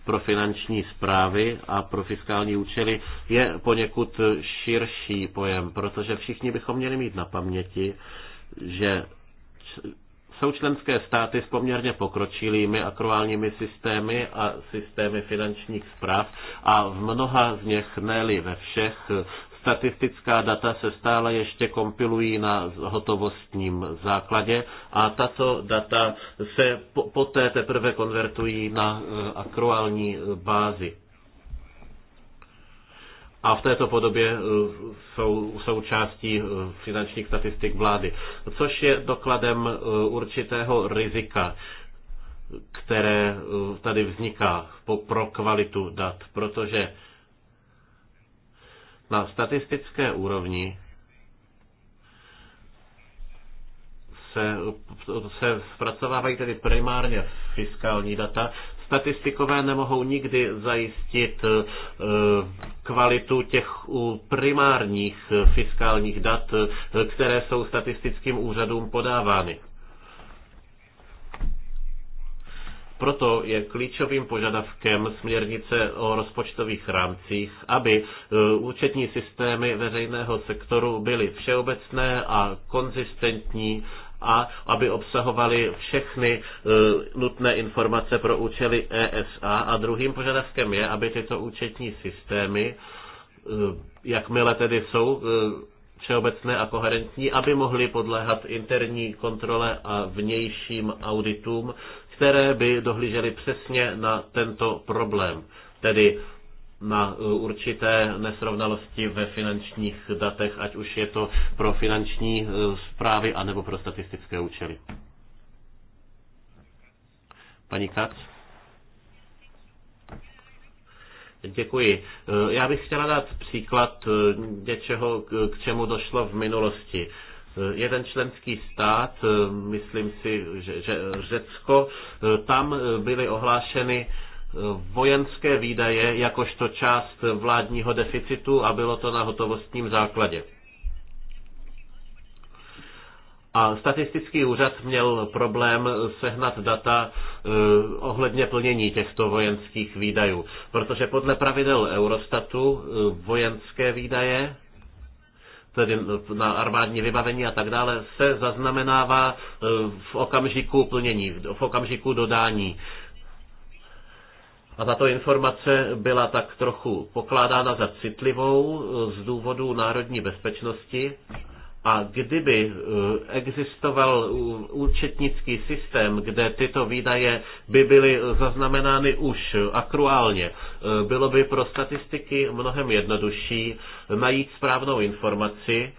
pro finanční zprávy a pro fiskální účely je poněkud širší pojem, protože všichni bychom měli mít na paměti, že jsou členské státy s poměrně pokročilými akruálními systémy a systémy finančních zpráv a v mnoha z nich, ne ve všech, statistická data se stále ještě kompilují na hotovostním základě a tato data se poté teprve konvertují na eh, akruální bázi a v této podobě eh, jsou součástí eh, finančních statistik vlády, což je dokladem eh, určitého rizika, které tady vzniká pro kvalitu dat, protože na statistické úrovni se, se zpracovávají tedy primárně fiskální data, statistikové nemohou nikdy zajistit eh, kvalitu těch primárních eh, fiskálních dat, eh, které jsou statistickým úřadům podávány. Proto je klíčovým požadavkem směrnice o rozpočtových rámcích, aby účetní systémy veřejného sektoru byly všeobecné a konzistentní a aby obsahovaly všechny e, nutné informace pro účely ESA. A druhým požadavkem je, aby tyto účetní systémy, e, jakmile tedy jsou e, všeobecné a koherentní, aby mohly podléhat interní kontrole a vnějším auditům, které by dohlížely přesně na tento problém, tedy na eh, určité nesrovnalosti ve finančních datech, ať už je to pro finanční eh, zprávy anebo pro statistické účely. Paní Kac? Děkuji. Eh, já bych chtěla dát příklad něčeho, k čemu došlo v minulosti jeden členský stát, myslím si, že, že Řecko, tam byly ohlášeny vojenské výdaje jakožto část vládního deficitu a bylo to na hotovostním základě. A statistický úřad měl problém sehnat data eh, ohledně plnění těchto vojenských výdajů, protože podle pravidel Eurostatu eh, vojenské výdaje tedy na armádní vybavení a tak dále, se zaznamenává eh, v okamžiku plnění, v okamžiku dodání a tato informace byla tak trochu pokládána za citlivou eh, z důvodu národní bezpečnosti. A kdyby eh, existoval eh, účetnický systém, kde tyto výdaje by byly zaznamenány už akruálně, bylo by pro statistiky mnohem jednodušší najít správnou informaci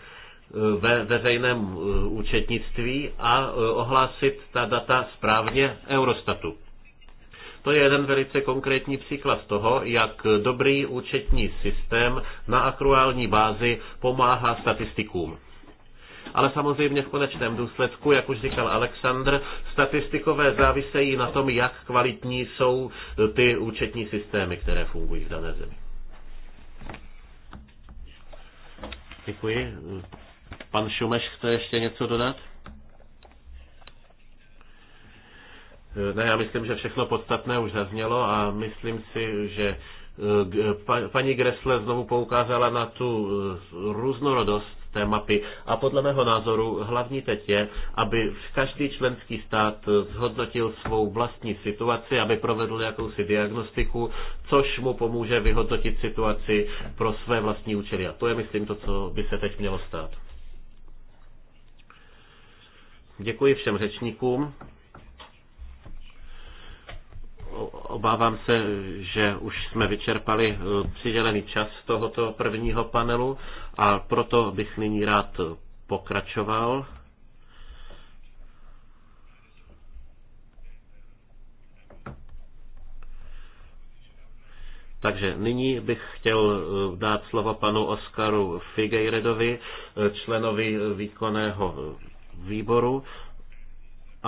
ve veřejném účetnictví a ohlásit ta data správně Eurostatu. To je jeden velice konkrétní příklad toho, jak dobrý účetní systém na akruální bázi pomáhá statistikům. Ale samozřejmě v konečném důsledku, jak už říkal Aleksandr, statistikové závisejí na tom, jak kvalitní jsou e, ty účetní systémy, které fungují v dané zemi. Děkuji. E, pan Šumeš chce ještě něco dodat? Ne, já myslím, že všechno podstatné už zaznělo a myslím si, že eh, paní Gressle znovu poukázala na tu eh, různorodost té mapy a podle mého názoru hlavní teď je, aby každý členský stát eh, zhodnotil svou vlastní situaci, aby provedl jakousi diagnostiku, což mu pomůže vyhodnotit situaci pro své vlastní účely. A to je, myslím, to, co by se teď mělo stát. Děkuji všem řečníkům obávám se, že už jsme vyčerpali eh, přidělený čas tohoto prvního panelu a proto bych nyní rád pokračoval. Takže nyní bych chtěl eh, dát slovo panu Oskaru Figejredovi, eh, členovi výkonného výboru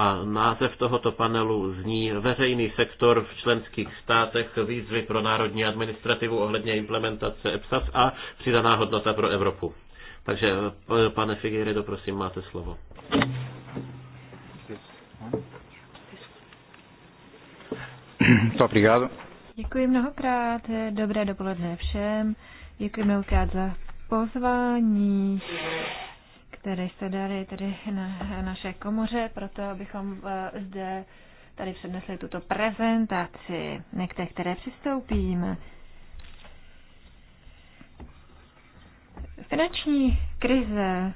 a název tohoto panelu zní Veřejný sektor v členských státech výzvy pro národní administrativu ohledně implementace EPSAS a přidaná hodnota pro Evropu. Takže pane Figueiredo, prosím, máte slovo. Děkuji mnohokrát, dobré dopoledne všem. Děkuji mnohokrát za pozvání které jste dali tedy na naše komoře, proto abychom eh, zde tady přednesli tuto prezentaci, k které přistoupíme. Finanční krize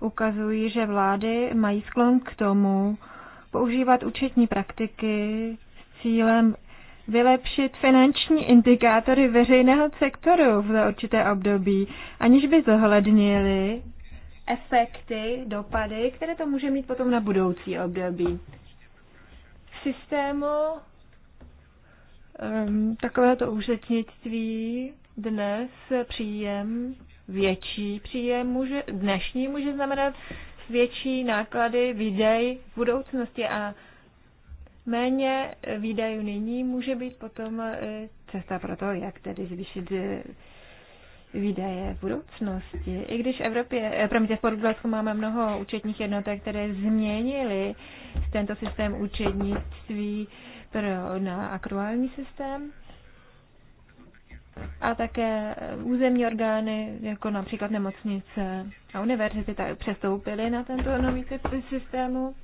ukazují, že vlády mají sklon k tomu používat účetní praktiky s cílem vylepšit finanční indikátory veřejného sektoru v určité období, aniž by zohlednili efekty, dopady, které to může mít potom na budoucí období. Systému um, ehm, takovéto úřetnictví dnes příjem, větší příjem může, dnešní může znamenat větší náklady, výdej v budoucnosti a méně výdajů nyní může být potom eh, cesta pro to, jak tedy zvýšit eh, výdaje v budoucnosti. I když v Evropě, eh, promiňte, v Portugalsku máme mnoho účetních jednotek, které změnily tento systém účetnictví pro, na akruální systém, a také územní orgány, jako například nemocnice a univerzity, tak přestoupily na tento nový typ systému.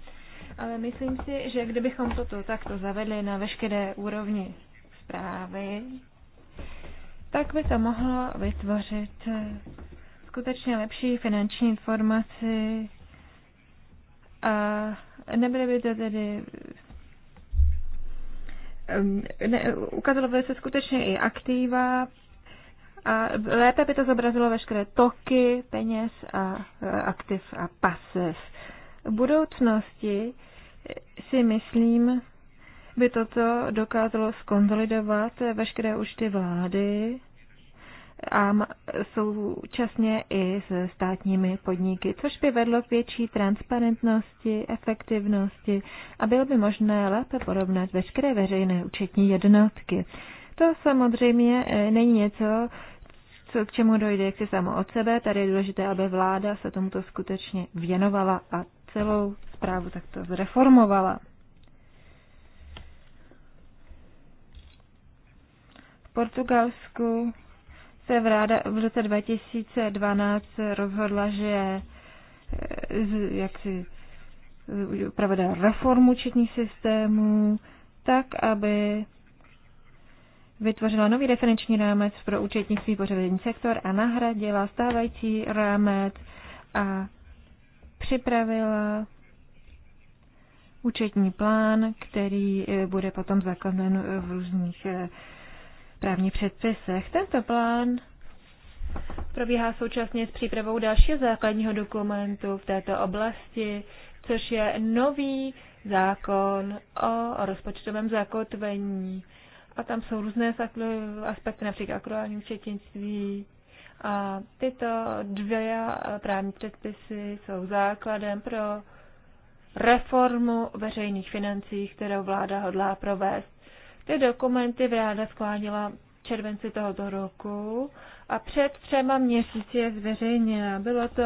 Ale myslím si, že kdybychom toto takto zavedli na veškeré úrovni zprávy, tak by to mohlo vytvořit eh, skutečně lepší finanční informaci a nebyly by to tedy ne, ukázalo by se skutečně i aktiva a lépe by to zobrazilo veškeré toky peněz a e, aktiv a pasiv. V budoucnosti si myslím, by toto dokázalo skonzolidovat veškeré účty vlády a současně i s státními podniky, což by vedlo k větší transparentnosti, efektivnosti a bylo by možné lépe porovnat veškeré veřejné účetní jednotky. To samozřejmě e, není něco, co, k čemu dojde jaksi samo od sebe. Tady je důležité, aby vláda se tomuto skutečně věnovala a celou zprávu takto zreformovala. Portugalsku se vláda v roce 2012 rozhodla, že eh, jak si eh, provede reformu četních systémů, tak, aby vytvořila nový referenční rámec pro účetnictví pořadení sektor a nahradila stávající rámec a připravila účetní plán, který eh, bude potom zakladen v různých právních předpisech. Tento plán probíhá současně s přípravou dalšího základního dokumentu v této oblasti, což je nový zákon o rozpočtovém zakotvení. A tam jsou různé aspekty, například akruální účetnictví. A tyto dvě právní předpisy jsou základem pro reformu veřejných financí, kterou vláda hodlá provést. Ty dokumenty vláda skládila v červenci tohoto roku a před třema měsíci je zveřejněna. Bylo to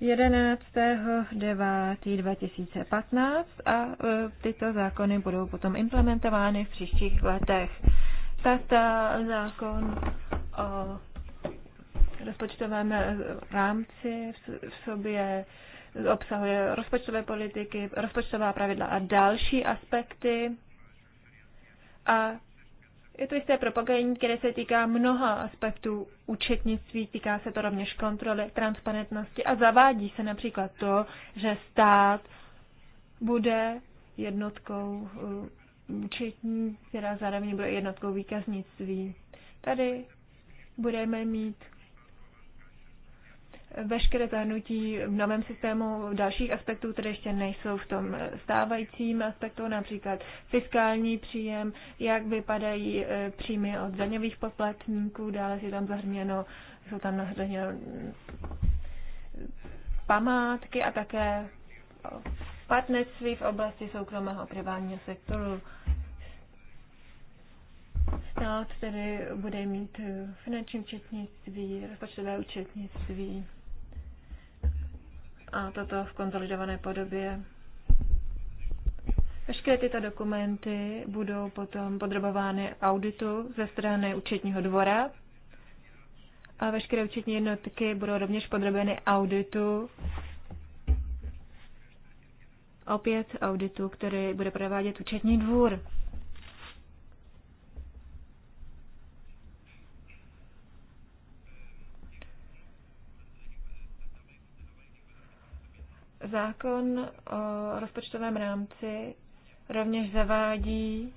11.9.2015 a e, tyto zákony budou potom implementovány v příštích letech. Tata zákon o rozpočtovém rámci v sobě obsahuje rozpočtové politiky, rozpočtová pravidla a další aspekty. A je to jisté propagání, které se týká mnoha aspektů účetnictví, týká se to rovněž kontroly, transparentnosti a zavádí se například to, že stát bude jednotkou uh, účetní, která zároveň bude jednotkou výkaznictví. Tady budeme mít veškeré zahrnutí v novém systému dalších aspektů, které ještě nejsou v tom stávajícím aspektu, například fiskální příjem, jak vypadají e, příjmy od daňových poplatníků, dále je tam zahrněno, jsou tam zahrněno památky a také partnerství v oblasti soukromého privátního sektoru. Stát tedy bude mít finanční účetnictví, rozpočtové účetnictví a toto v konzolidované podobě. Veškeré tyto dokumenty budou potom podrobovány auditu ze strany účetního dvora a veškeré účetní jednotky budou rovněž podrobeny auditu, opět auditu, který bude provádět účetní dvůr. Zákon o rozpočtovém rámci rovněž zavádí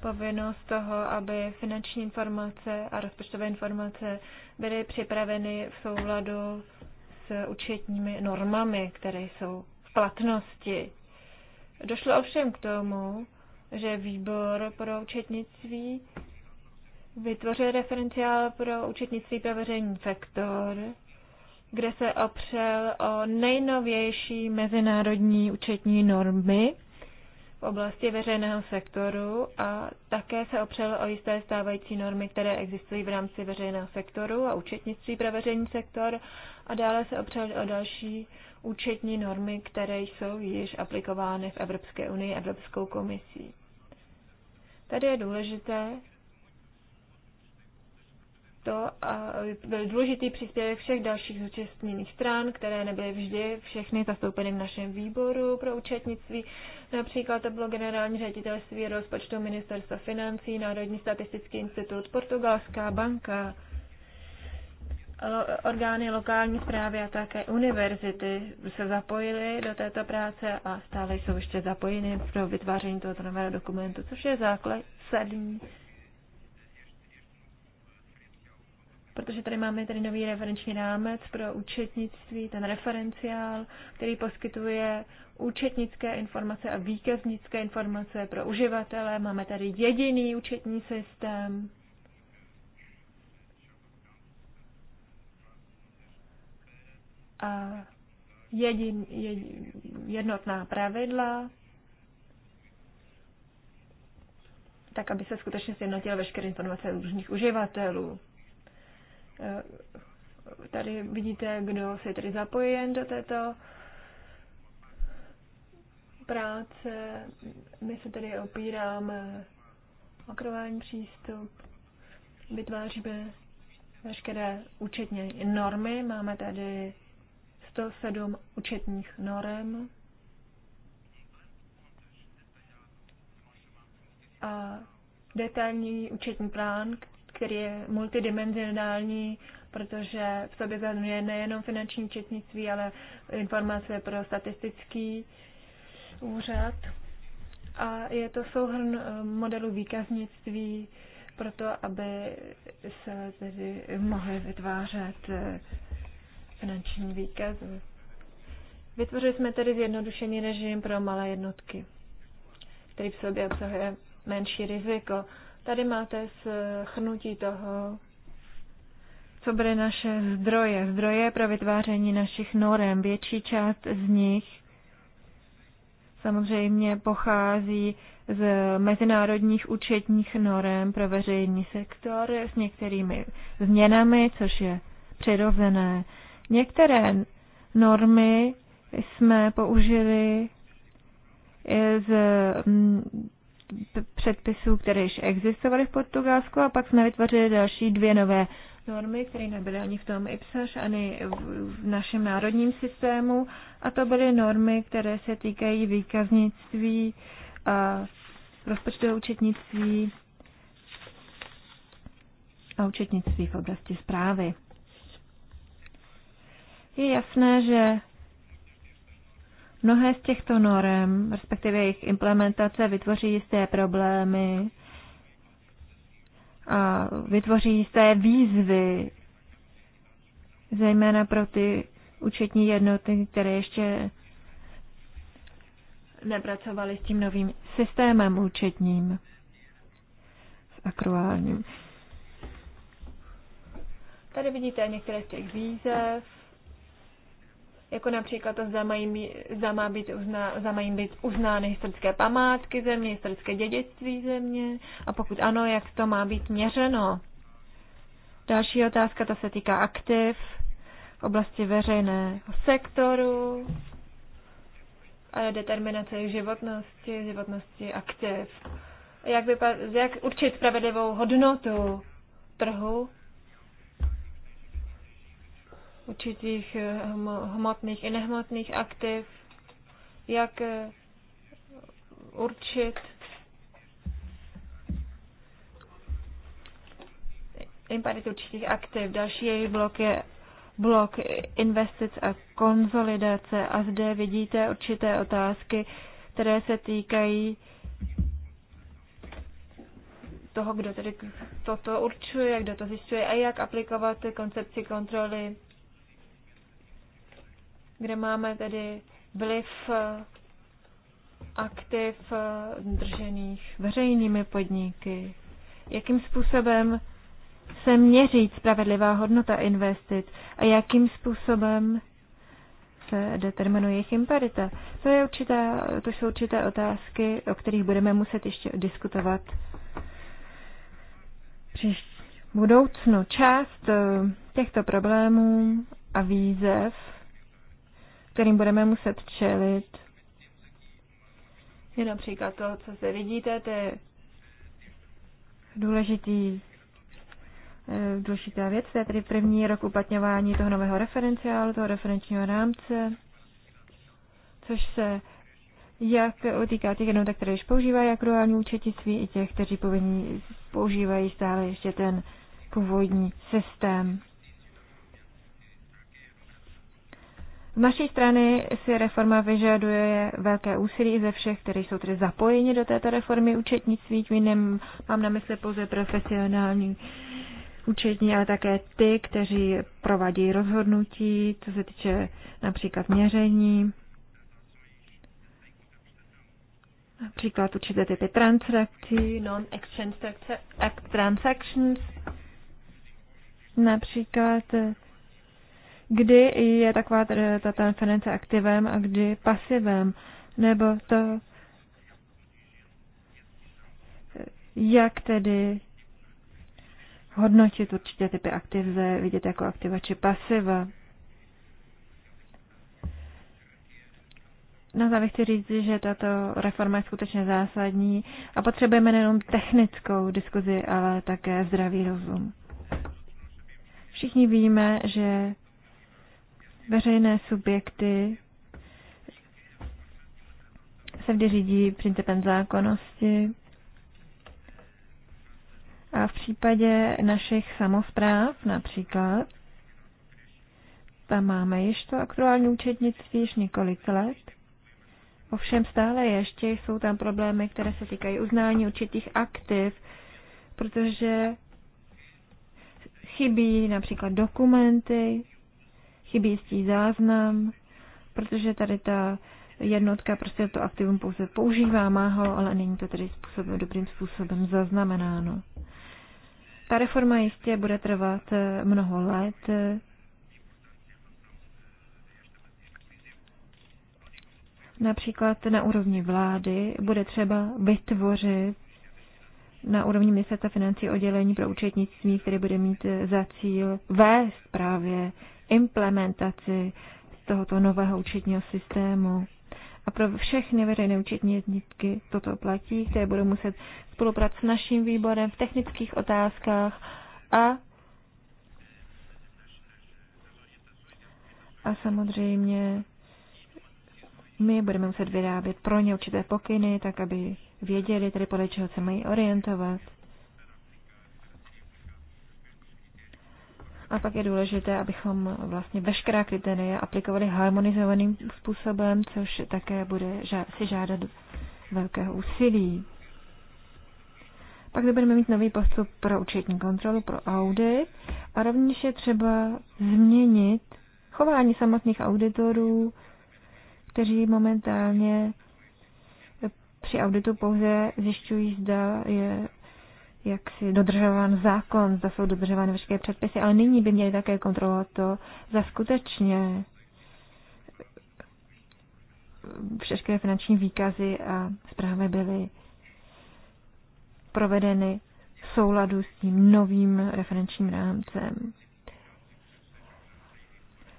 povinnost toho, aby finanční informace a rozpočtové informace byly připraveny v souladu s účetními normami, které jsou v platnosti. Došlo ovšem k tomu, že výbor pro účetnictví vytvořil referenciál pro účetnictví pro veřejný sektor, kde se opřel o nejnovější mezinárodní účetní normy v oblasti veřejného sektoru a také se opřel o jisté stávající normy, které existují v rámci veřejného sektoru a účetnictví pro veřejný sektor a dále se opřel o další účetní normy, které jsou již aplikovány v Evropské unii Evropskou komisí. Tady je důležité to a byl důležitý příspěvek všech dalších zúčastněných stran, které nebyly vždy všechny zastoupeny v našem výboru pro účetnictví. Například to bylo generální ředitelství rozpočtu ministerstva financí, Národní statistický institut, Portugalská banka, orgány lokální zprávy a také univerzity se zapojily do této práce a stále jsou ještě zapojeny pro vytváření tohoto nového dokumentu, což je základ sadní protože tady máme tady nový referenční rámec pro účetnictví, ten referenciál, který poskytuje účetnické informace a výkaznické informace pro uživatele. Máme tady jediný účetní systém. A jedin, jedin, jednotná pravidla, tak aby se skutečně sjednotily veškeré informace různých uživatelů. Eh, tady vidíte, kdo se tady zapojen do této práce. My se tady opíráme o akrování přístup, vytváříme veškeré účetní normy. Máme tady 107 účetních norm A detailní účetní plán, který je multidimenzionální, protože v sobě zahrnuje nejenom finanční četnictví, ale informace pro statistický úřad. A je to souhrn eh, modelu výkaznictví proto, aby se tedy mohly vytvářet eh, finanční výkazy. Vytvořili jsme tedy zjednodušený režim pro malé jednotky, který v sobě obsahuje menší riziko. Tady máte schrnutí toho, co byly naše zdroje. Zdroje pro vytváření našich norem. Větší část z nich samozřejmě pochází z mezinárodních účetních norem pro veřejný sektor s některými změnami, což je přirozené. Některé normy jsme použili z mm, předpisů, které již existovaly v Portugalsku a pak jsme vytvořili další dvě nové normy, které nebyly ani v tom IPSAŠ, ani v našem národním systému. A to byly normy, které se týkají výkaznictví a rozpočtového účetnictví a účetnictví v oblasti zprávy. Je jasné, že Mnohé z těchto norem, respektive jejich implementace, vytvoří jisté problémy a vytvoří jisté výzvy, zejména pro ty účetní jednoty, které ještě nepracovaly s tím novým systémem účetním, s akruálním. Tady vidíte některé z těch výzev jako například to, zda, mají, zda, má být uzná, zda mají být uznány historické památky země, historické dědictví země a pokud ano, jak to má být měřeno. Další otázka, ta se týká aktiv v oblasti veřejného sektoru a determinace životnosti, životnosti aktiv. Jak, vypad, jak určit spravedlivou hodnotu trhu určitých eh, hmotných i nehmotných aktiv, jak eh, určit imparit určitých aktiv. Další její blok je blok investic a konzolidace. A zde vidíte určité otázky, které se týkají toho, kdo tedy toto určuje, kdo to zjišťuje a jak aplikovat koncepci kontroly kde máme tedy vliv eh, aktiv eh, držených veřejnými podniky. Jakým způsobem se měří spravedlivá hodnota investic a jakým způsobem se determinuje jejich imperita. To, je určitá, to jsou určité otázky, o kterých budeme muset ještě diskutovat příští budoucnu. Část eh, těchto problémů a výzev kterým budeme muset čelit, je například to, co se vidíte, to je důležitý, eh, důležitá věc, to je tedy první rok uplatňování toho nového referenciálu, toho referenčního rámce, což se jak týká těch jednotek, které již používají akruální účetnictví, i těch, kteří povinní používají stále ještě ten původní systém. Z naší strany si reforma vyžaduje velké úsilí ze všech, kteří jsou tedy zapojeni do této reformy účetnictví. Tím jiným mám na mysli pouze profesionální účetní, ale také ty, kteří provadí rozhodnutí, co se týče například měření, například určité typy transakcí, non-exchange transactions, například kdy je taková ta transference aktivem a kdy pasivem, nebo to, jak tedy hodnotit určitě typy aktiv, vidět jako aktiva či pasiva. Na závěr chci říct, že tato reforma je skutečně zásadní a potřebujeme nejenom technickou diskuzi, ale také zdravý rozum. Všichni víme, že veřejné subjekty se vždy řídí principem zákonnosti a v případě našich samozpráv například, tam máme již to aktuální účetnictví již několik let. Ovšem stále ještě jsou tam problémy, které se týkají uznání určitých aktiv, protože chybí například dokumenty, chybí jistý záznam, protože tady ta jednotka prostě to aktivum pouze používá, má ho, ale není to tedy způsobem, dobrým způsobem zaznamenáno. Ta reforma jistě bude trvat eh, mnoho let. Například na úrovni vlády bude třeba vytvořit na úrovni ministerstva financí oddělení pro účetnictví, které bude mít za cíl vést právě implementaci tohoto nového účetního systému. A pro všechny veřejné účetní jednotky toto platí, které budou muset spolupracovat s naším výborem v technických otázkách a, a samozřejmě my budeme muset vyrábět pro ně určité pokyny, tak aby věděli, tedy podle čeho se mají orientovat. A pak je důležité, abychom vlastně veškerá kritéria aplikovali harmonizovaným způsobem, což také bude si žádat velkého úsilí. Pak zde budeme mít nový postup pro účetní kontrolu, pro audit a rovněž je třeba změnit chování samotných auditorů, kteří momentálně při auditu pouze zjišťují, zda je jak si dodržován zákon, zda jsou dodržovány veškeré předpisy, ale nyní by měli také kontrolovat to, zda skutečně všechny finanční výkazy a zprávy byly provedeny v souladu s tím novým referenčním rámcem.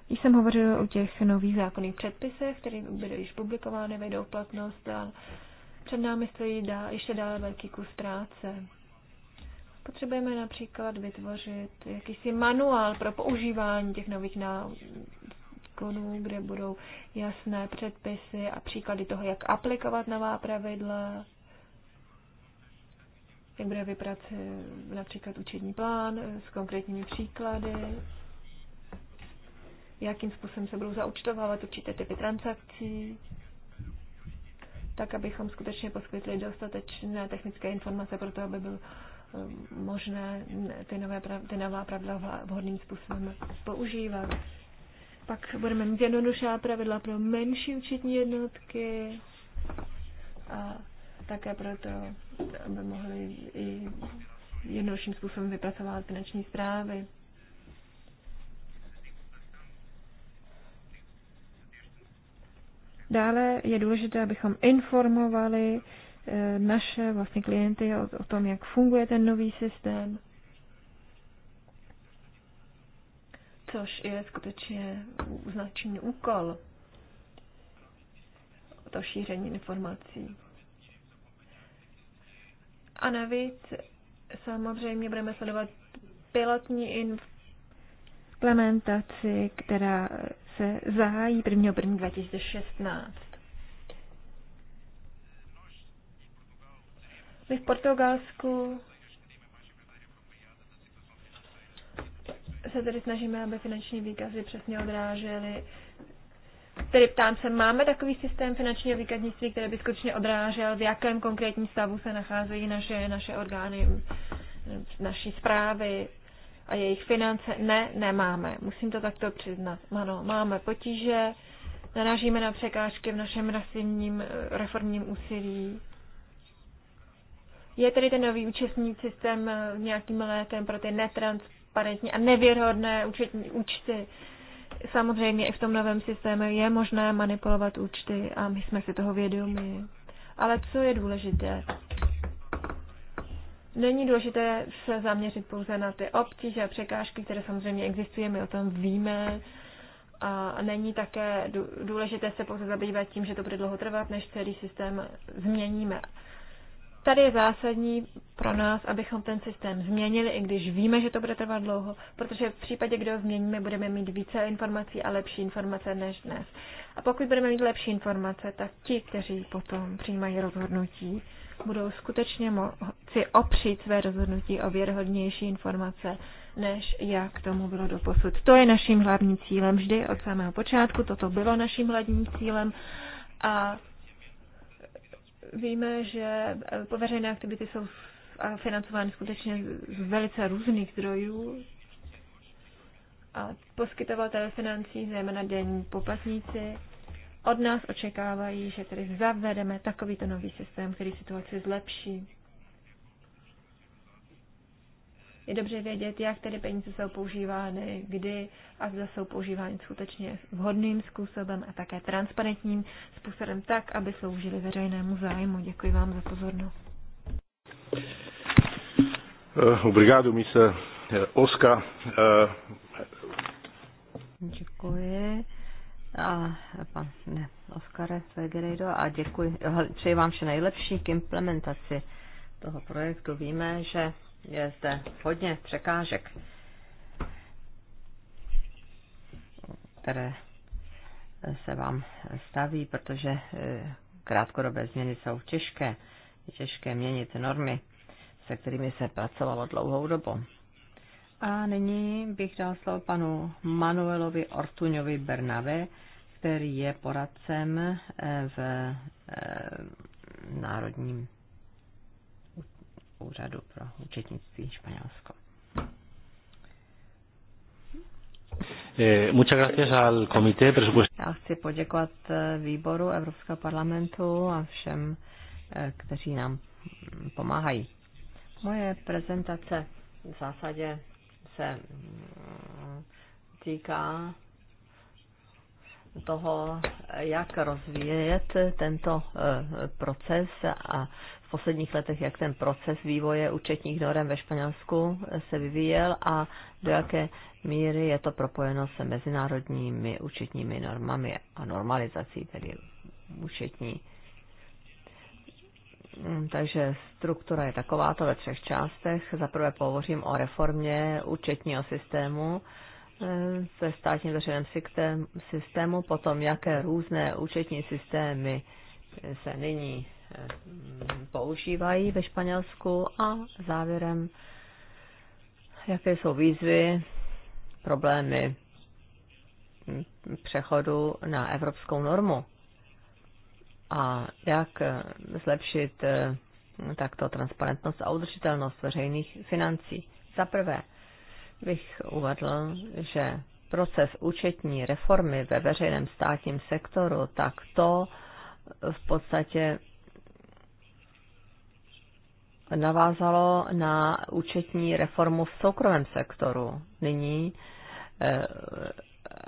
Když jsem hovořil o těch nových zákonných předpisech, které byly již publikovány, vejdou platnost a před námi stojí dál, ještě dále velký kus práce. Potřebujeme například vytvořit jakýsi manuál pro používání těch nových nákonů, kde budou jasné předpisy a příklady toho, jak aplikovat nová pravidla, jak bude vyprat například učební plán s konkrétními příklady, jakým způsobem se budou zaučtovávat určité typy transakcí, tak abychom skutečně poskytli dostatečné technické informace pro to, aby byl Eh, možné ty, nové, ty nová pravidla vhodným způsobem používat. Pak budeme mít jednodušá pravidla pro menší účetní jednotky a také proto, aby mohli i jednodušším způsobem vypracovat finanční zprávy. Dále je důležité, abychom informovali naše vlastně klienty o, o tom, jak funguje ten nový systém, což je skutečně značný úkol to šíření informací. A navíc samozřejmě budeme sledovat pilotní implementaci, která se zahájí 1.1.2016. My v Portugalsku se tedy snažíme, aby finanční výkazy přesně odrážely. Tedy ptám se, máme takový systém finančního výkaznictví, který by skutečně odrážel, v jakém konkrétním stavu se nacházejí naše, naše orgány, naší zprávy a jejich finance? Ne, nemáme. Musím to takto přiznat. Ano, máme potíže, narážíme na překážky v našem rasivním eh, reformním úsilí. Je tedy ten nový účetní systém eh, nějakým létem pro ty netransparentní a nevěrhodné účetní, účty. Samozřejmě i v tom novém systému je možné manipulovat účty a my jsme si toho vědomi. Ale co je důležité? Není důležité se zaměřit pouze na ty obtíže a překážky, které samozřejmě existují, my o tom víme. A není také důležité se pouze zabývat tím, že to bude dlouho trvat, než celý systém změníme. Tady je zásadní pro nás, abychom ten systém změnili, i když víme, že to bude trvat dlouho, protože v případě, kdy ho změníme, budeme mít více informací a lepší informace než dnes. A pokud budeme mít lepší informace, tak ti, kteří potom přijímají rozhodnutí, budou skutečně moci opřít své rozhodnutí o věrhodnější informace, než jak tomu bylo doposud. To je naším hlavním cílem vždy od samého počátku, toto bylo naším hlavním cílem a víme, že eh, veřejné aktivity jsou financovány skutečně z velice různých zdrojů a poskytovatelé financí, zejména denní poplatníci, od nás očekávají, že tedy zavedeme takovýto nový systém, který situaci zlepší. je dobře vědět, jak tedy peníze jsou používány, kdy a zda jsou používány skutečně vhodným způsobem a také transparentním způsobem tak, aby sloužily veřejnému zájmu. Děkuji vám za pozornost. Eh, obrigado, misa eh, Oska. Eh, děkuji. A pan, ne, Oskare Fegerejdo a děkuji. Přeji vám vše nejlepší k implementaci toho projektu. Víme, že je zde hodně překážek, které se vám staví, protože eh, krátkodobé změny jsou těžké. Je těžké měnit normy, se kterými se pracovalo dlouhou dobu. A nyní bych dal slovo panu Manuelovi Ortuňovi Bernave, který je poradcem eh, v eh, Národním úřadu pro účetnictví Španělsko. Eh, muchas gracias al comité Já chci poděkovat eh, výboru Evropského parlamentu a všem, eh, kteří nám mm, pomáhají. Moje prezentace v zásadě se mm, týká toho, jak rozvíjet tento eh, proces a v posledních letech, jak ten proces vývoje účetních norem ve Španělsku eh, se vyvíjel a do jaké míry je to propojeno se mezinárodními účetními normami a normalizací tedy účetní. Mm, takže struktura je takováto ve třech částech. Za prvé pohovořím o reformě účetního systému, Eh, ve státním veřejném systému, potom jaké různé účetní systémy se nyní eh, používají ve Španělsku a závěrem, jaké jsou výzvy, problémy přechodu na evropskou normu a jak zlepšit eh, takto transparentnost a udržitelnost veřejných financí. Za prvé, bych uvedl, že proces účetní reformy ve veřejném státním sektoru, tak to v podstatě navázalo na účetní reformu v soukromém sektoru. Nyní eh,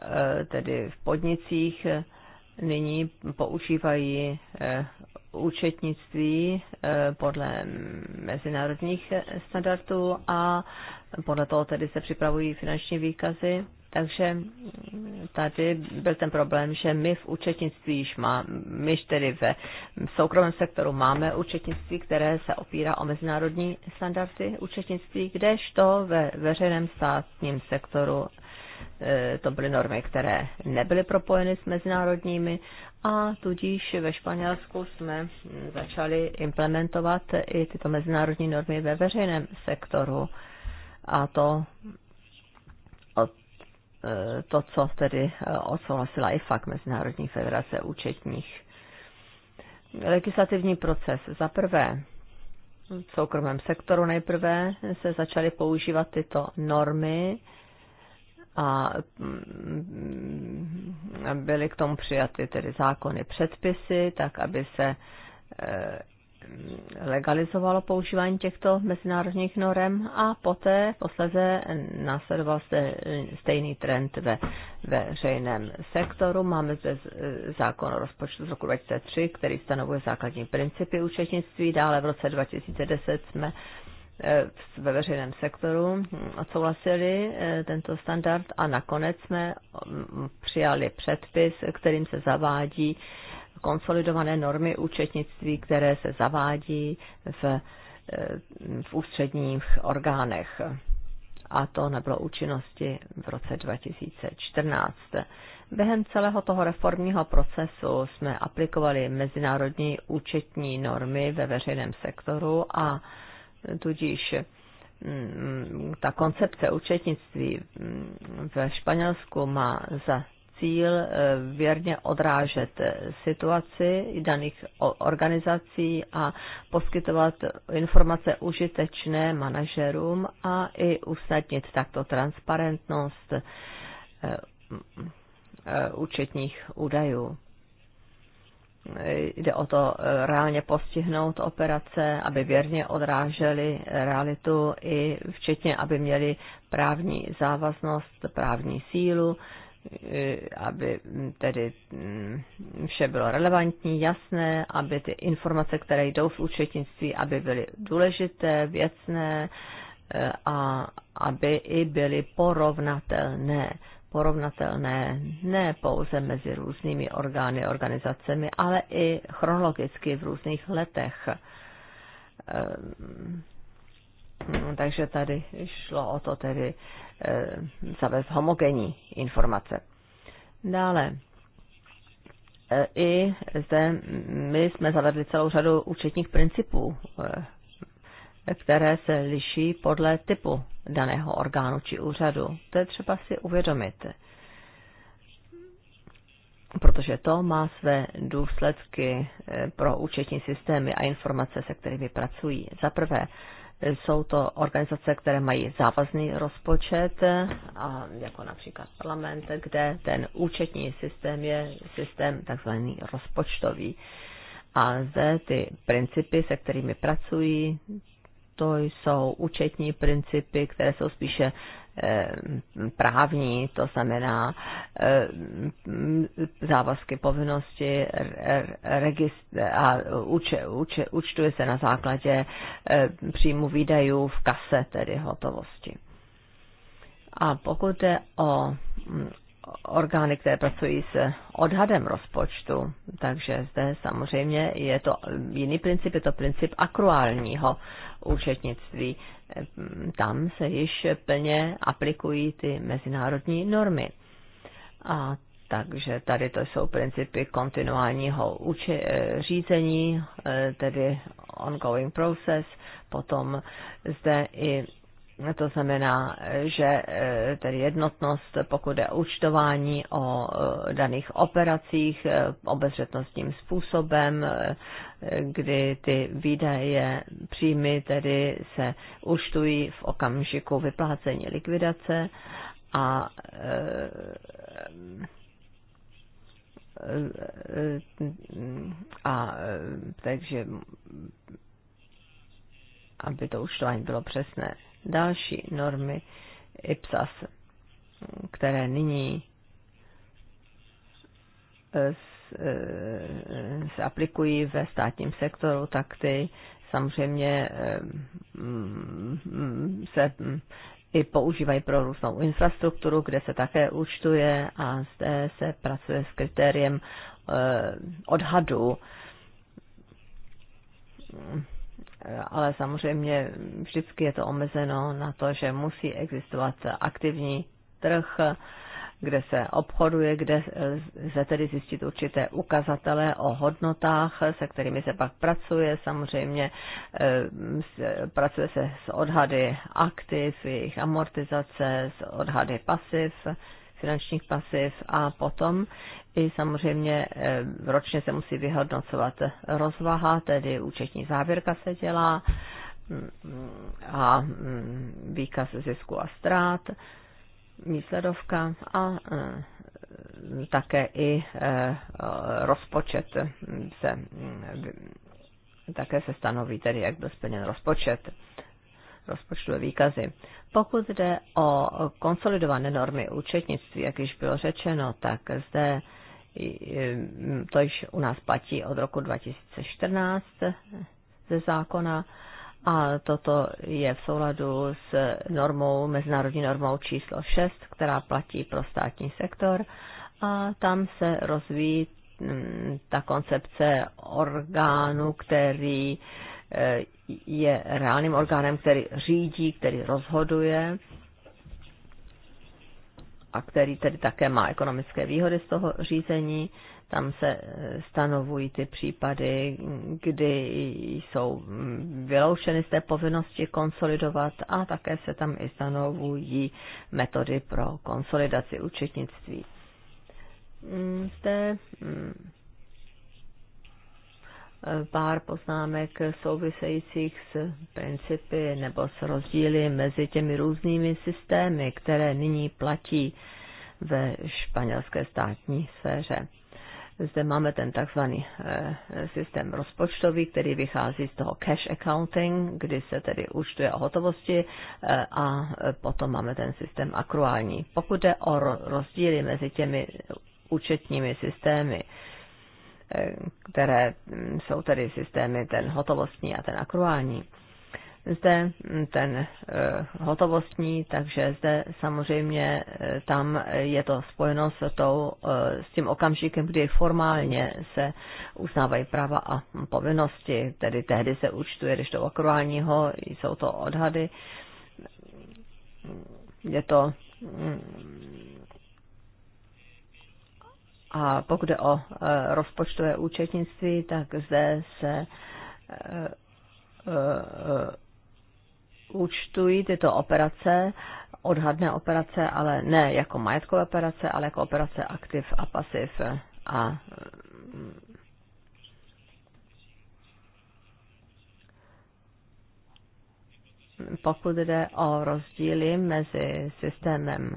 eh, tedy v podnicích eh, nyní používají účetnictví eh, podle mezinárodních standardů a podle toho tedy se připravují finanční výkazy. Takže tady byl ten problém, že my v účetnictví již máme, my tedy ve soukromém sektoru máme účetnictví, které se opírá o mezinárodní standardy účetnictví, kdežto ve veřejném státním sektoru eh, to byly normy, které nebyly propojeny s mezinárodními a tudíž ve Španělsku jsme začali implementovat i tyto mezinárodní normy ve veřejném sektoru. A to, e, to co tedy e, odsouhlasila i fakt Mezinárodní federace účetních. Legislativní proces. Za prvé, v soukromém sektoru nejprve se začaly používat tyto normy a mm, byly k tomu přijaty tedy zákony, předpisy, tak aby se e, legalizovalo používání těchto mezinárodních norem a poté posledně následoval se stejný trend ve veřejném sektoru. Máme zde zákon o rozpočtu z roku 2003, který stanovuje základní principy účetnictví. Dále v roce 2010 jsme Eh, ve veřejném sektoru odsouhlasili eh, tento standard a nakonec jsme mm, přijali předpis, kterým se zavádí konsolidované normy účetnictví, které se zavádí v, eh, v ústředních orgánech. A to nebylo účinnosti v roce 2014. Během celého toho reformního procesu jsme aplikovali mezinárodní účetní normy ve veřejném sektoru a tudíž mm, ta koncepce účetnictví mm, ve Španělsku má za cíl eh, věrně odrážet eh, situaci daných organizací a poskytovat informace užitečné manažerům a i usnadnit takto transparentnost eh, účetních údajů jde o to eh, reálně postihnout operace, aby věrně odrážely eh, realitu i včetně, aby měli právní závaznost, právní sílu, eh, aby mm, tedy mm, vše bylo relevantní, jasné, aby ty informace, které jdou v účetnictví, aby byly důležité, věcné a aby i byly porovnatelné porovnatelné ne pouze mezi různými orgány organizacemi, ale i chronologicky v různých letech. Ehm, takže tady šlo o to tedy ehm, zavést homogenní informace. Dále, e, i zde my jsme zavedli celou řadu účetních principů, e, které se liší podle typu daného orgánu či úřadu. To je třeba si uvědomit, protože to má své důsledky eh, pro účetní systémy a informace, se kterými pracují. Za prvé, jsou to organizace, které mají závazný rozpočet, a jako například parlament, kde ten účetní systém je systém takzvaný rozpočtový. A zde ty principy, se kterými pracují, to jsou účetní principy, které jsou spíše eh, právní, to znamená eh, závazky povinnosti a účtuje se na základě eh, příjmu výdajů v kase, tedy hotovosti. A pokud jde o mm, orgány, které pracují s odhadem rozpočtu. Takže zde samozřejmě je to jiný princip, je to princip akruálního účetnictví. Tam se již plně aplikují ty mezinárodní normy. A takže tady to jsou principy kontinuálního uči- řízení, tedy ongoing process. Potom zde i to znamená, že e, tedy jednotnost, pokud je účtování o e, daných operacích e, obezřetnostním způsobem, kdy ty výdaje, příjmy tedy se účtují v okamžiku vyplácení likvidace a a takže aby to účtování bylo přesné další normy IPSAS, které nyní eh, eh, se aplikují ve státním sektoru, tak ty samozřejmě eh, mm, se mm, i používají pro různou infrastrukturu, kde se také účtuje a zde se pracuje s kritériem odhadu ale samozřejmě vždycky je to omezeno na to, že musí existovat aktivní trh, kde se obchoduje, kde se tedy zjistit určité ukazatele o hodnotách, se kterými se pak pracuje. Samozřejmě eh, pracuje se s odhady aktiv, jejich amortizace, s odhady pasiv finančních pasiv a potom i samozřejmě eh, ročně se musí vyhodnocovat rozvaha, tedy účetní závěrka se dělá mm, a mm, výkaz zisku a ztrát, výsledovka a eh, také i eh, rozpočet se mm, také se stanoví tedy, jak byl splněn rozpočet rozpočtové výkazy. Pokud jde o konsolidované normy účetnictví, jak již bylo řečeno, tak zde mm, to již u nás platí od roku 2014 ze zákona a toto je v souladu s normou, mezinárodní normou číslo 6, která platí pro státní sektor a tam se rozvíjí mm, ta koncepce orgánu, který eh, je reálným orgánem, který řídí, který rozhoduje a který tedy také má ekonomické výhody z toho řízení. Tam se eh, stanovují ty případy, kdy jsou mm, vyloučeny z té povinnosti konsolidovat a také se tam i stanovují metody pro konsolidaci účetnictví. Mm, zde mm, pár poznámek souvisejících s principy nebo s rozdíly mezi těmi různými systémy, které nyní platí ve španělské státní sféře. Zde máme ten takzvaný eh, systém rozpočtový, který vychází z toho cash accounting, kdy se tedy účtuje o hotovosti eh, a potom máme ten systém akruální. Pokud jde o rozdíly mezi těmi účetními systémy, Eh, které mm, jsou tedy systémy ten hotovostní a ten akruální. Zde mm, ten eh, hotovostní, takže zde samozřejmě eh, tam je to spojeno s, tou, s tím okamžikem, kdy formálně se uznávají práva a povinnosti, tedy tehdy se účtuje, když to akruálního, jsou to odhady, je to mm, a pokud je o e, rozpočtové účetnictví, tak zde se e, e, účtují tyto operace, odhadné operace, ale ne jako majetkové operace, ale jako operace aktiv a pasiv. A pokud jde o rozdíly mezi systémem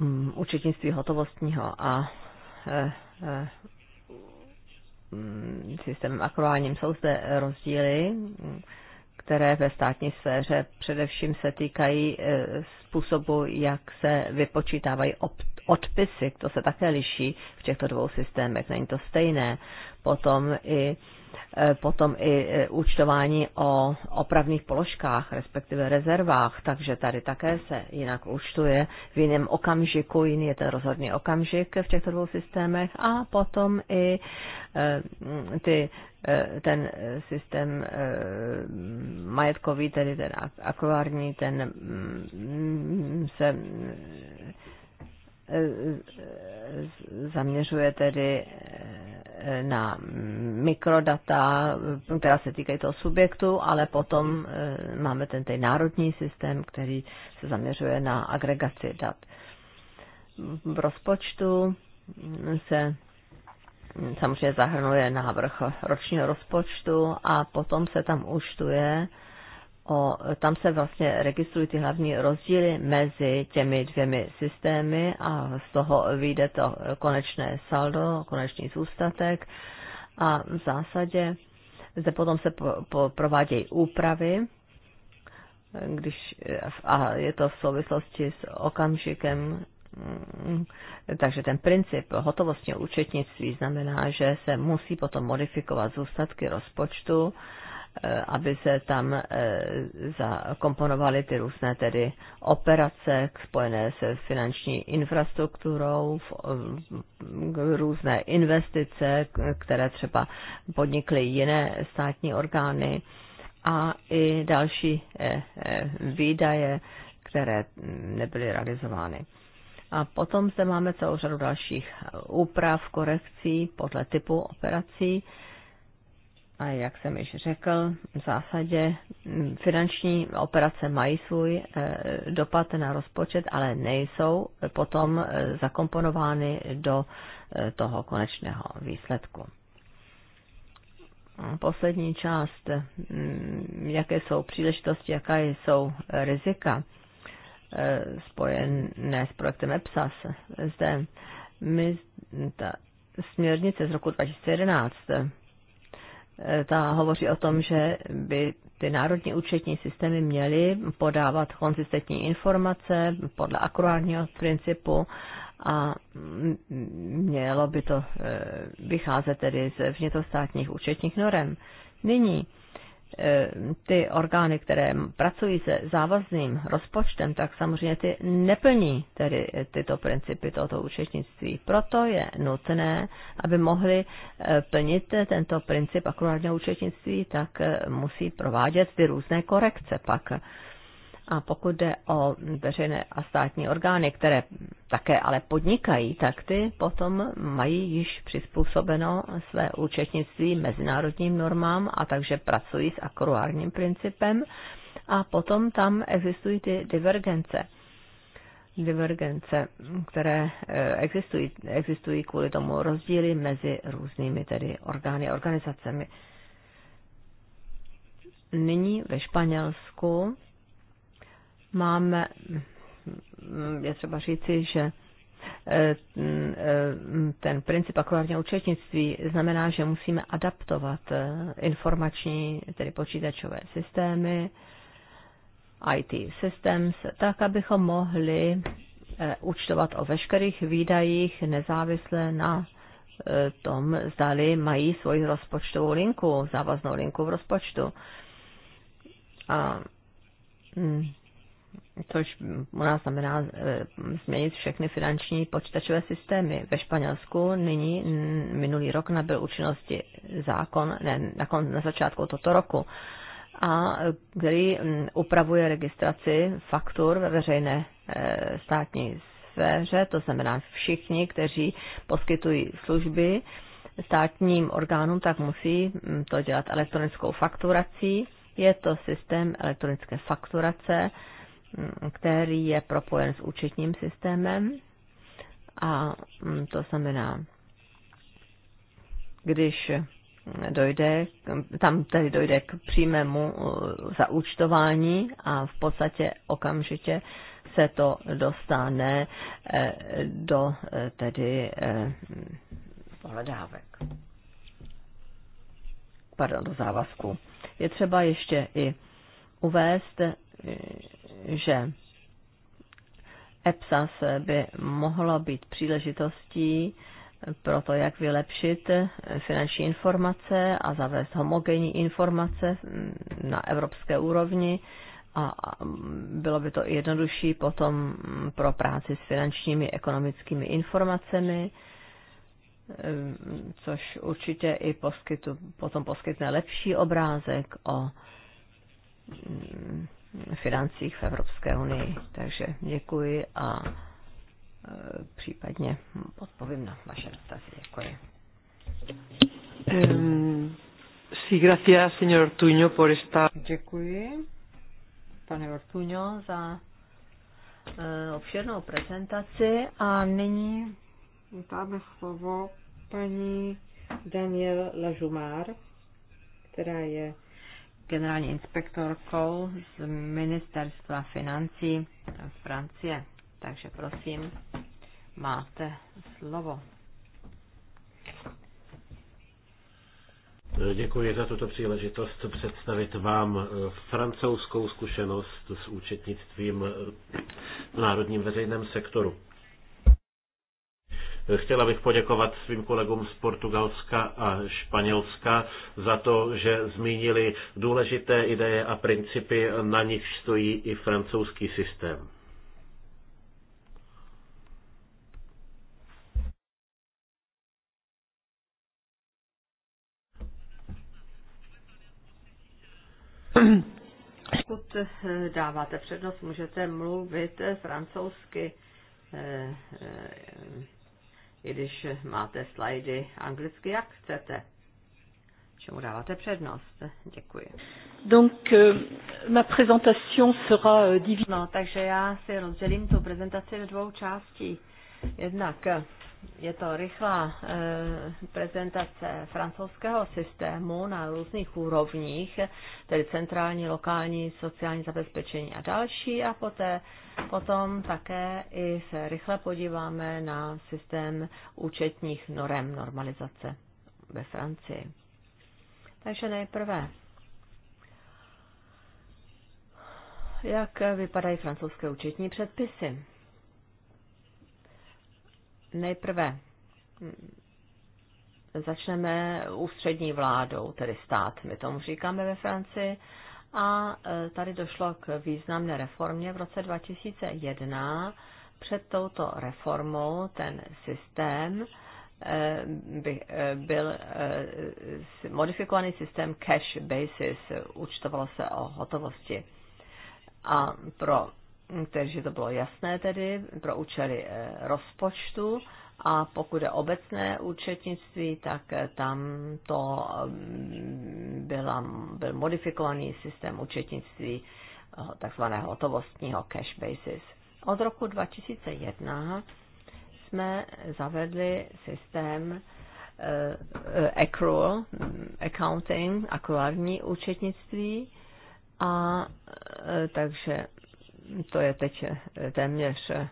Mm, účetnictví hotovostního a e, e, mm, systémem akruálním jsou zde rozdíly, které ve státní sféře především se týkají e, způsobu, jak se vypočítávají odpisy. To se také liší v těchto dvou systémech, není to stejné. Potom i E, potom i e, účtování o opravných položkách, respektive rezervách, takže tady také se jinak účtuje v jiném okamžiku, jiný je ten rozhodný okamžik v těchto dvou systémech a potom i e, ty, ten systém majetkový, tedy ten akvární, ten mm, se zaměřuje tedy na mikrodata, která se týkají toho subjektu, ale potom eh, máme ten národní systém, který se zaměřuje na agregaci dat. V rozpočtu se samozřejmě zahrnuje návrh ročního rozpočtu a potom se tam uštuje o, tam se vlastně registrují ty hlavní rozdíly mezi těmi dvěmi systémy a z toho vyjde to konečné saldo, konečný zůstatek a v zásadě zde potom se po, po, provádějí úpravy, když, a je to v souvislosti s okamžikem, mm, takže ten princip hotovostního účetnictví znamená, že se musí potom modifikovat zůstatky rozpočtu, Eh, aby se tam eh, zakomponovaly ty různé tedy operace spojené se finanční infrastrukturou, různé investice, které třeba podnikly jiné státní orgány a i další eh, výdaje, které nebyly realizovány. A potom zde máme celou řadu dalších úprav, korekcí podle typu operací a jak jsem již řekl, v zásadě mm, finanční operace mají svůj eh, dopad na rozpočet, ale nejsou potom eh, zakomponovány do eh, toho konečného výsledku. Poslední část, mm, jaké jsou příležitosti, jaká jsou rizika spojené s projektem EPSAS. Zde my, ta směrnice z roku 2011 ta hovoří o tom, že by ty národní účetní systémy měly podávat konzistentní informace podle akurárního principu a mělo by to eh, vycházet tedy z vnitrostátních účetních norem. Nyní E, ty orgány, které pracují se závazným rozpočtem, tak samozřejmě ty neplní tedy e, tyto principy tohoto účetnictví. Proto je nutné, aby mohli e, plnit tento princip akurátního účetnictví, tak musí provádět ty různé korekce pak. A pokud jde o veřejné a státní orgány, které také ale podnikají, tak ty potom mají již přizpůsobeno své účetnictví mezinárodním normám a takže pracují s akruárním principem. A potom tam existují ty divergence divergence, které eh, existují, existují kvůli tomu rozdíly mezi různými tedy orgány a organizacemi. Nyní ve Španělsku máme, mm, je třeba říci, že eh, mm, eh, ten princip akvárního účetnictví znamená, že musíme adaptovat eh, informační, tedy počítačové systémy, IT systems, tak, abychom mohli účtovat o veškerých výdajích nezávisle na tom, zdali mají svoji rozpočtovou linku, závaznou linku v rozpočtu. A mm, což u nás znamená eh, změnit všechny finanční počítačové systémy. Ve Španělsku nyní mm, minulý rok nabyl účinnosti zákon, ne, na, kon, na začátku toto roku, a který mm, upravuje registraci faktur ve veřejné eh, státní sféře, to znamená všichni, kteří poskytují služby státním orgánům, tak musí mm, to dělat elektronickou fakturací. Je to systém elektronické fakturace, který je propojen s účetním systémem. A mm, to znamená, když dojde, tam tedy dojde k přímému uh, zaúčtování a v podstatě okamžitě se to dostane eh, do eh, tedy eh, pohledávek. Pardon, do závazku. Je třeba ještě i uvést, že EPSAS by mohlo být příležitostí pro to, jak vylepšit finanční informace a zavést homogenní informace na evropské úrovni a bylo by to jednodušší potom pro práci s finančními ekonomickými informacemi, což určitě i poskytu, potom poskytne lepší obrázek o financích v Evropské unii. Takže děkuji a e, případně odpovím na vaše dotazy. Děkuji. Um, sí, gracias, señor Tuño, por esta... Děkuji, pane Ortuño, za uh, obširnou prezentaci a nyní dáme slovo paní Daniel Lažumár, která je generální inspektorkou z Ministerstva financí z Francie. Takže prosím, máte slovo. Děkuji za tuto příležitost představit vám eh, francouzskou zkušenost s účetnictvím v národním veřejném sektoru. Chtěla bych poděkovat svým kolegům z Portugalska a Španělska za to, že zmínili důležité ideje a principy, na nich stojí i francouzský systém. Pokud eh, dáváte přednost, můžete mluvit francouzsky eh, eh, i když máte slajdy anglicky, jak chcete. Čemu dáváte přednost? Děkuji. Donc, euh, ma présentation sera euh, divisée. No, takže já si rozdělím tu prezentaci do dvou částí. Jednak je to rychlá e, prezentace francouzského systému na různých úrovních, tedy centrální, lokální, sociální zabezpečení a další. A poté, potom také i se rychle podíváme na systém účetních norem normalizace ve Francii. Takže nejprve, jak vypadají francouzské účetní předpisy? Nejprve mm, začneme ústřední vládou, tedy stát, my tomu říkáme ve Francii, a e, tady došlo k významné reformě v roce 2001. Před touto reformou ten systém e, by, e, byl modifikovaný systém cash basis, účtovalo se o hotovosti. A pro takže to bylo jasné tedy pro účely eh, rozpočtu a pokud je obecné účetnictví, tak eh, tam to mm, byla, byl modifikovaný systém účetnictví eh, takzvaného hotovostního cash basis. Od roku 2001 jsme zavedli systém accrual, mm, accounting, akurární účetnictví, a takže to je teď eh, téměř eh,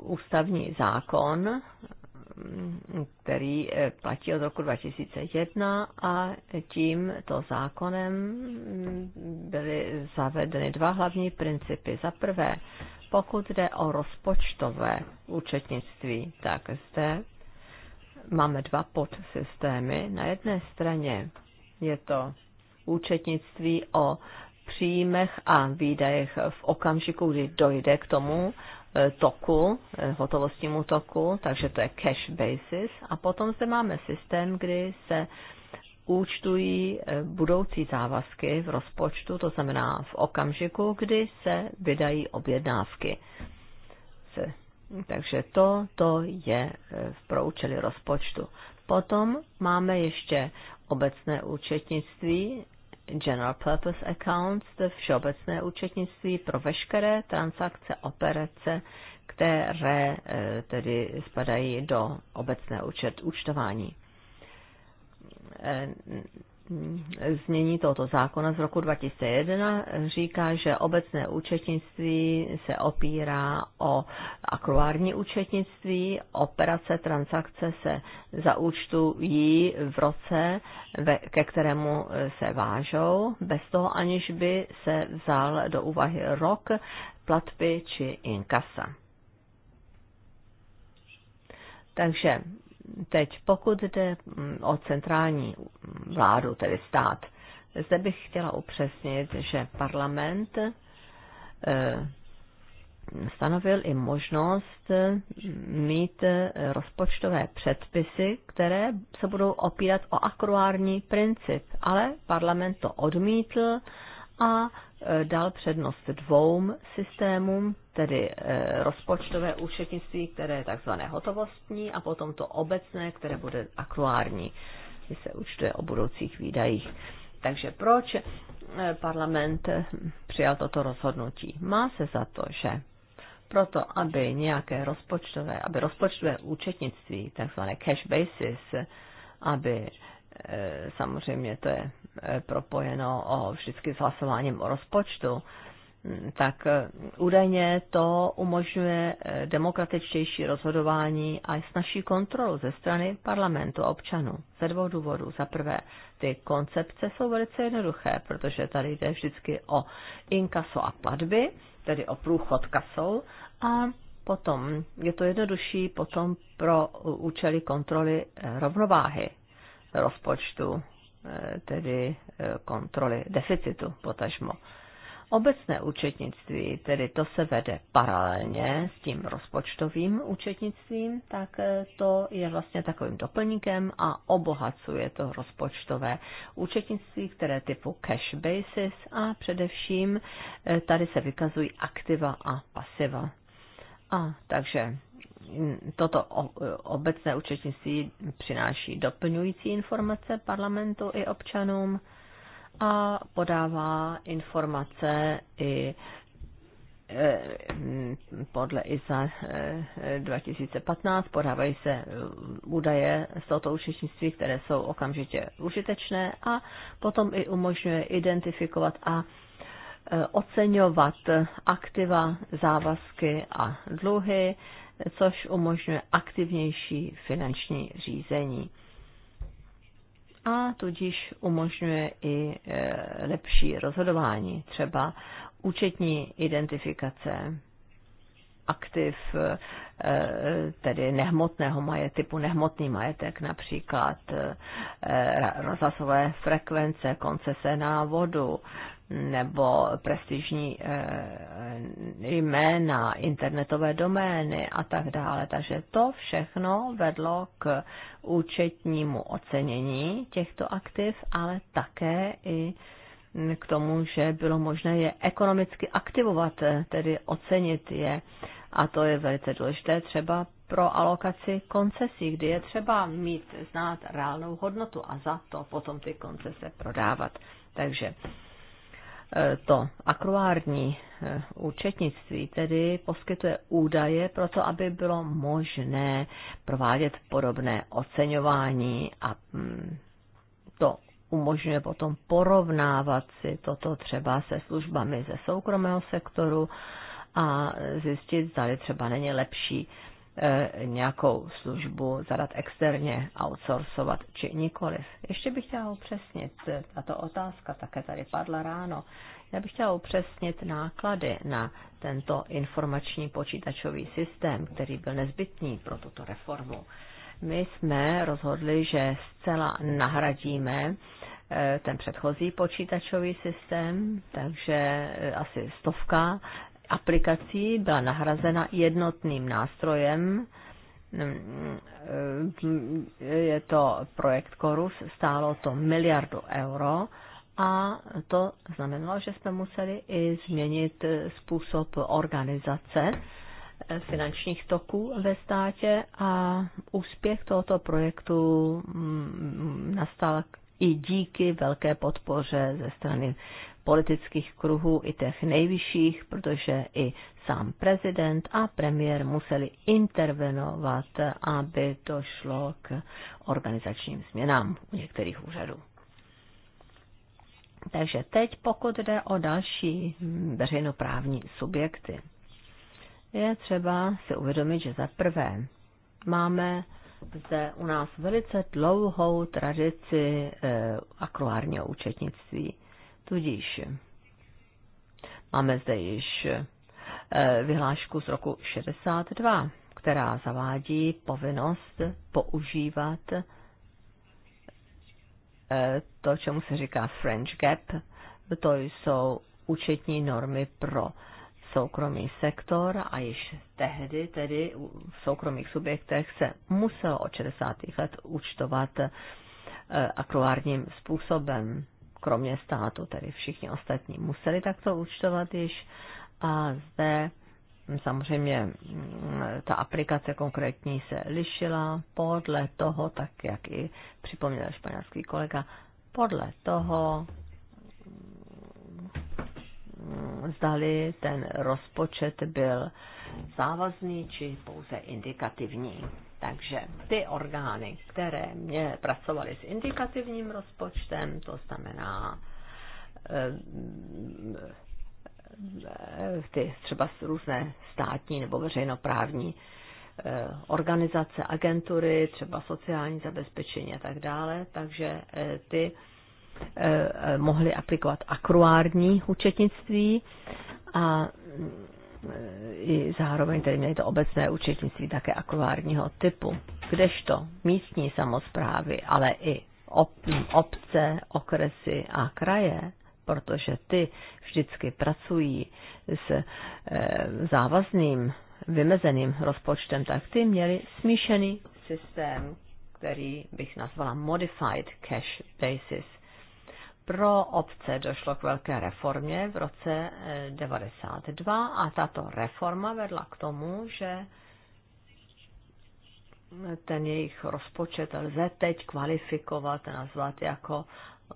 ústavní zákon, který eh, platí od roku 2001 a tímto zákonem mm, byly zavedeny dva hlavní principy. Za prvé, pokud jde o rozpočtové účetnictví, tak zde máme dva podsystémy. Na jedné straně je to účetnictví o příjmech a výdajech v okamžiku, kdy dojde k tomu e, toku, e, hotovostnímu toku, takže to je cash basis. A potom zde máme systém, kdy se účtují e, budoucí závazky v rozpočtu, to znamená v okamžiku, kdy se vydají objednávky. Takže to, to je v proučeli rozpočtu. Potom máme ještě obecné účetnictví, general purpose accounts, všeobecné účetnictví pro veškeré transakce, operace, které eh, tedy spadají do obecné účet, účtování. Eh, znění tohoto zákona z roku 2001 říká, že obecné účetnictví se opírá o akruární účetnictví, operace, transakce se zaúčtují v roce, ke kterému se vážou, bez toho aniž by se vzal do úvahy rok, platby či inkasa. Takže Teď pokud jde mm, o centrální vládu, tedy stát, zde bych chtěla upřesnit, že parlament eh, stanovil i možnost eh, mít eh, rozpočtové předpisy, které se budou opírat o akruární princip, ale parlament to odmítl a e, dal přednost dvou systémům, tedy e, rozpočtové účetnictví, které je takzvané hotovostní a potom to obecné, které bude aktuární, kdy se účtuje o budoucích výdajích. Takže proč e, parlament přijal toto rozhodnutí? Má se za to, že proto, aby nějaké rozpočtové, aby rozpočtové účetnictví, takzvané cash basis, aby Eh, samozřejmě to je eh, propojeno o, vždycky s hlasováním o rozpočtu, mm, tak eh, údajně to umožňuje demokratičtější rozhodování a snažší kontrolu ze strany parlamentu a občanů. Ze dvou důvodů. Za prvé, ty koncepce jsou velice jednoduché, protože tady jde vždycky o inkaso a platby, tedy o průchod kasou a potom je to jednodušší potom pro účely kontroly rovnováhy rozpočtu, eh, tedy eh, kontroly deficitu potažmo. Obecné účetnictví, tedy to se vede paralelně s tím rozpočtovým účetnictvím, tak eh, to je vlastně takovým doplníkem a obohacuje to rozpočtové účetnictví, které typu cash basis a především tady se vykazují aktiva a pasiva. A takže toto obecné účetnictví přináší doplňující informace parlamentu i občanům a podává informace i e, podle ISA 2015 e, podávají se e, údaje z tohoto účetnictví, které jsou okamžitě užitečné a potom i umožňuje identifikovat a oceňovat aktiva, závazky a dluhy, což umožňuje aktivnější finanční řízení a tudíž umožňuje i e, lepší rozhodování, třeba účetní identifikace aktiv, e, tedy nehmotného majet, typu nehmotný majetek, například e, rozhlasové frekvence, koncese na vodu, nebo prestižní eh, jména, internetové domény a tak dále. Takže to všechno vedlo k účetnímu ocenění těchto aktiv, ale také i k tomu, že bylo možné je ekonomicky aktivovat, eh, tedy ocenit je. A to je velice důležité třeba pro alokaci koncesí, kdy je třeba mít, znát reálnou hodnotu a za to potom ty koncese prodávat. Takže E, to akruární e, účetnictví tedy poskytuje údaje pro to, aby bylo možné provádět podobné oceňování a mm, to umožňuje potom porovnávat si toto třeba se službami ze soukromého sektoru a zjistit, zda třeba není lepší E, nějakou službu zadat externě, outsourcovat či nikoliv. Ještě bych chtěla upřesnit, e, tato otázka také tady padla ráno, já bych chtěla upřesnit náklady na tento informační počítačový systém, který byl nezbytný pro tuto reformu. My jsme rozhodli, že zcela nahradíme e, ten předchozí počítačový systém, takže asi stovka aplikací byla nahrazena jednotným nástrojem. Je to projekt Korus, stálo to miliardu euro a to znamenalo, že jsme museli i změnit způsob organizace finančních toků ve státě a úspěch tohoto projektu mm, nastal i díky velké podpoře ze strany politických kruhů, i těch nejvyšších, protože i sám prezident a premiér museli intervenovat, aby to šlo k organizačním změnám u některých úřadů. Takže teď, pokud jde o další veřejnoprávní subjekty, je třeba si uvědomit, že za prvé máme zde u nás velice dlouhou tradici e, akruárního účetnictví. Tudíž máme zde již eh, vyhlášku z roku 62, která zavádí povinnost používat eh, to, čemu se říká French Gap, to jsou účetní normy pro soukromý sektor a již tehdy tedy v soukromých subjektech se muselo od 60. let účtovat eh, akruárním způsobem kromě státu, tedy všichni ostatní, museli takto účtovat již a zde mm, samozřejmě mm, ta aplikace konkrétní se lišila podle toho, tak jak i připomněl španělský kolega, podle toho, mm, zdali ten rozpočet byl závazný či pouze indikativní. Takže ty orgány, které mě pracovaly s indikativním rozpočtem, to znamená eh, eh, ty třeba různé státní nebo veřejnoprávní eh, organizace, agentury, třeba sociální zabezpečení a tak dále, takže ty mohly aplikovat akruární účetnictví a i zároveň tedy měli to obecné účetnictví také akvárního typu, kdežto místní samozprávy, ale i obce, okresy a kraje, protože ty vždycky pracují s eh, závazným vymezeným rozpočtem, tak ty měli smíšený systém, který bych nazvala modified cash basis. Pro obce došlo k velké reformě v roce 92 eh, a tato reforma vedla k tomu, že ten jejich rozpočet lze teď kvalifikovat, nazvat jako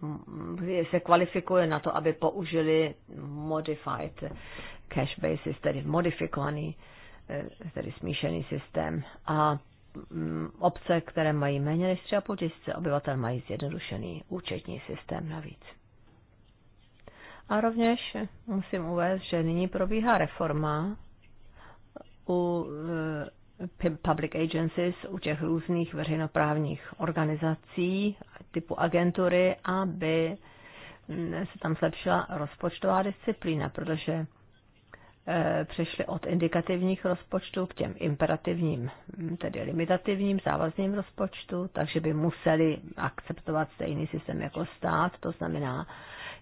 mm, se kvalifikuje na to, aby použili modified cash basis, tedy modifikovaný, eh, tedy smíšený systém. A Mm, obce, které mají méně než po tisíce obyvatel, mají zjednodušený účetní systém navíc. A rovněž musím uvést, že nyní probíhá reforma u e, public agencies, u těch různých veřejnoprávních organizací typu agentury, aby se tam zlepšila rozpočtová disciplína, protože Eh, přešli od indikativních rozpočtů k těm imperativním, tedy limitativním závazným rozpočtu, takže by museli akceptovat stejný systém jako stát, to znamená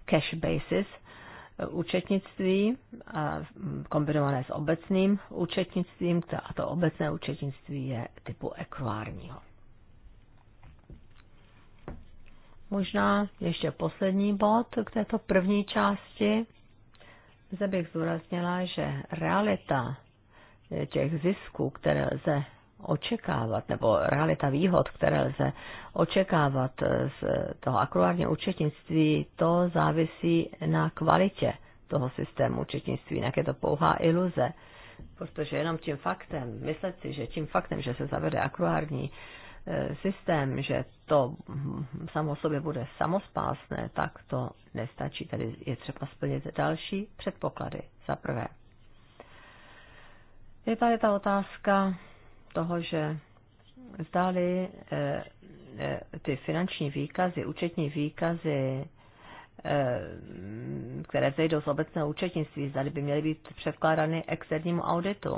cash basis, eh, účetnictví kombinované s obecným účetnictvím, a to obecné účetnictví je typu ekvárního. Možná ještě poslední bod k této první části zde bych zdůraznila, že realita eh, těch zisků, které lze očekávat, nebo realita výhod, které lze očekávat eh, z toho akruárního účetnictví, to závisí na kvalitě toho systému účetnictví, jinak je to pouhá iluze. Protože jenom tím faktem, myslet si, že tím faktem, že se zavede akruární E, systém, že to samo sobě bude samospásné, tak to nestačí. Tady je třeba splnit další předpoklady. Za prvé. Je tady ta otázka toho, že zdáli e, e, ty finanční výkazy, účetní výkazy, které vzejdou z obecného účetnictví, zdali by měly být předkládány externímu auditu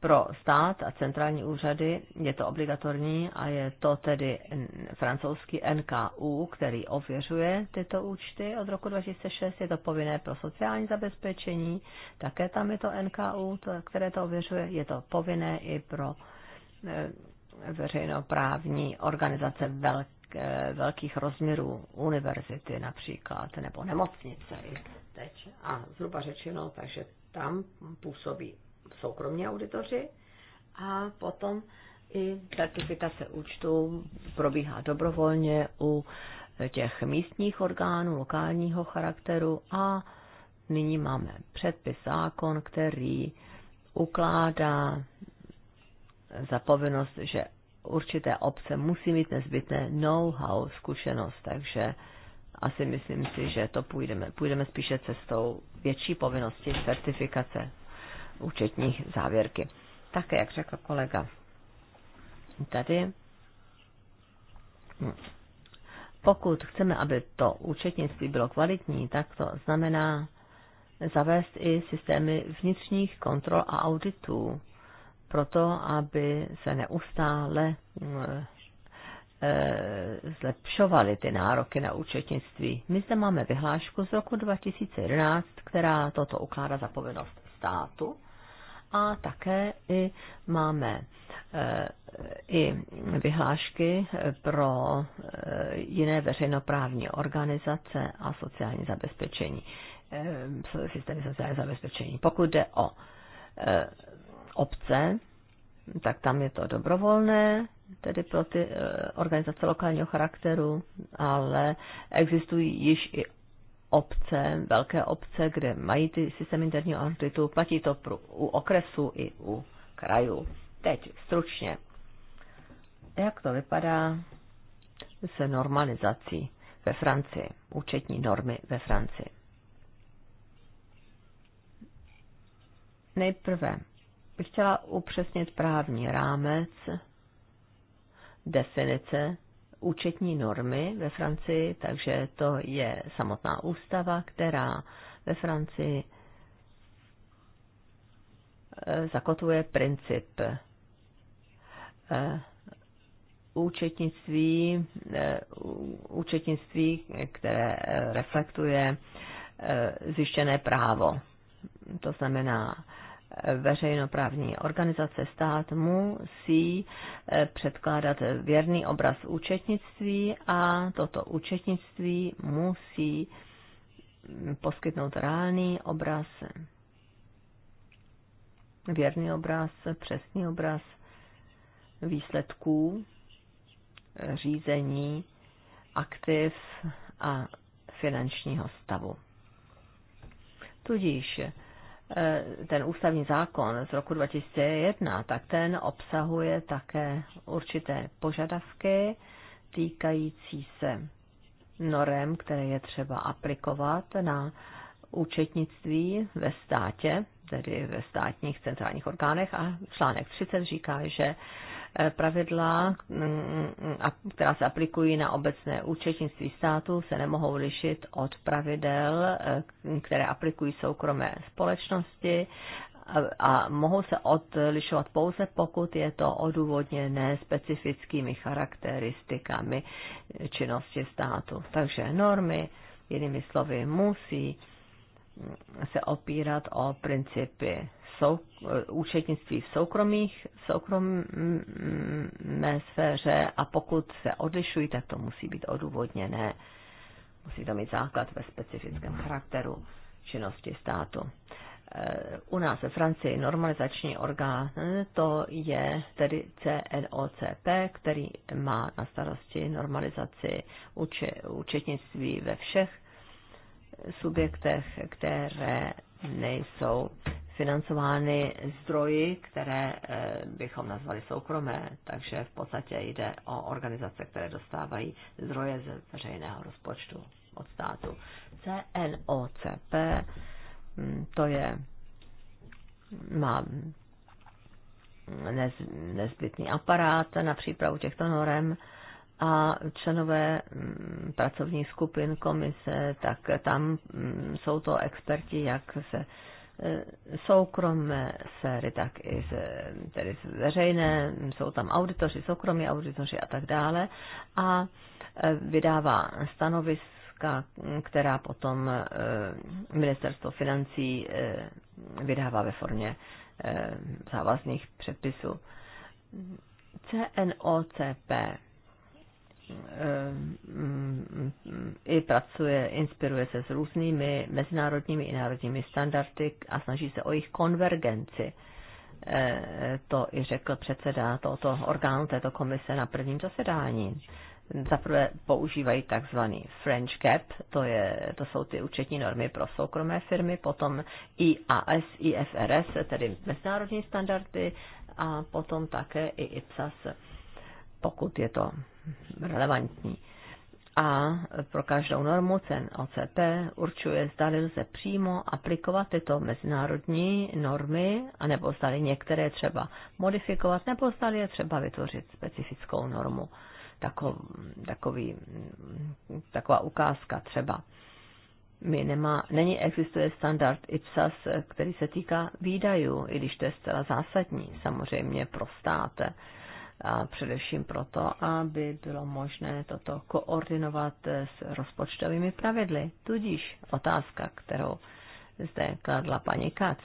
pro stát a centrální úřady je to obligatorní a je to tedy francouzský NKU, který ověřuje tyto účty od roku 2006. Je to povinné pro sociální zabezpečení, také tam je to NKU, to, které to ověřuje. Je to povinné i pro e, veřejnoprávní organizace velké e, velkých rozměrů, univerzity například, nebo nemocnice i teď. A zhruba řečeno, takže tam působí soukromí auditoři a potom i certifikace účtu probíhá dobrovolně u těch místních orgánů lokálního charakteru a nyní máme předpis zákon, který ukládá za povinnost, že určité obce musí mít nezbytné know-how, zkušenost, takže asi myslím si, že to půjdeme, půjdeme spíše cestou větší povinnosti certifikace účetní závěrky. Také, jak řekl kolega, tady pokud chceme, aby to účetnictví bylo kvalitní, tak to znamená zavést i systémy vnitřních kontrol a auditů, proto aby se neustále mm, e, e, zlepšovaly ty nároky na účetnictví. My zde máme vyhlášku z roku 2011, která toto ukládá za povinnost státu a také i máme e, i vyhlášky pro e, jiné veřejnoprávní organizace a sociální zabezpečení, e, systémy sociální zabezpečení. Pokud jde o obce, tak tam je to dobrovolné, tedy pro ty organizace lokálního charakteru, ale existují již i obce, velké obce, kde mají ty systém interního auditu, platí to pro, u okresu i u krajů. Teď stručně. Jak to vypadá se normalizací ve Francii, účetní normy ve Francii? Nejprve bych chtěla upřesnit právní rámec, definice účetní normy ve Francii, takže to je samotná ústava, která ve Francii eh, zakotuje princip eh, účetnictví, eh, účetnictví, které reflektuje zjištěné právo. To znamená, veřejnoprávní organizace stát musí eh, předkládat věrný obraz účetnictví a toto účetnictví musí mm, poskytnout reálný obraz, věrný obraz, přesný obraz výsledků eh, řízení aktiv a finančního stavu. Tudíž Eh, ten ústavní zákon z roku 2001, tak ten obsahuje také určité požadavky týkající se norem, které je třeba aplikovat na účetnictví ve státě, tedy ve státních centrálních orgánech a článek 30 říká, že Eh, pravidla, mm, která se aplikují na obecné účetnictví státu, se nemohou lišit od pravidel, eh, které aplikují soukromé společnosti a mohou se odlišovat pouze, pokud je to odůvodněné specifickými charakteristikami činnosti státu. Takže normy, jinými slovy, musí se opírat o principy sou, účetnictví v soukromých, v soukromé sféře a pokud se odlišují, tak to musí být odůvodněné. Musí to mít základ ve specifickém charakteru činnosti státu. Eh, u nás ve Francii normalizační orgán to je tedy CNOCP, který má na starosti normalizaci účetnictví ve všech subjektech, které nejsou financovány zdroji, které eh, bychom nazvali soukromé, takže v podstatě jde o organizace, které dostávají zdroje ze veřejného rozpočtu od státu. CNOCP hm, to je má nezbytný aparát na přípravu těchto norem a členové mm, pracovních skupin komise, tak tam mm, jsou to experti, jak se e, soukromé sféry, tak i z, tedy z veřejné, jsou tam auditoři, soukromí auditoři a tak dále. A e, vydává stanoviska, která potom e, ministerstvo financí vydává ve formě závazných předpisů. CNOCP i pracuje, inspiruje se s různými mezinárodními i národními standardy a snaží se o jejich konvergenci. Eh, to i řekl předseda tohoto orgánu, této komise na prvním zasedání. Zaprvé používají takzvaný French Cap, to, je, to jsou ty účetní normy pro soukromé firmy, potom IAS, IFRS, tedy mezinárodní standardy a potom také i IPSAS pokud je to relevantní. A pro každou normu cen OCP určuje, zda lze přímo aplikovat tyto mezinárodní normy, anebo zda některé třeba modifikovat, nebo zda je třeba vytvořit specifickou normu. Takov, takový, taková ukázka třeba My nemá, není existuje standard IPSAS, který se týká výdajů, i když to je zcela zásadní samozřejmě pro stát a především proto, aby bylo možné toto koordinovat s rozpočtovými pravidly. Tudíž otázka, kterou zde kladla paní Kac,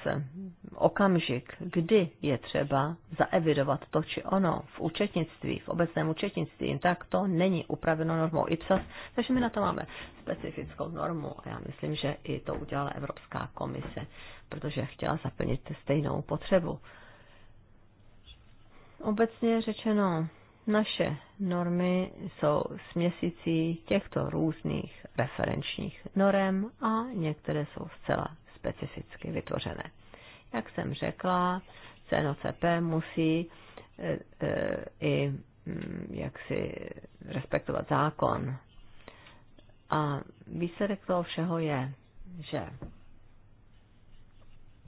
okamžik, kdy je třeba zaevidovat to či ono v účetnictví, v obecném účetnictví, tak to není upraveno normou IPSAS, takže my na to máme specifickou normu a já myslím, že i to udělala Evropská komise, protože chtěla zaplnit stejnou potřebu. Obecně řečeno, naše normy jsou směsicí těchto různých referenčních norem a některé jsou zcela specificky vytvořené. Jak jsem řekla, CNOCP musí e, e, i mm, jak si respektovat zákon. A výsledek toho všeho je, že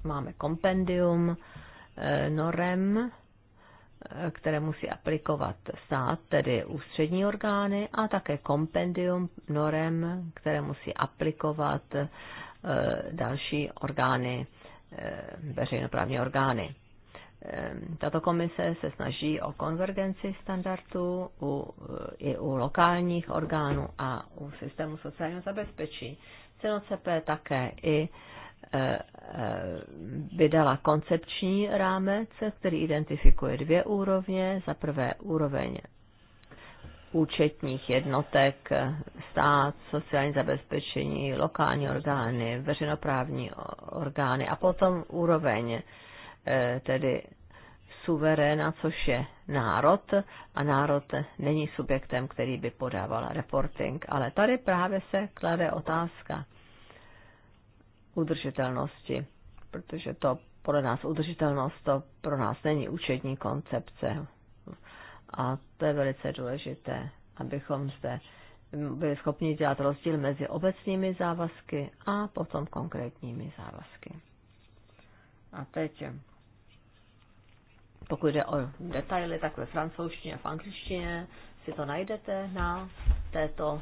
máme kompendium e, norem, které musí aplikovat stát, tedy ústřední orgány, a také kompendium norem, které musí aplikovat eh, další orgány, eh, veřejnoprávní orgány. Eh, tato komise se snaží o konvergenci standardů u, i u lokálních orgánů a u systému sociálního zabezpečení. CNCP také i Eh, eh, vydala koncepční rámec, který identifikuje dvě úrovně. Za prvé úroveň účetních jednotek, stát, sociální zabezpečení, lokální orgány, veřejnoprávní orgány a potom úroveň eh, tedy suveréna, což je národ a národ není subjektem, který by podával reporting. Ale tady právě se klade otázka, udržitelnosti, protože to podle nás udržitelnost, to pro nás není účetní koncepce. A to je velice důležité, abychom zde byli schopni dělat rozdíl mezi obecnými závazky a potom konkrétními závazky. A teď, pokud jde o detaily, tak ve francouzštině a v angličtině si to najdete na této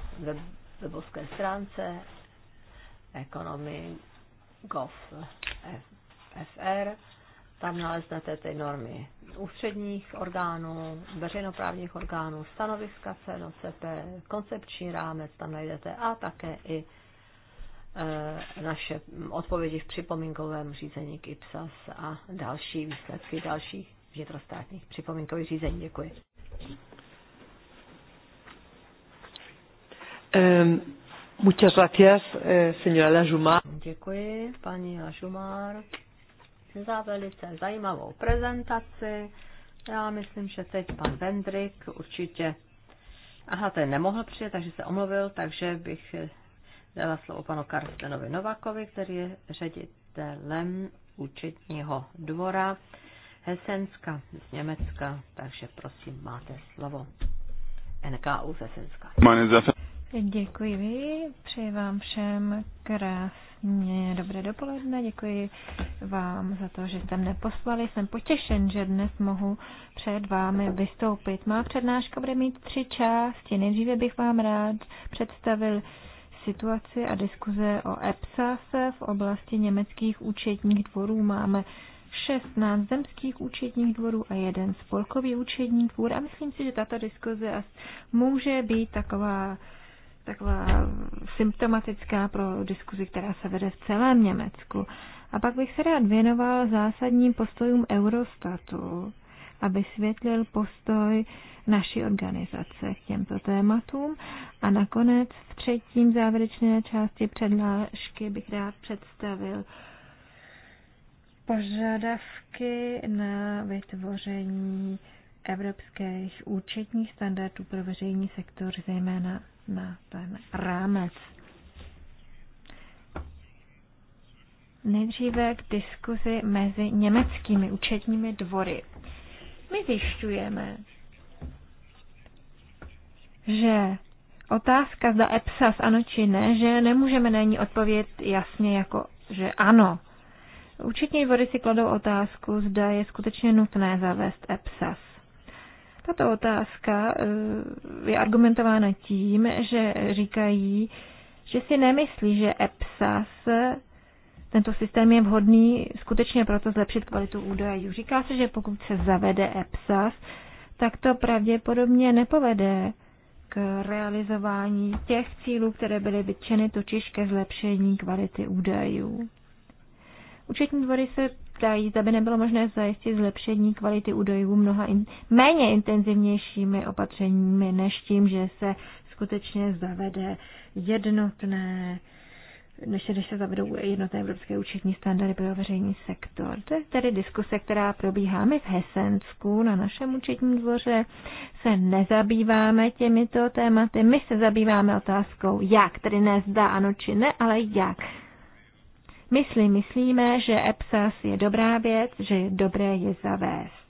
webovské stránce ekonomii gov.fr. Eh, tam naleznete ty normy ústředních orgánů, veřejnoprávních orgánů, stanoviska CNOCP, koncepční rámec tam najdete a také i eh, naše odpovědi v připomínkovém řízení k IPSAS a další výsledky dalších vnitrostátních připomínkových řízení. Děkuji. Ehm, Muchas gracias, eh, señora Lajumar. Děkuji, paní Lajumar, za velice zajímavou prezentaci. Já myslím, že teď pan Vendrik určitě... Aha, ten nemohl přijet, takže se omluvil, takže bych dala slovo panu Karstenovi Novakovi, který je ředitelem účetního dvora Hesenska z Německa. Takže prosím, máte slovo. NKU z Hesenska. Děkuji, přeji vám všem krásně dobré dopoledne, děkuji vám za to, že jste mne poslali. Jsem potěšen, že dnes mohu před vámi vystoupit. Má přednáška bude mít tři části. Nejdříve bych vám rád představil situaci a diskuze o EPSASe v oblasti německých účetních dvorů. Máme 16 zemských účetních dvorů a jeden spolkový účetní dvůr a myslím si, že tato diskuze může být taková taková symptomatická pro diskuzi, která se vede v celém Německu. A pak bych se rád věnoval zásadním postojům Eurostatu aby světlil postoj naší organizace k těmto tématům. A nakonec v třetím závěrečné části přednášky bych rád představil požadavky na vytvoření evropských účetních standardů pro veřejný sektor, zejména na ten rámec. Nejdříve k diskuzi mezi německými účetními dvory. My zjišťujeme, že otázka, zda EPSAS ano či ne, že nemůžeme na ní odpovědět jasně jako, že ano. Účetní dvory si kladou otázku, zda je skutečně nutné zavést EPSAS. Tato otázka eh, je argumentována tím, že říkají, že si nemyslí, že EPSAS, tento systém je vhodný skutečně proto zlepšit kvalitu údajů. Říká se, že pokud se zavede EPSAS, tak to pravděpodobně nepovede k realizování těch cílů, které byly vytčeny, totiž ke zlepšení kvality údajů. Účetní dvory se ptají, zda by nebylo možné zajistit zlepšení kvality údajů mnoha in, méně intenzivnějšími opatřeními, než tím, že se skutečně zavede jednotné než se se zavedou jednotné evropské účetní standardy pro veřejný sektor. To je tedy diskuse, která probíhá my v Hesensku, na našem účetním dvoře se nezabýváme těmito tématy, my se zabýváme otázkou jak, tedy ne zda ano či ne, ale jak my si myslíme, že EPSAS je dobrá věc, že je dobré ji zavést.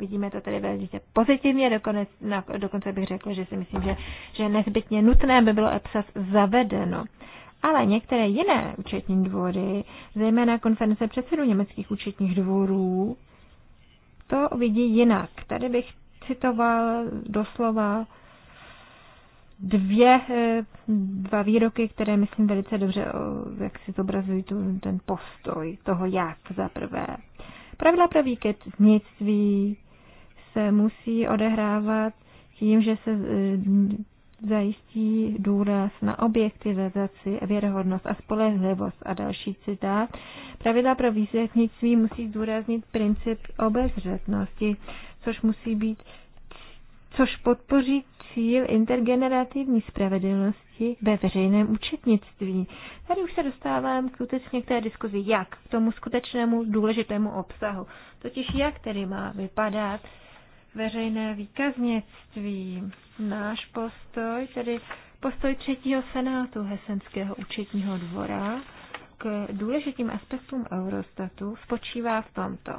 Vidíme to tedy velice pozitivně, dokonec, na, dokonce bych řekl, že si myslím, že, že nezbytně nutné, aby bylo EPSAS zavedeno. Ale některé jiné účetní dvory, zejména konference předsedů německých účetních dvorů, to vidí jinak. Tady bych citoval doslova dvě, eh, dva výroky, které myslím velice dobře, jak si zobrazují tu, ten postoj toho jak za prvé. Pravidla pro víkendnictví se musí odehrávat tím, že se eh, zajistí důraz na objektivizaci, věrohodnost a spolehlivost a další citát. Pravidla pro výsvětnictví musí zdůraznit princip obezřetnosti, což musí být což podpoří cíl intergenerativní spravedlnosti ve veřejném účetnictví. Tady už se dostávám skutečně k té diskuzi, jak k tomu skutečnému důležitému obsahu, totiž jak tedy má vypadat veřejné výkaznictví. Náš postoj, tedy postoj třetího senátu Hesenského účetního dvora k důležitým aspektům Eurostatu spočívá v tomto.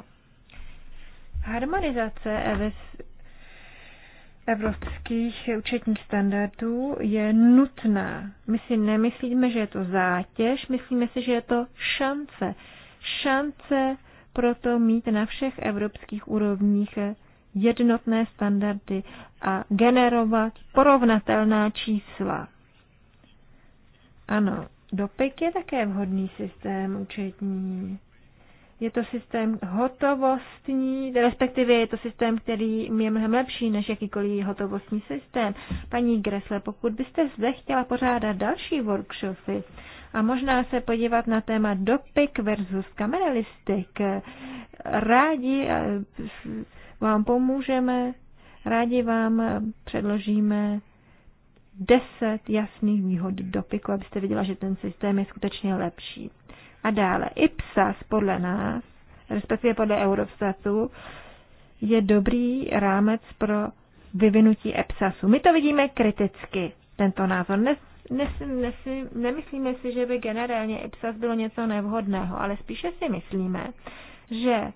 Harmonizace evropských účetních standardů je nutná. My si nemyslíme, že je to zátěž, myslíme si, že je to šance. Šance proto mít na všech evropských úrovních jednotné standardy a generovat porovnatelná čísla. Ano, dopek je také vhodný systém účetní. Je to systém hotovostní, respektive je to systém, který je mnohem lepší než jakýkoliv hotovostní systém. Paní Gresle, pokud byste zde chtěla pořádat další workshopy a možná se podívat na téma dopik versus kameralistik, rádi eh, vám pomůžeme, rádi vám předložíme deset jasných výhod dopiku, abyste viděla, že ten systém je skutečně lepší. A dále IPSAS podle nás, respektive podle Eurostatu, je dobrý rámec pro vyvinutí EPSASu. My to vidíme kriticky, tento názor. Nes, nes, nes, nemyslíme si, že by generálně EPSAS bylo něco nevhodného, ale spíše si myslíme, že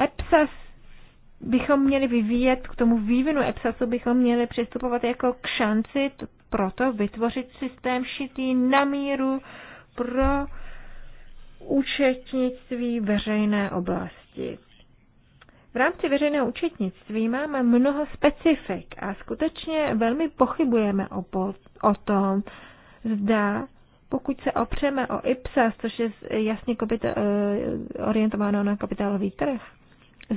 EPSAS bychom měli vyvíjet, k tomu vývinu EPSASu bychom měli přistupovat jako k šanci proto vytvořit systém šitý na míru pro účetnictví veřejné oblasti. V rámci veřejného účetnictví máme mnoho specifik a skutečně velmi pochybujeme o, po, o tom, zda pokud se opřeme o IPSAS, což je jasně kapita- eh, orientováno na kapitálový trh,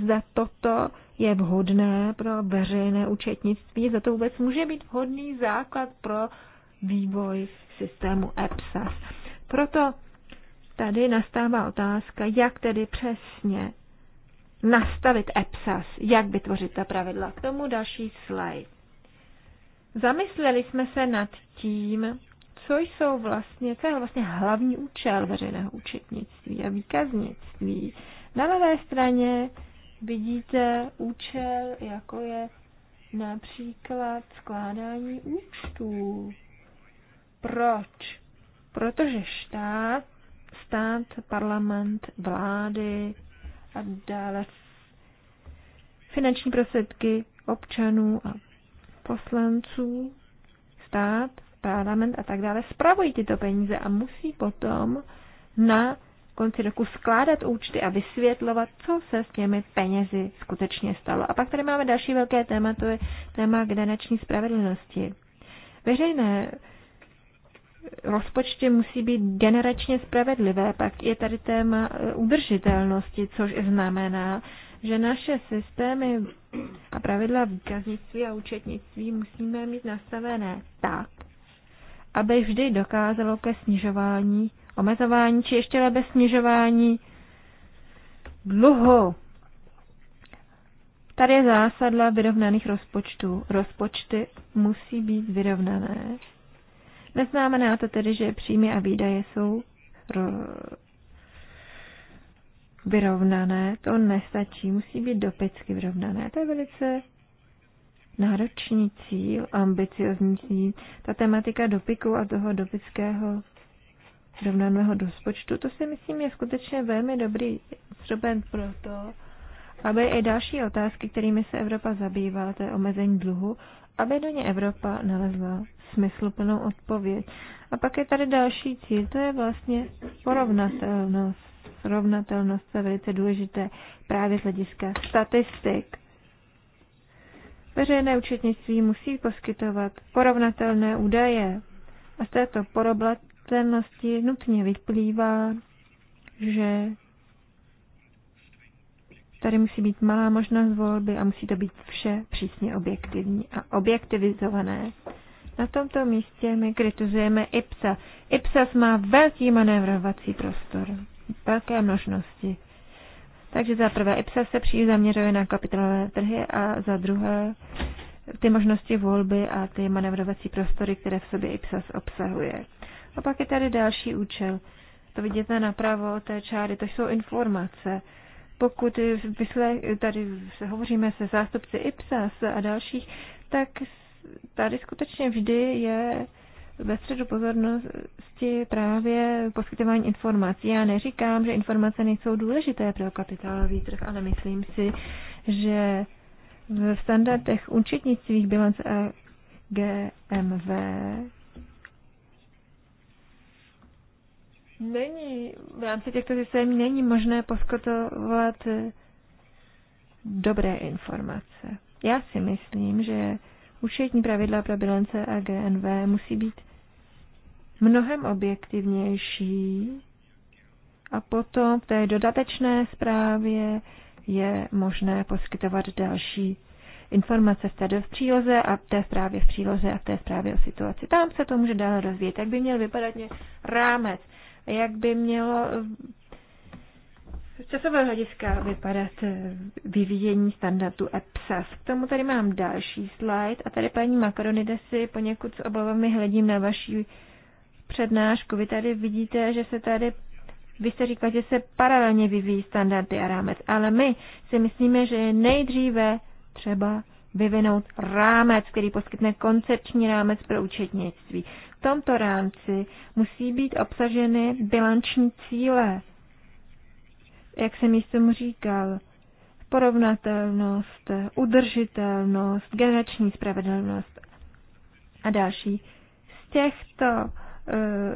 zda toto je vhodné pro veřejné účetnictví, za to vůbec může být vhodný základ pro vývoj systému EPSAS. Proto tady nastává otázka, jak tedy přesně nastavit EPSAS, jak vytvořit ta pravidla. K tomu další slide. Zamysleli jsme se nad tím, co jsou vlastně, co je vlastně hlavní účel veřejného účetnictví a výkaznictví. Na levé straně vidíte účel, jako je například skládání účtů. Proč protože štát, stát, parlament, vlády a dále finanční prostředky občanů a poslanců, stát, parlament a tak dále spravují tyto peníze a musí potom na konci roku skládat účty a vysvětlovat, co se s těmi penězi skutečně stalo. A pak tady máme další velké téma, to je téma generační spravedlnosti. Veřejné rozpočty musí být generačně spravedlivé, pak je tady téma eh, udržitelnosti, což znamená, že naše systémy a pravidla výkaznictví a účetnictví musíme mít nastavené tak, aby vždy dokázalo ke snižování, omezování či ještě lépe snižování dluhu. Tady je zásadla vyrovnaných rozpočtů. Rozpočty musí být vyrovnané Neznamená to tedy, že příjmy a výdaje jsou vyrovnané, to nestačí, musí být dopecky vyrovnané. To je velice náročný cíl, ambiciozní cíl. Ta tematika dopiku a toho dopického vyrovnaného rozpočtu, to si myslím je skutečně velmi dobrý instrument pro to, aby i další otázky, kterými se Evropa zabývala, to je omezení dluhu, aby do ně Evropa nalezla smysluplnou odpověď. A pak je tady další cíl, to je vlastně porovnatelnost. Srovnatelnost je velice důležité právě z hlediska statistik. Veřejné účetnictví musí poskytovat porovnatelné údaje a z této porovnatelnosti nutně vyplývá, že Tady musí být malá možnost volby a musí to být vše přísně objektivní a objektivizované. Na tomto místě my kritizujeme IPSA. IPSAS má velký manévrovací prostor, velké množnosti. Takže za prvé IPSA se příliš zaměřuje na kapitalové trhy a za druhé ty možnosti volby a ty manevrovací prostory, které v sobě IPSAS obsahuje. A pak je tady další účel. To vidíte napravo té čáry, to jsou informace. Pokud vysle, tady se hovoříme se zástupci IPSAS a dalších, tak tady skutečně vždy je ve středu pozornosti právě poskytování informací. Já neříkám, že informace nejsou důležité pro kapitálový trh, ale myslím si, že v standardech účetnictví bilance a GMV není, v rámci těchto systémů není možné poskytovat eh, dobré informace. Já si myslím, že účetní pravidla pro bilance a GNV musí být mnohem objektivnější a potom v té dodatečné zprávě je možné poskytovat další informace v té v příloze a v té zprávě v příloze a v té zprávě o situaci. Tam se to může dál rozvíjet. Tak by měl vypadat rámec jak by mělo z časového hlediska vypadat vyvíjení standardu EPSAS. K tomu tady mám další slide a tady paní Makaronides si poněkud s obavami hledím na vaši přednášku. Vy tady vidíte, že se tady vy jste říkal, že se paralelně vyvíjí standardy a rámec, ale my si myslíme, že je nejdříve třeba vyvinout rámec, který poskytne koncepční rámec pro účetnictví v tomto rámci musí být obsaženy bilanční cíle, jak jsem již tomu říkal, porovnatelnost, udržitelnost, generační spravedlnost a další. Z těchto e,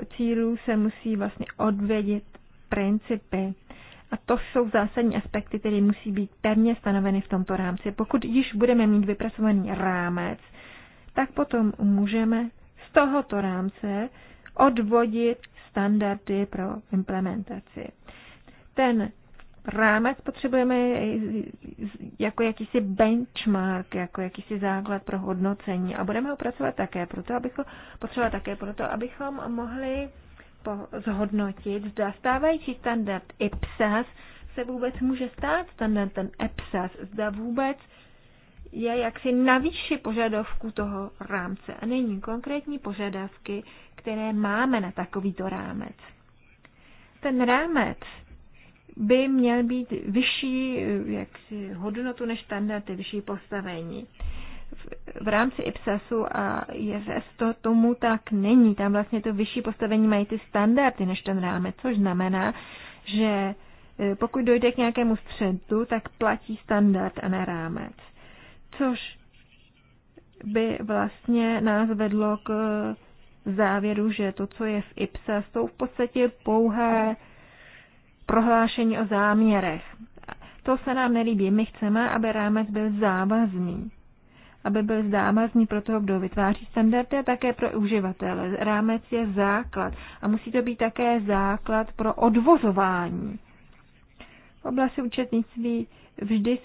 cílů se musí vlastně odvědět principy. A to jsou zásadní aspekty, které musí být pevně stanoveny v tomto rámci. Pokud již budeme mít vypracovaný rámec, tak potom můžeme tohoto rámce odvodit standardy pro implementaci. Ten rámec potřebujeme jako jakýsi benchmark, jako jakýsi základ pro hodnocení a budeme ho pracovat také proto, abychom, potřebovat také proto, abychom mohli po, zhodnotit, zda stávající standard IPSAS se vůbec může stát standardem EPSAS, zda vůbec je jaksi na výši požadavků toho rámce a není konkrétní požadavky, které máme na takovýto rámec. Ten rámec by měl být vyšší eh, jaksi, hodnotu než standardy, vyšší postavení. V rámci IPSASu a IFS to tomu tak není. Tam vlastně to vyšší postavení mají ty standardy než ten rámec, což znamená, že eh, pokud dojde k nějakému středu, tak platí standard a ne rámec což by vlastně nás vedlo k závěru, že to, co je v IPSA, jsou v podstatě pouhé prohlášení o záměrech. To se nám nelíbí. My chceme, aby rámec byl závazný. Aby byl závazný pro toho, kdo vytváří standardy a také pro uživatele. Rámec je základ a musí to být také základ pro odvozování. V oblasti účetnictví vždy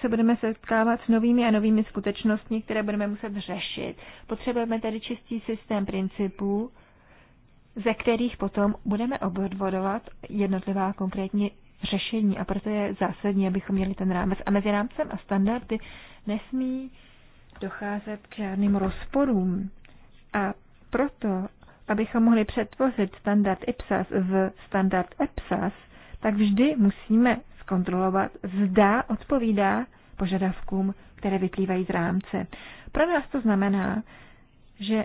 se budeme setkávat s novými a novými skutečnostmi, které budeme muset řešit. Potřebujeme tedy čistý systém principů, ze kterých potom budeme obvodovat jednotlivá konkrétní řešení. A proto je zásadní, abychom měli ten rámec. A mezi rámcem a standardy nesmí docházet k žádným rozporům. A proto, abychom mohli přetvořit standard IPSAS v standard EPSAS, tak vždy musíme zkontrolovat, zda odpovídá požadavkům, které vyplývají z rámce. Pro nás to znamená, že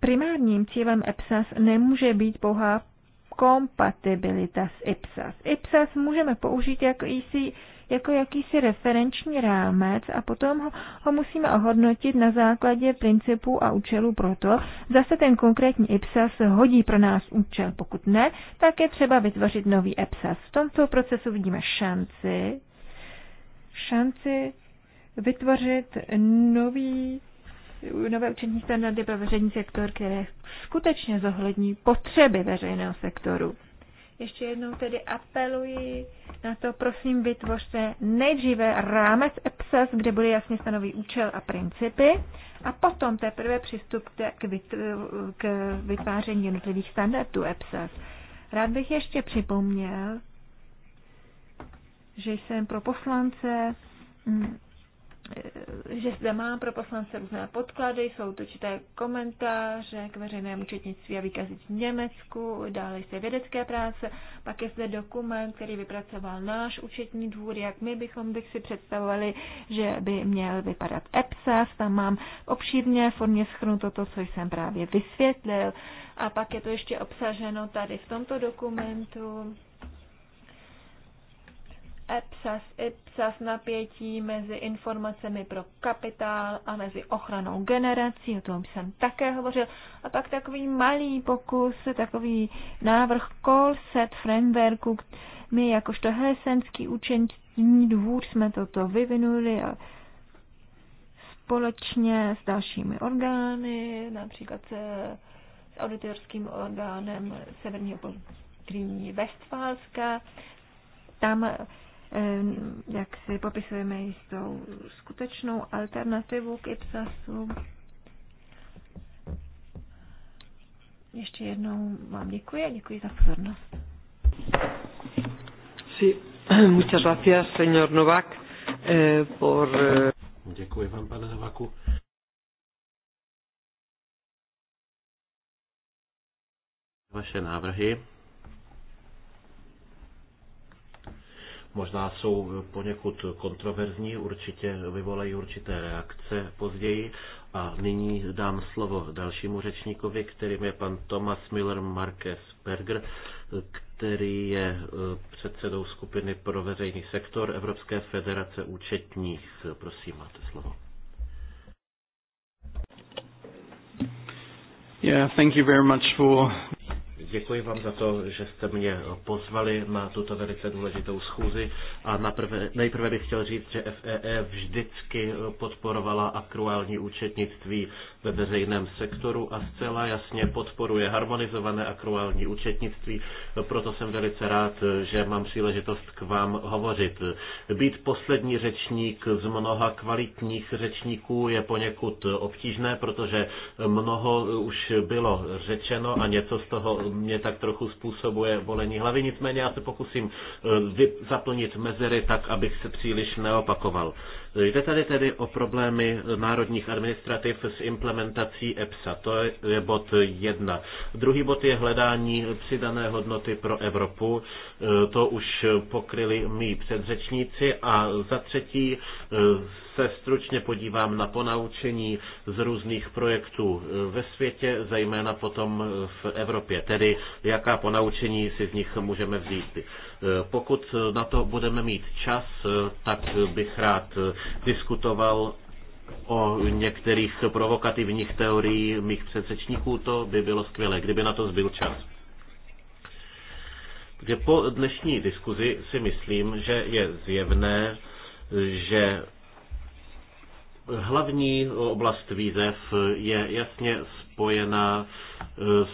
primárním cílem EPSAS nemůže být pouhá kompatibilita s IPSAS. IPSAS můžeme použít jako jistý jako jakýsi referenční rámec a potom ho, ho musíme ohodnotit na základě principů a účelů proto, zase ten konkrétní IPSAS hodí pro nás účel. Pokud ne, tak je třeba vytvořit nový EPSAS. V tomto procesu vidíme šanci, šanci vytvořit nový nové učení standardy pro veřejný sektor, které skutečně zohlední potřeby veřejného sektoru. Ještě jednou tedy apeluji na to, prosím, vytvořte nejdříve rámec EPSAS, kde bude jasně stanový účel a principy, a potom teprve přistupte k, vyt, k vytváření jednotlivých standardů EPSAS. Rád bych ještě připomněl, že jsem pro poslance mm, že zde má pro poslance různé podklady, jsou to čité komentáře k veřejnému účetnictví a výkazy v Německu, dále jsou vědecké práce, pak je zde dokument, který vypracoval náš účetní dvůr, jak my bychom bych si představovali, že by měl vypadat EPSAS, tam mám obšírně formě schrnuto to, co jsem právě vysvětlil a pak je to ještě obsaženo tady v tomto dokumentu EPSAS, IPSAS napětí mezi informacemi pro kapitál a mezi ochranou generací, o tom jsem také hovořil. A pak takový malý pokus, takový návrh call set frameworku. My jakožto helsenský učení dvůr jsme toto vyvinuli a společně s dalšími orgány, například se, s auditorským orgánem Severního Polského Westfalska, tam jak si popisujeme jistou skutečnou alternativu k IPSASu. Ještě jednou vám děkuji a děkuji za pozornost. Sí, muchas gracias, señor Novak, eh, por... Eh, děkuji vám, pane Novaku. Vaše návrhy. možná jsou poněkud kontroverzní, určitě vyvolají určité reakce později. A nyní dám slovo dalšímu řečníkovi, kterým je pan Thomas Miller Marquez Berger, který je eh, předsedou skupiny pro veřejný sektor Evropské federace účetních. Prosím, máte slovo. Yeah, thank you very much for Děkuji vám za to, že jste mě pozvali na tuto velice důležitou schůzi a naprve, nejprve bych chtěl říct, že FEE e vždycky podporovala akruální účetnictví ve veřejném sektoru a zcela jasně podporuje harmonizované akruální účetnictví, proto jsem velice rád, že mám příležitost k vám hovořit. Být poslední řečník z mnoha kvalitních řečníků je poněkud obtížné, protože mnoho už bylo řečeno a něco z toho mě tak trochu způsobuje volení hlavy, nicméně já se pokusím eh, zaplnit mezery tak, abych se příliš neopakoval. Jde tady tedy o problémy národních administrativ s implementací EPSA. To je bod jedna. Druhý bod je hledání přidané hodnoty pro Evropu. E, to už pokryli mý předřečníci. A za třetí e, se stručně podívám na ponaučení z různých projektů ve světě, zejména potom v Evropě. Tedy jaká ponaučení si z nich můžeme vzít. Eh, pokud na to budeme mít čas, eh, tak bych rád eh, diskutoval o některých provokativních teorií mých předřečníků, to by bylo skvělé, kdyby na to zbyl čas. Takže po dnešní diskuzi si myslím, že je zjevné, že hlavní oblast výzev je jasně spojená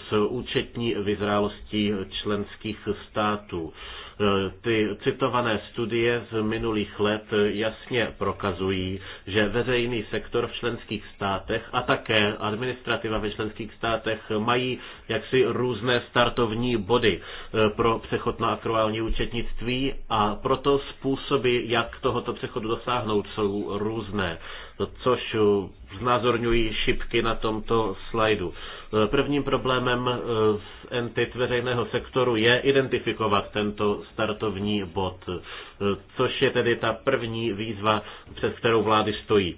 s účetní vyzrálostí členských států. Eh, ty citované studie z minulých let jasně prokazují, že veřejný sektor v členských státech a také administrativa ve členských státech mají jaksi různé startovní body eh, pro přechod na akruální účetnictví a proto způsoby, jak tohoto přechodu dosáhnout, jsou různé, což eh, znázorňují šipky na tomto slajdu. Prvním problémem z eh, entit veřejného sektoru je identifikovat tento startovní bod, eh, což je tedy ta první výzva, před kterou vlády stojí.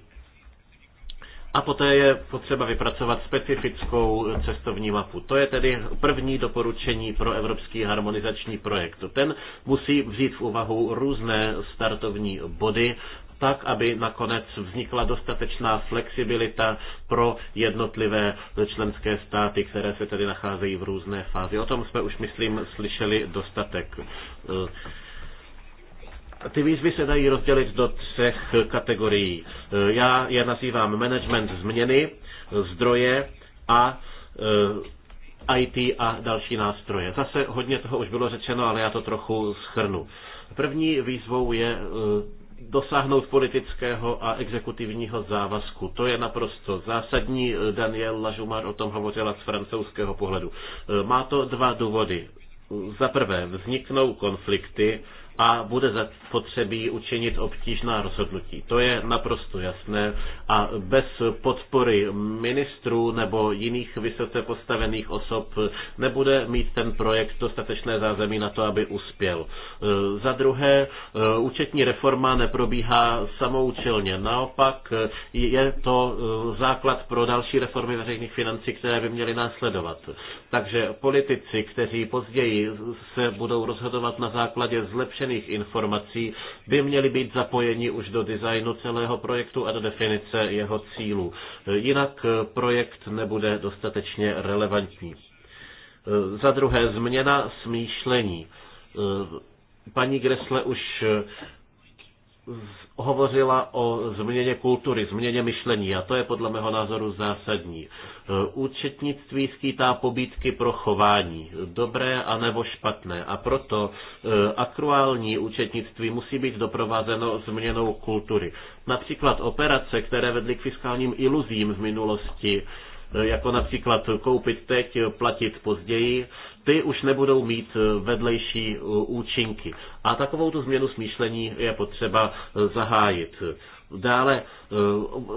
A poté je potřeba vypracovat specifickou cestovní mapu. To je tedy první doporučení pro evropský harmonizační projekt. Ten musí vzít v úvahu různé startovní body tak, aby nakonec vznikla dostatečná flexibilita pro jednotlivé členské státy, které se tedy nacházejí v různé fázi. O tom jsme už, myslím, slyšeli dostatek. E, ty výzvy se dají rozdělit do třech kategorií. E, já je nazývám management změny, zdroje a e, IT a další nástroje. Zase hodně toho už bylo řečeno, ale já to trochu schrnu. První výzvou je dosáhnout politického a exekutivního závazku. To je naprosto zásadní. Daniel Lažumar o tom hovořila z francouzského pohledu. Má to dva důvody. Za prvé, vzniknou konflikty a bude zapotřebí učinit obtížná rozhodnutí. To je naprosto jasné a bez podpory ministrů nebo jiných vysoce postavených osob nebude mít ten projekt dostatečné zázemí na to, aby uspěl. E, za druhé, e, účetní reforma neprobíhá samoučelně. Naopak e, je to základ pro další reformy veřejných financí, které by měly následovat. Takže politici, kteří později se budou rozhodovat na základě zlepšených ztracených informací by měli být zapojeni už do designu celého projektu a do definice jeho cílů. Jinak projekt nebude dostatečně relevantní. Za druhé, změna smýšlení. Paní Gresle už hovořila o změně kultury, změně myšlení a to je podle mého názoru zásadní. E, účetnictví skýtá pobídky pro chování, dobré a nebo špatné a proto e, akruální účetnictví musí být doprovázeno změnou kultury. Například operace, které vedly k fiskálním iluzím v minulosti, jako například koupit teď, platit později, ty už nebudou mít vedlejší účinky. A takovou tu změnu smýšlení je potřeba zahájit. Dále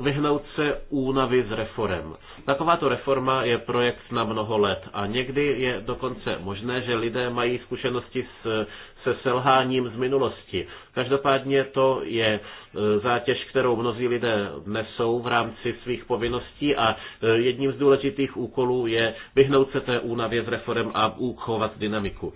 vyhnout se únavy z reform. Takováto reforma je projekt na mnoho let a někdy je dokonce možné, že lidé mají zkušenosti s se selháním z minulosti. Každopádně to je e, zátěž, kterou mnozí lidé nesou v rámci svých povinností a e, jedním z důležitých úkolů je vyhnout se té únavě z reform a uchovat dynamiku.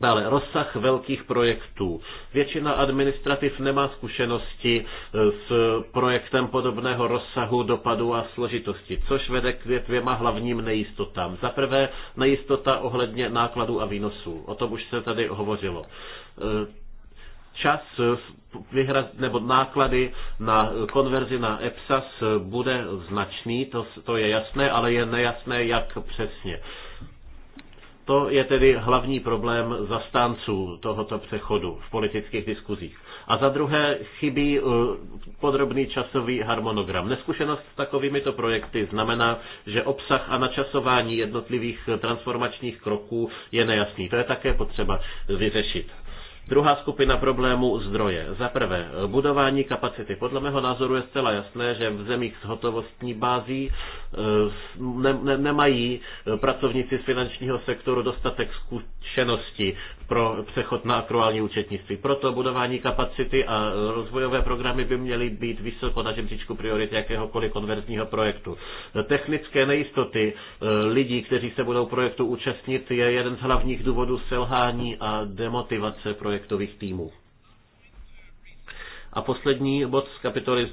Dále rozsah velkých projektů. Většina administrativ nemá zkušenosti e, s projektem podobného rozsahu, dopadu a složitosti, což vede k dvěma hlavním nejistotám. Za prvé nejistota ohledně nákladů a výnosů. O tom už se tady hovořilo e, čas e, vyhrad, nebo náklady na konverzi na EPSAS bude značný, to, to je jasné, ale je nejasné, jak přesně. To je tedy hlavní problém zastánců tohoto přechodu v politických diskuzích. A za druhé chybí eh, podrobný časový harmonogram. Neskušenost s takovýmito projekty znamená, že obsah a načasování jednotlivých transformačních kroků je nejasný. To je také potřeba vyřešit. Druhá skupina problémů zdroje. Za prvé, budování kapacity. Podle mého názoru je zcela jasné, že v zemích s hotovostní bází e, ne, ne, nemají e, pracovníci z finančního sektoru dostatek zkušeností pro přechod na akruální účetnictví. Proto budování kapacity a rozvojové programy by měly být vysoko na žebříčku priority jakéhokoliv konverzního projektu. Technické nejistoty e, lidí, kteří se budou projektu účastnit, je jeden z hlavních důvodů selhání a demotivace projektu projektových týmů. A poslední bod z kapitoly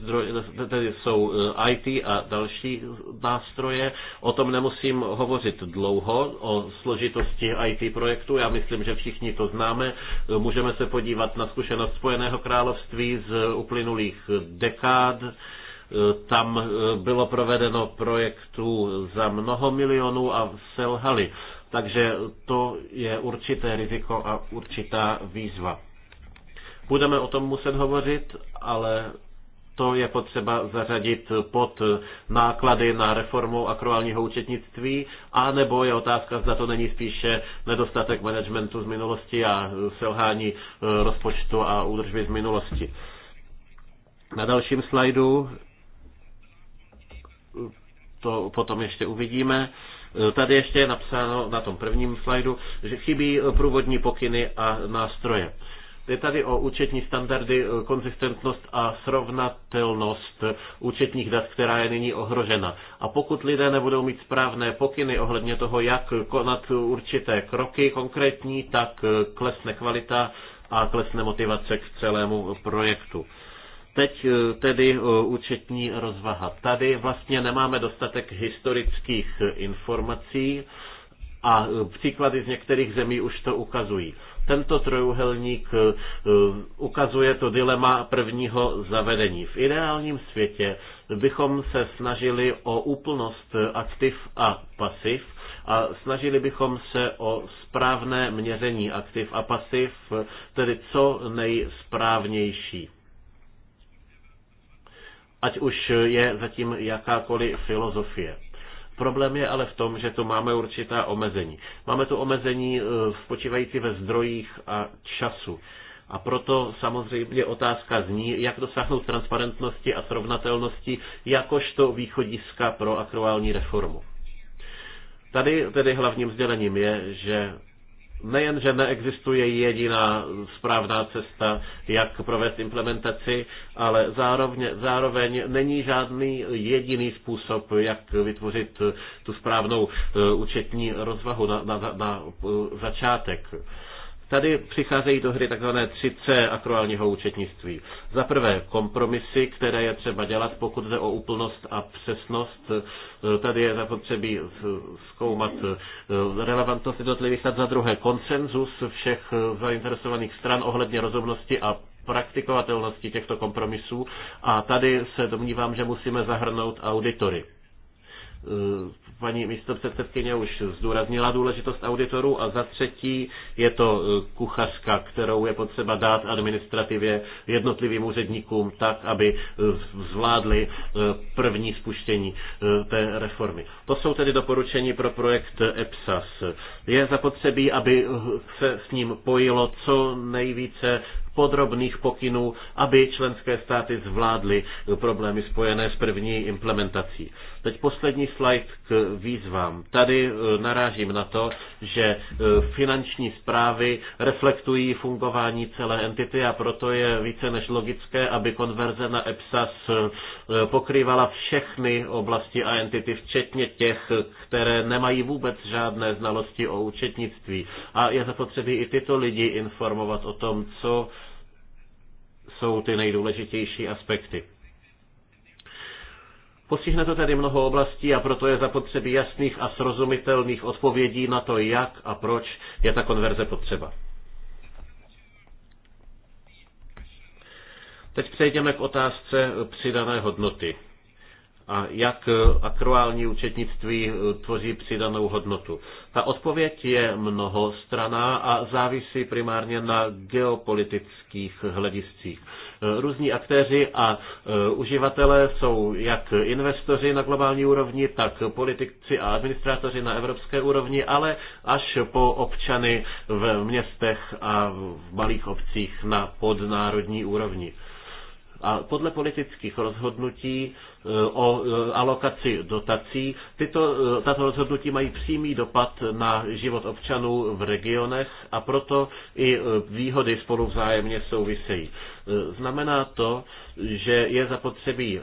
tedy jsou eh, IT a další nástroje. O tom nemusím hovořit dlouho, o složitosti IT projektu. Já myslím, že všichni to známe. Eh, můžeme se podívat na zkušenost Spojeného království z uplynulých dekád. Eh, tam bylo provedeno projektů za mnoho milionů a selhali. Takže to je určité riziko a určitá výzva. Budeme o tom muset hovořit, ale to je potřeba zařadit pod náklady na reformu akruálního účetnictví, a nebo je otázka, zda to není spíše nedostatek managementu z minulosti a selhání eh, rozpočtu a údržby z minulosti. Na dalším slajdu eh, to potom ještě uvidíme. Eh, tady ještě je napsáno na tom prvním slajdu, že chybí eh, průvodní pokyny a nástroje. Je tady o účetní standardy, eh, konzistentnost a srovnatelnost účetních dat, která je nyní ohrožena. A pokud lidé nebudou mít správné pokyny ohledně toho, jak konat určité kroky konkrétní, tak klesne kvalita a klesne motivace k celému projektu. Teď eh, tedy eh, účetní rozvaha. Tady vlastně nemáme dostatek historických eh, informací a příklady z některých zemí už to ukazují. Tento trojuhelník ukazuje to dilema prvního zavedení. V ideálním světě bychom se snažili o úplnost aktiv a pasiv a snažili bychom se o správné měření aktiv a pasiv, tedy co nejsprávnější ať už je zatím jakákoliv filozofie. Problém je ale v tom, že tu máme určitá omezení. Máme tu omezení eh, spočívající ve zdrojích a času. A proto samozřejmě otázka zní, jak dosáhnout transparentnosti a srovnatelnosti jakožto východiska pro aktuální reformu. Tady tedy hlavním sdělením je, že Nejenže neexistuje jediná správná cesta, jak provést implementaci, ale zároveň, zároveň není žádný jediný způsob, jak vytvořit tu správnou eh, účetní rozvahu na, na, na eh, začátek. Tady přicházejí do hry takzvané 3C akruálního účetnictví. Za prvé kompromisy, které je třeba dělat, pokud jde o úplnost a přesnost. E, tady je zapotřebí zkoumat e, relevantnost jednotlivých stát. Za druhé konsenzus všech e, zainteresovaných stran ohledně rozumnosti a praktikovatelnosti těchto kompromisů. A tady se domnívám, že musíme zahrnout auditory Eh, paní předsedkyně už zdůraznila důležitost auditorů a za třetí je to eh, kuchařka, kterou je potřeba dát administrativě jednotlivým úředníkům tak, aby eh, zvládli první spuštění té reformy. To jsou tedy doporučení pro projekt EPSAS. Je zapotřebí, aby se s ním pojilo co nejvíce podrobných pokynů, aby členské státy zvládly problémy spojené s první implementací. Teď poslední slide k výzvám. Tady eh, narážím na to, že eh, finanční zprávy reflektují fungování celé entity a proto je více než logické, aby konverze na EPSAS eh, pokrývala všechny oblasti a entity, včetně těch, které nemají vůbec žádné znalosti o účetnictví. A je zapotřebí i tyto lidi informovat o tom, co jsou ty nejdůležitější aspekty. Postihne to tedy mnoho oblastí a proto je zapotřebí jasných a srozumitelných odpovědí na to, jak a proč je ta konverze potřeba. Teď přejdeme k otázce přidané hodnoty a jak akruální účetnictví tvoří přidanou hodnotu. Ta odpověď je mnohostraná a závisí primárně na geopolitických hlediscích. Různí aktéři a e, uživatelé jsou jak investoři na globální úrovni, tak politici a administrátoři na evropské úrovni, ale až po občany v městech a v malých obcích na podnárodní úrovni. A podle politických rozhodnutí eh, o eh, alokaci dotací, tyto, eh, tato rozhodnutí mají přímý dopad na život občanů v regionech a proto i výhody spolu vzájemně souvisejí. Znamená to, že je zapotřebí eh,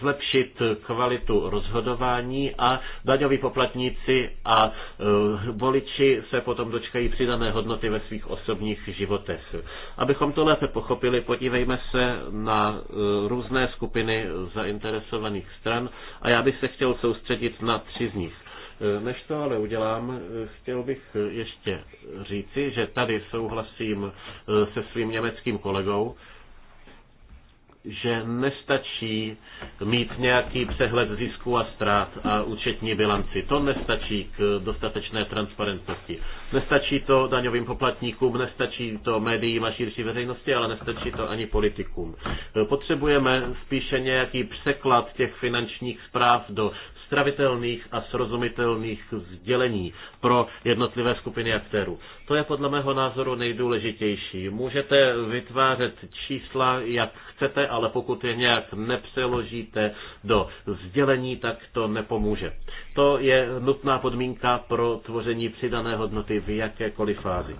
zlepšit kvalitu rozhodování a daňoví poplatníci a eh, voliči se potom dočkají přidané hodnoty ve svých osobních životech. Abychom to lépe pochopili, podívejme se na eh, různé skupiny zainteresovaných stran a já bych se chtěl soustředit na tři z nich. Než to ale udělám, chtěl bych ještě říci, že tady souhlasím se svým německým kolegou, že nestačí mít nějaký přehled zisku a ztrát a účetní bilanci. To nestačí k dostatečné transparentnosti. Nestačí to daňovým poplatníkům, nestačí to médiím a širší veřejnosti, ale nestačí to ani politikům. Potřebujeme spíše nějaký překlad těch finančních zpráv do stravitelných a srozumitelných sdělení pro jednotlivé skupiny aktérů. To je podle mého názoru nejdůležitější. Můžete vytvářet čísla, jak chcete, ale pokud je nějak nepřeložíte do sdělení, tak to nepomůže. To je nutná podmínka pro tvoření přidané hodnoty v jakékoliv fázi.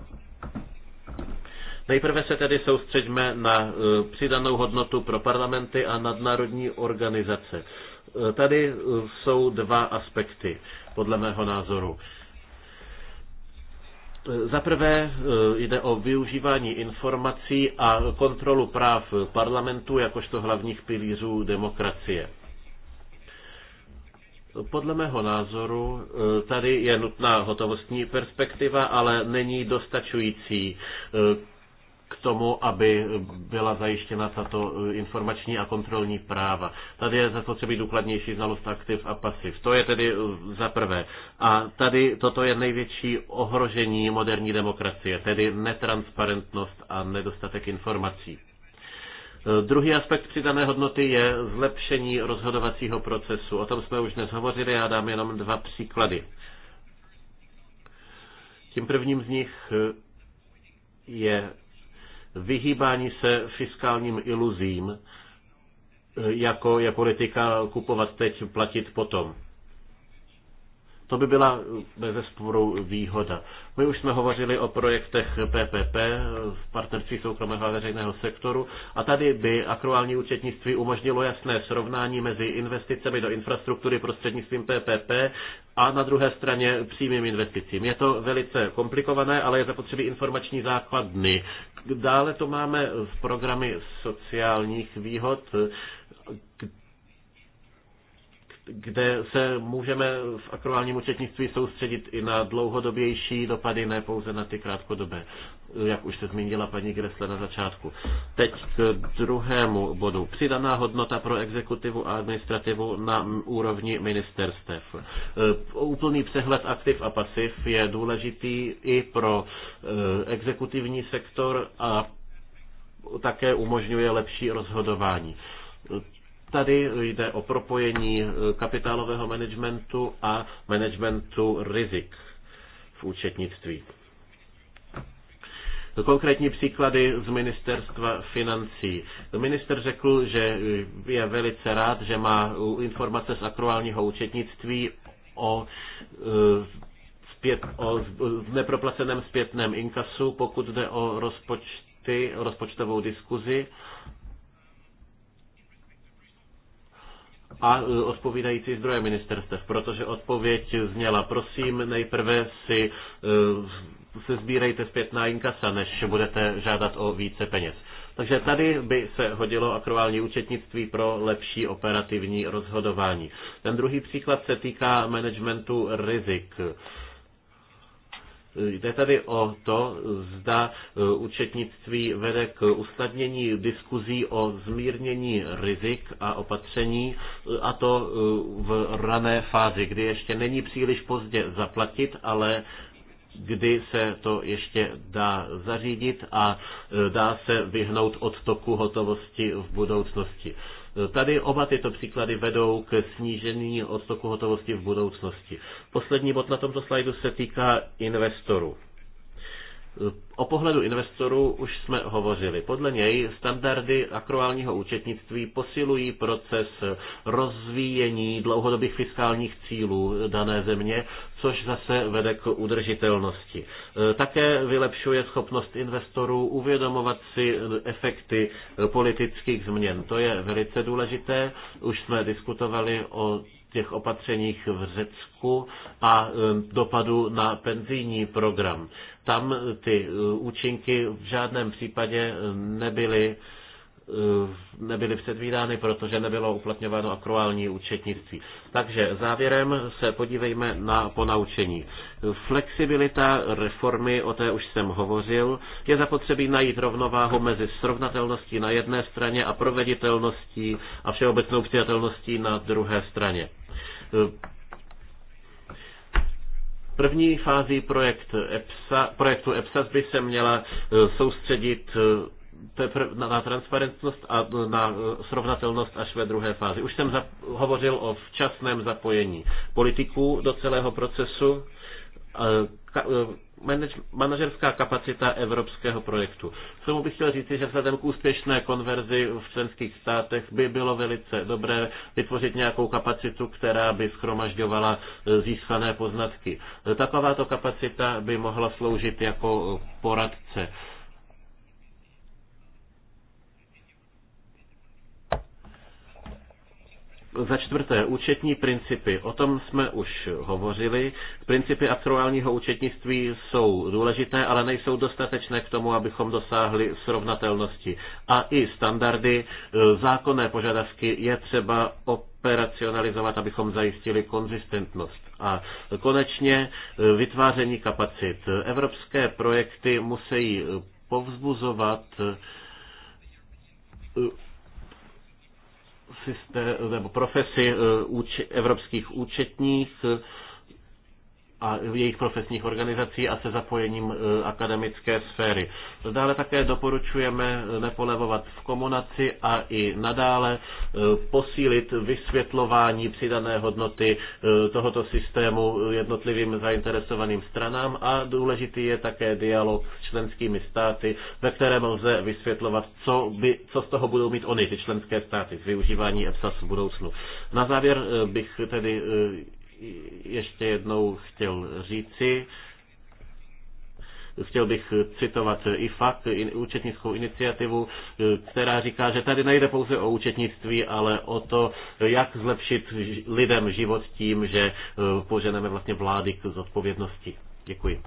Nejprve se tedy soustředíme na e, přidanou hodnotu pro parlamenty a nadnárodní organizace. Eh, tady eh, jsou dva aspekty, podle mého názoru. Eh, za prvé jde o využívání informací a kontrolu práv parlamentu jakožto hlavních pilířů demokracie. Podle mého názoru tady je nutná hotovostní perspektiva, ale není dostačující k tomu, aby byla zajištěna tato eh, informační a kontrolní práva. Tady je zapotřebí důkladnější znalost aktiv a pasiv. To je tedy eh, za prvé. A tady toto je největší ohrožení moderní demokracie, tedy netransparentnost a nedostatek informací. Eh, druhý aspekt přidané hodnoty je zlepšení rozhodovacího procesu. O tom jsme už dnes hovořili, já dám jenom dva příklady. Tím prvním z nich je vyhýbání se fiskálním iluzím, e, jako je politika kupovat teď, platit potom. To by byla bez sporu výhoda. My už jsme hovořili o projektech PPP v partnerství soukromého a veřejného sektoru a tady by akruální účetnictví umožnilo jasné srovnání mezi investicemi do infrastruktury prostřednictvím PPP a na druhé straně přímým investicím. Je to velice komplikované, ale je zapotřebí informační základny. Dále to máme v programy sociálních výhod, kde se můžeme v akruálním účetnictví soustředit i na dlouhodobější dopady, ne pouze na ty krátkodobé, jak už se zmínila paní Gresle na začátku. Teď k druhému bodu. Přidaná hodnota pro exekutivu a administrativu na úrovni ministerstev. E, úplný přehled aktiv a pasiv je důležitý i pro e, exekutivní sektor a také umožňuje lepší rozhodování Tady jde o propojení e, kapitálového managementu a managementu rizik v účetnictví. Konkrétní příklady z ministerstva financí. Minister řekl, že je velice rád, že má informace z akruálního účetnictví o e, zpět, o neproplaceném zpětném inkasu, pokud jde o rozpočty, rozpočtovou diskuzi a e, odpovídající zdroje ministerstev, protože odpověď zněla, prosím, nejprve si e, se sbírejte na inkasa, než budete žádat o více peněz. Takže tady by se hodilo akruální účetnictví pro lepší operativní rozhodování. Ten druhý příklad se týká managementu rizik. Jde tady o to, zda eh, účetnictví vede k usnadnění diskuzí o zmírnění rizik a opatření, eh, a to eh, v rané fázi, kdy ještě není příliš pozdě zaplatit, ale kdy se to ještě dá zařídit a dá se vyhnout odtoku hotovosti v budoucnosti. Tady oba tyto příklady vedou k snížení odstoku hotovosti v budoucnosti. Poslední bod na tomto slajdu se týká investorů. O pohledu investorů už jsme hovořili. Podle něj standardy akruálního účetnictví posilují proces rozvíjení dlouhodobých fiskálních cílů dané země, což zase vede k udržitelnosti. E, také vylepšuje schopnost investorů uvědomovat si efekty politických změn. To je velice důležité. Už jsme diskutovali o těch opatřeních v Řecku a e, dopadu na penzijní program. Tam e, ty e, účinky v žádném případě nebyly Eh, nebyly předvídány, protože nebylo uplatňováno akruální účetnictví. Takže závěrem se podívejme na ponaučení. Flexibilita reformy, o té už jsem hovořil, je zapotřebí najít rovnováhu mezi srovnatelností na jedné straně a proveditelností a všeobecnou přijatelností na druhé straně. Eh, první fází projekt EPSA, projektu EPSAS by se měla eh, soustředit na transparentnost a na eh, srovnatelnost až ve druhé fázi. Už jsem hovořil o včasném zapojení politiků do celého procesu eh, eh, manažerská kapacita evropského projektu. K tomu bych chtěl říct, že vzhledem k úspěšné konverzi v členských státech by bylo velice dobré vytvořit nějakou kapacitu, která by schromažďovala získané poznatky. Takováto kapacita by mohla sloužit jako poradce Za čtvrté, účetní principy. O tom jsme už hovořili. Principy aktuálního účetnictví jsou důležité, ale nejsou dostatečné k tomu, abychom dosáhli srovnatelnosti. A i standardy, e, zákonné požadavky je třeba operacionalizovat, abychom zajistili konzistentnost. A konečně e, vytváření kapacit. Evropské projekty musí povzbuzovat e, systém, nebo profesi eh, úč, evropských účetních, eh, a jejich profesních organizací a se zapojením e, akademické sféry. Dále také doporučujeme e, nepolevovat v komunaci a i nadále e, posílit vysvětlování přidané hodnoty tohoto systému jednotlivým zainteresovaným stranám a důležitý je také dialog s členskými státy, ve kterém lze vysvětlovat, co, by, co z toho budou mít oni, ty členské státy, z využívání EPSAS v budoucnu. Na závěr bych tedy ještě jednou chtěl říci, chtěl bych citovat i fakt účetnickou iniciativu, která říká, že tady nejde pouze o účetnictví, ale o to, jak zlepšit lidem život tím, že eh, poženeme vlastně vlády k zodpovědnosti. Děkuji.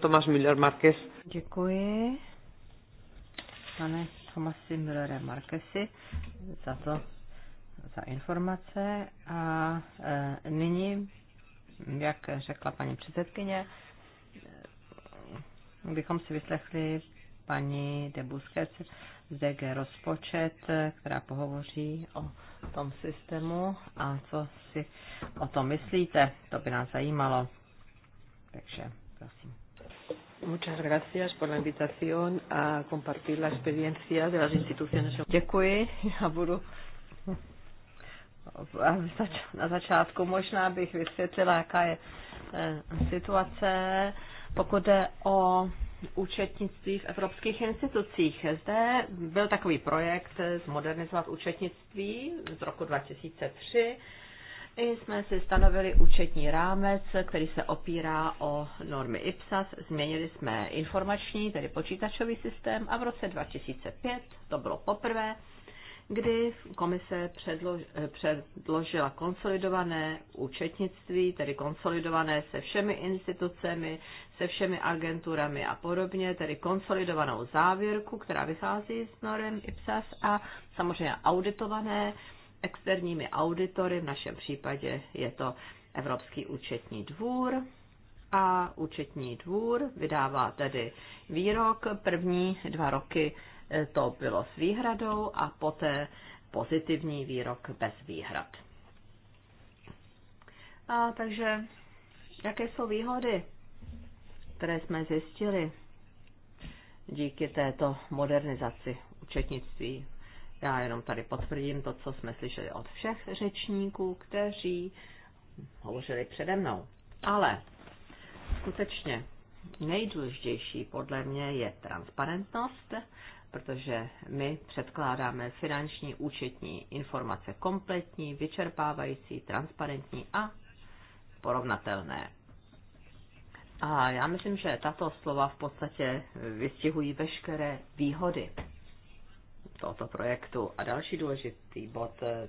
Tomáš Miller Marquez. Děkuji. Pane Tomasi Miller Marquesi za to, za informace a e, nyní, jak řekla paní předsedkyně, bychom si vyslechli paní de Busquets z DG Rozpočet, která pohovoří o tom systému a co si o tom myslíte. To by nás zajímalo. Takže prosím. Muchas gracias por la invitación a compartir la experiencia de las instituciones. Děkuji, a budu na začátku možná bych vysvětlila, jaká je eh, situace, pokud jde o účetnictví v evropských institucích. Zde byl takový projekt eh, zmodernizovat účetnictví z roku 2003. I jsme si stanovili účetní rámec, který se opírá o normy IPSAS. Změnili jsme informační, tedy počítačový systém a v roce 2005, to bylo poprvé, kdy komise eh, předložila konsolidované účetnictví, tedy konsolidované se všemi institucemi, se všemi agenturami a podobně, tedy konsolidovanou závěrku, která vychází s norem IPSAS a samozřejmě auditované externími auditory, v našem případě je to Evropský účetní dvůr, a účetní dvůr vydává tedy výrok první dva roky to bylo s výhradou a poté pozitivní výrok bez výhrad. A takže jaké jsou výhody, které jsme zjistili díky této modernizaci účetnictví? Já jenom tady potvrdím to, co jsme slyšeli od všech řečníků, kteří hovořili přede mnou. Ale skutečně nejdůležitější podle mě je transparentnost protože my předkládáme finanční účetní informace kompletní, vyčerpávající, transparentní a porovnatelné. A já myslím, že tato slova v podstatě vystihují veškeré výhody tohoto projektu. A další důležitý bod, eh,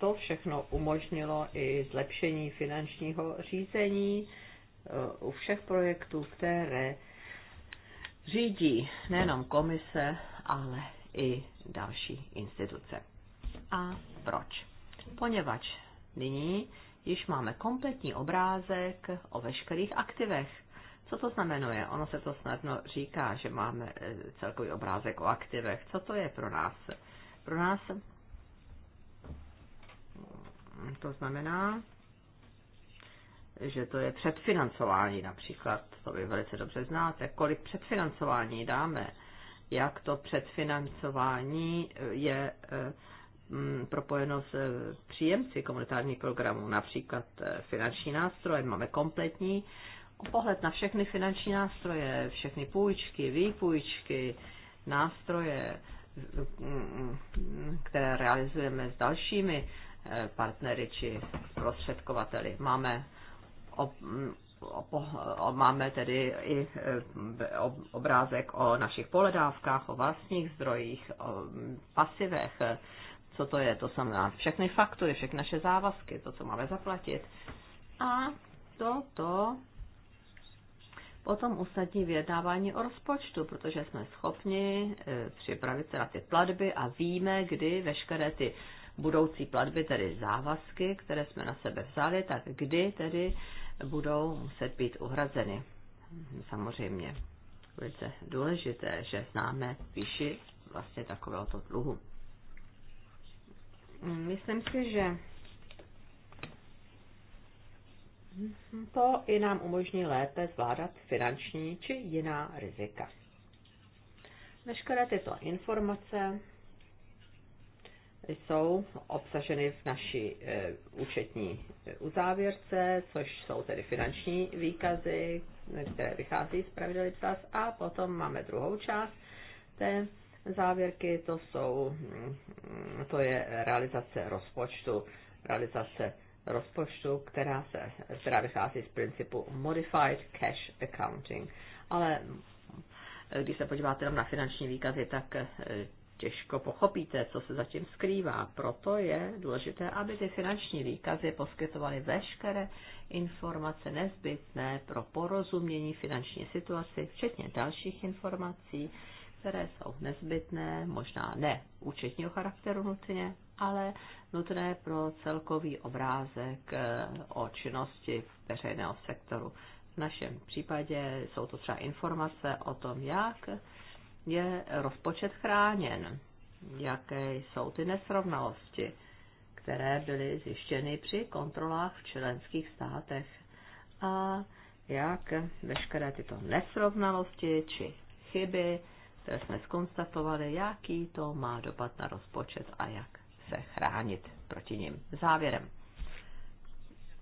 to všechno umožnilo i zlepšení finančního řízení eh, u všech projektů, které řídí nejenom komise, ale i další instituce. A proč? Poněvadž nyní již máme kompletní obrázek o veškerých aktivech. Co to znamenuje? Ono se to snadno říká, že máme e, celkový obrázek o aktivech. Co to je pro nás? Pro nás to znamená, že to je předfinancování například, to vy velice dobře znáte, kolik předfinancování dáme, jak to předfinancování eh, je eh, mm, propojeno s eh, příjemci komunitárních programů, například finanční nástroje, máme kompletní pohled na všechny finanční nástroje, všechny půjčky, výpůjčky, nástroje, mm, mm, které realizujeme s dalšími partnery či prostředkovateli. Máme ob, ob, ob, máme tedy i eh, ob, obrázek o našich poledávkách, o vlastních zdrojích, o pasivech, co to je, to znamená všechny faktury, všechny naše závazky, to, co máme zaplatit. A toto potom usadní vyjednávání o rozpočtu, protože jsme schopni eh, připravit se na ty platby a víme, kdy veškeré ty budoucí platby, tedy závazky, které jsme na sebe vzali, tak kdy tedy budou muset být uhrazeny. Samozřejmě velice důležité, že známe výši vlastně takovéhoto dluhu. Myslím si, že to i nám umožní lépe zvládat finanční či jiná rizika. Veškeré tyto informace jsou obsaženy v naší eh, účetní eh, uzávěrce, což jsou tedy finanční výkazy, které vychází z pravidel SAS. A potom máme druhou část té závěrky, to, jsou, mm, to je realizace rozpočtu, realizace rozpočtu, která, se, která vychází z principu Modified Cash Accounting. Ale eh, když se podíváte jenom na finanční výkazy, tak těžko pochopíte, co se zatím skrývá. Proto je důležité, aby ty finanční výkazy poskytovaly veškeré informace nezbytné pro porozumění finanční situaci, včetně dalších informací, které jsou nezbytné, možná ne účetního charakteru nutně, ale nutné pro celkový obrázek eh, o činnosti veřejného sektoru. V našem případě jsou to třeba informace o tom, jak je rozpočet chráněn, jaké jsou ty nesrovnalosti, které byly zjištěny při kontrolách v členských státech a jak veškeré tyto nesrovnalosti či chyby, které jsme skonstatovali, jaký to má dopad na rozpočet a jak se chránit proti nim. Závěrem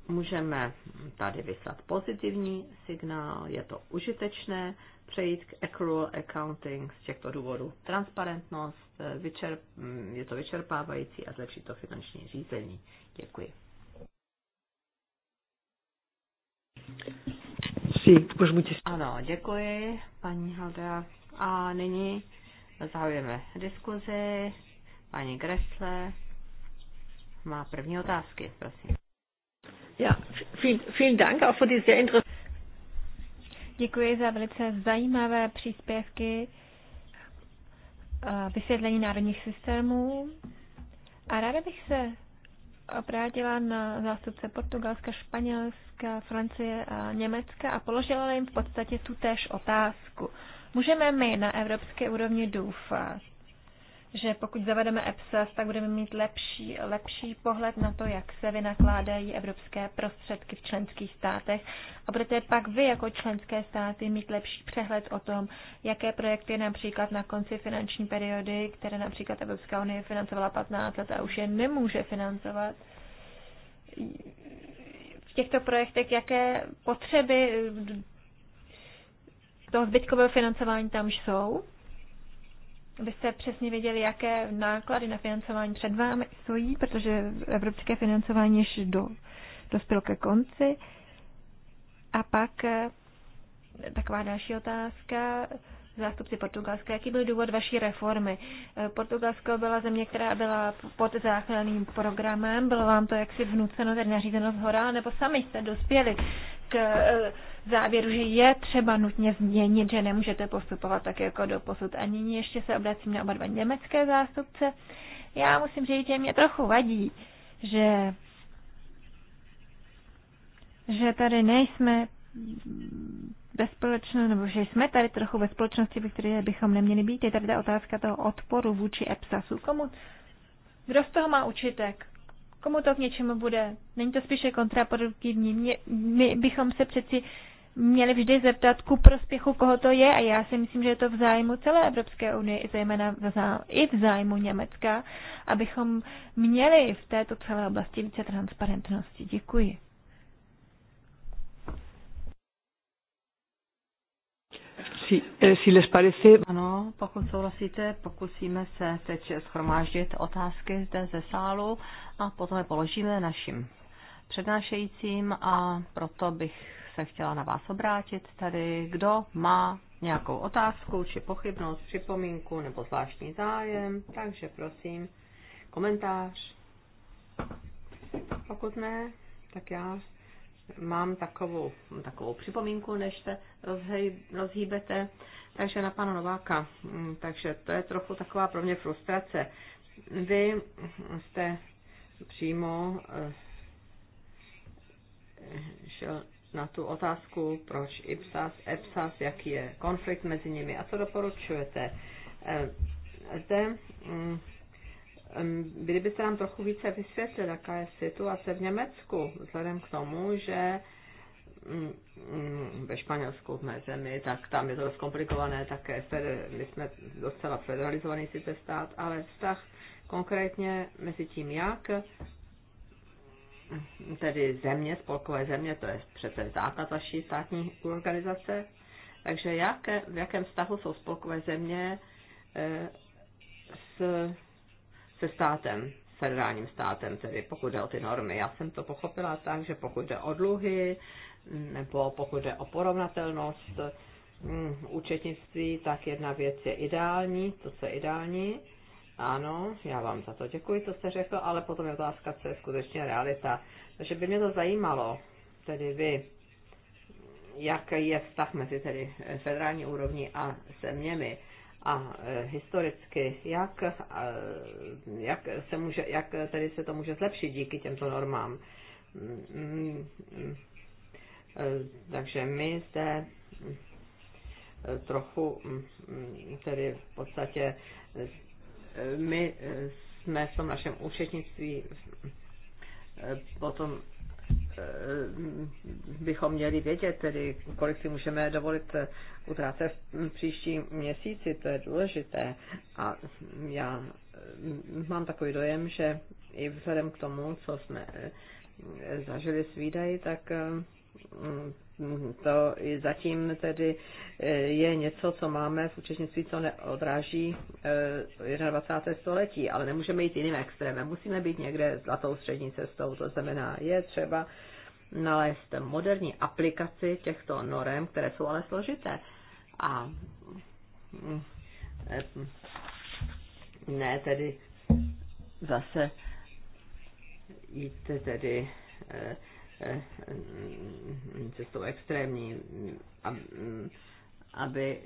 můžeme tady vyslat pozitivní signál, je to užitečné, přejít k accrual accounting z těchto důvodů. Transparentnost, vyčerp, je to vyčerpávající a zlepší to finanční řízení. Děkuji. Sí, ano, děkuji, paní Halda. A nyní zahajujeme diskuzi. Paní Gressle má první otázky, prosím. Ja, vielen, vielen Dank auch für die sehr Děkuji za velice zajímavé příspěvky vysvětlení národních systémů. A ráda bych se obrátila na zástupce Portugalska, Španělska, Francie a Německa a položila jim v podstatě tu též otázku. Můžeme my na evropské úrovni doufat, že pokud zavedeme EPSAS, tak budeme mít lepší, lepší pohled na to, jak se vynakládají evropské prostředky v členských státech a budete pak vy jako členské státy mít lepší přehled o tom, jaké projekty například na konci finanční periody, které například Evropská unie financovala 15 let a už je nemůže financovat, v těchto projektech, jaké potřeby toho zbytkového financování tam jsou abyste přesně věděli, jaké náklady na financování před vámi stojí, protože evropské financování již do, dospělo ke konci. A pak eh, taková další otázka. Zástupci Portugalska, jaký byl důvod vaší reformy? Eh, Portugalsko byla země, která byla pod záchranným programem. Bylo vám to jaksi vnuceno, tedy nařízeno z hora, nebo sami jste dospěli k eh, závěru, že je třeba nutně změnit, že nemůžete postupovat tak jako do posud. A nyní ještě se obracím na oba dva německé zástupce. Já musím říct, že mě trochu vadí, že, že tady nejsme ve společnosti, nebo že jsme tady trochu ve společnosti, ve které bychom neměli být. Je tady ta otázka toho odporu vůči EPSASu. Komu, kdo z toho má učitek? Komu to k něčemu bude? Není to spíše kontraproduktivní? Mě, my bychom se přeci měli vždy zeptat ku prospěchu, koho to je a já si myslím, že je to v zájmu celé Evropské unie, i zejména v zájmu, i v zájmu Německa, abychom měli v této celé oblasti více transparentnosti. Děkuji. Si, eh, si les parece... Ano, pokud souhlasíte, pokusíme se teď schromáždit otázky zde ze sálu a potom je položíme našim přednášejícím a proto bych se chtěla na vás obrátit tady. Kdo má nějakou otázku či pochybnost, připomínku nebo zvláštní zájem, takže prosím, komentář. Pokud ne, tak já mám takovou, takovou připomínku, než se rozhej, rozhýbete, takže na pana Nováka. Mm, takže to je trochu taková pro mě frustrace. Vy jste přímo eh, šel na tu otázku, proč IPSAS, EPSAS, jaký je konflikt mezi nimi a co doporučujete. Eh, zde mm, mm, kdybyste nám trochu více vysvětlili, jaká je situace v Německu, vzhledem k tomu, že mm, ve Španělsku, v mé zemi, tak tam je to dost komplikované také. My jsme docela federalizovaný sice stát, ale vztah konkrétně mezi tím, jak tedy země, spolkové země, to je přece základ vaší státní organizace. Takže jak, v jakém vztahu jsou spolkové země eh, s, se státem, federálním státem, tedy pokud jde o ty normy. Já jsem to pochopila tak, že pokud jde o dluhy, nebo pokud jde o porovnatelnost mm, účetnictví, tak jedna věc je ideální, to, co je ideální, ano, já vám za to děkuji, co jste řekl, ale potom je otázka, co je skutečně realita. Takže by mě to zajímalo, tedy vy, jak je vztah mezi tedy federální úrovní a zeměmi a e, historicky, jak, e, jak, se může, jak tedy se to může zlepšit díky těmto normám. E, takže my zde trochu tedy v podstatě my eh, jsme v tom našem účetnictví eh, potom eh, bychom měli vědět, tedy kolik si můžeme dovolit utrácet v příštím měsíci, to je důležité. A já mám takový dojem, že i vzhledem k tomu, co jsme zažili s výdají, tak Mhm, to zatím tedy e, je něco, co máme v účetnictví, co neodráží 21. E, století, ale nemůžeme jít jiným extrémem. Musíme být někde zlatou střední cestou, to znamená, je třeba nalézt moderní aplikaci těchto norem, které jsou ale složité. A mm, e, ne tedy zase jít tedy Eh, cestou extrémní, aby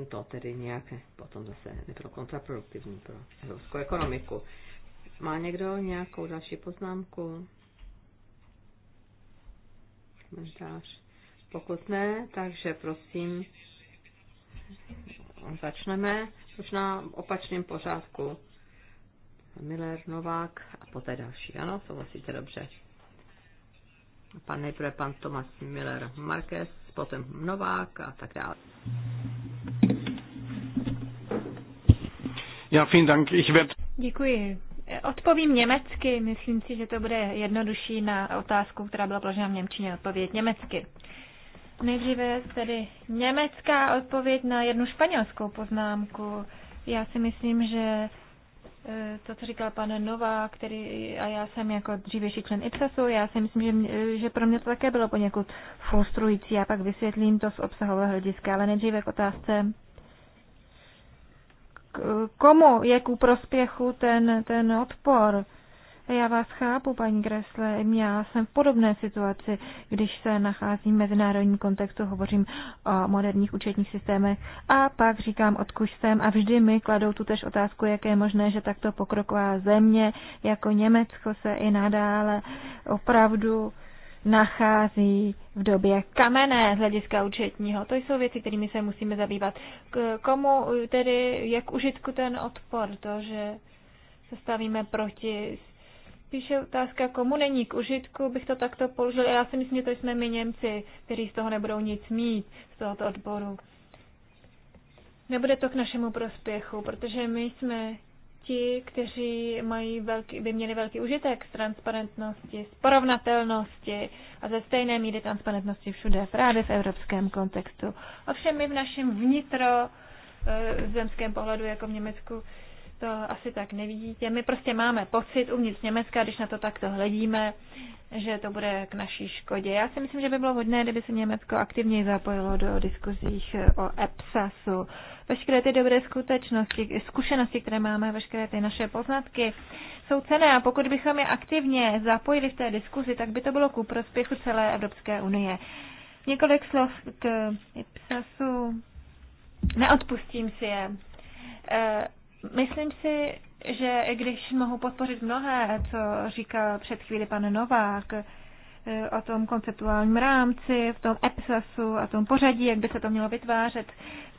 eh, to tedy nějak potom zase nebylo kontraproduktivní pro evropskou ekonomiku. Má někdo nějakou další poznámku? Komentář? Pokud ne, takže prosím, začneme už na opačném pořádku. Miller, Novák a poté další. Ano, souhlasíte dobře. Pan nejprve pan Tomas Miller Marquez, potom Novák a tak dále. Ja, vielen Dank. Ich werd... Děkuji. Odpovím německy. Myslím si, že to bude jednodušší na otázku, která byla položena v Němčině. Odpověď německy. Nejdříve tedy německá odpověď na jednu španělskou poznámku. Já si myslím, že Eh, to, co říkal pan Nová, který, a já jsem jako dřívější člen IPSASu, já si myslím, že, že pro mě to také bylo poněkud frustrující. Já pak vysvětlím to z obsahového hlediska, ale nejdříve k otázce, komu je ku prospěchu ten, ten odpor. Já vás chápu, paní Gresle, já jsem v podobné situaci, když se nacházím v mezinárodním kontextu, hovořím o moderních účetních systémech a pak říkám, odkud jsem a vždy mi kladou tutež otázku, jak je možné, že takto pokroková země jako Německo se i nadále opravdu nachází v době kamenné z hlediska účetního. To jsou věci, kterými se musíme zabývat. K komu tedy, jak užitku ten odpor, to, že se stavíme proti spíše otázka, komu není k užitku, bych to takto položil. Já si myslím, že to jsme my Němci, kteří z toho nebudou nic mít, z tohoto odboru. Nebude to k našemu prospěchu, protože my jsme ti, kteří mají velký, by měli velký užitek z transparentnosti, z porovnatelnosti a ze stejné míry transparentnosti všude, právě v evropském kontextu. Ovšem my v našem vnitro eh, zemském pohledu jako v Německu to asi tak nevidíte. My prostě máme pocit uvnitř Německa, když na to takto hledíme, že to bude k naší škodě. Já si myslím, že by bylo hodné, kdyby se Německo aktivněji zapojilo do diskuzích o EPSASu. Veškeré ty dobré skutečnosti, zkušenosti, které máme, veškeré ty naše poznatky jsou cené a pokud bychom je aktivně zapojili v té diskuzi, tak by to bylo ku prospěchu celé Evropské unie. Několik slov k EPSASu. Neodpustím si je eh, Myslím si, že i když mohu podpořit mnohé, co říkal před chvíli pan Novák, eh, o tom konceptuálním rámci, v tom EPSASu a tom pořadí, jak by se to mělo vytvářet.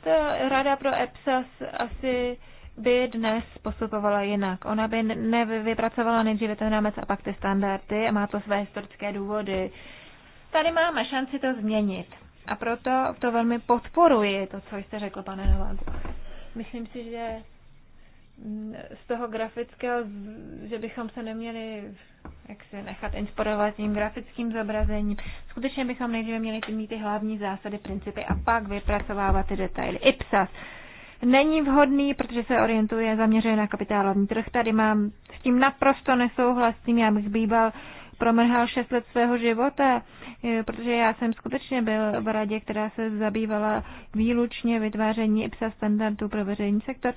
To Rada pro EPSAS asi by dnes postupovala jinak. Ona by nevypracovala nejdříve ten rámec a pak ty standardy a má to své historické důvody. Tady máme šanci to změnit. A proto to velmi podporuji, to, co jste řekl, pane Novák. Myslím si, že z toho grafického, že bychom se neměli jak se nechat inspirovat tím grafickým zobrazením. Skutečně bychom nejdříve měli mít ty hlavní zásady, principy a pak vypracovávat ty detaily. IPSAS není vhodný, protože se orientuje, zaměřuje na kapitálovní trh. Tady mám, s tím naprosto nesouhlasím, já bych býval promrhal šest let svého života, protože já jsem skutečně byl v radě, která se zabývala výlučně vytváření IPSA standardů pro veřejný sektor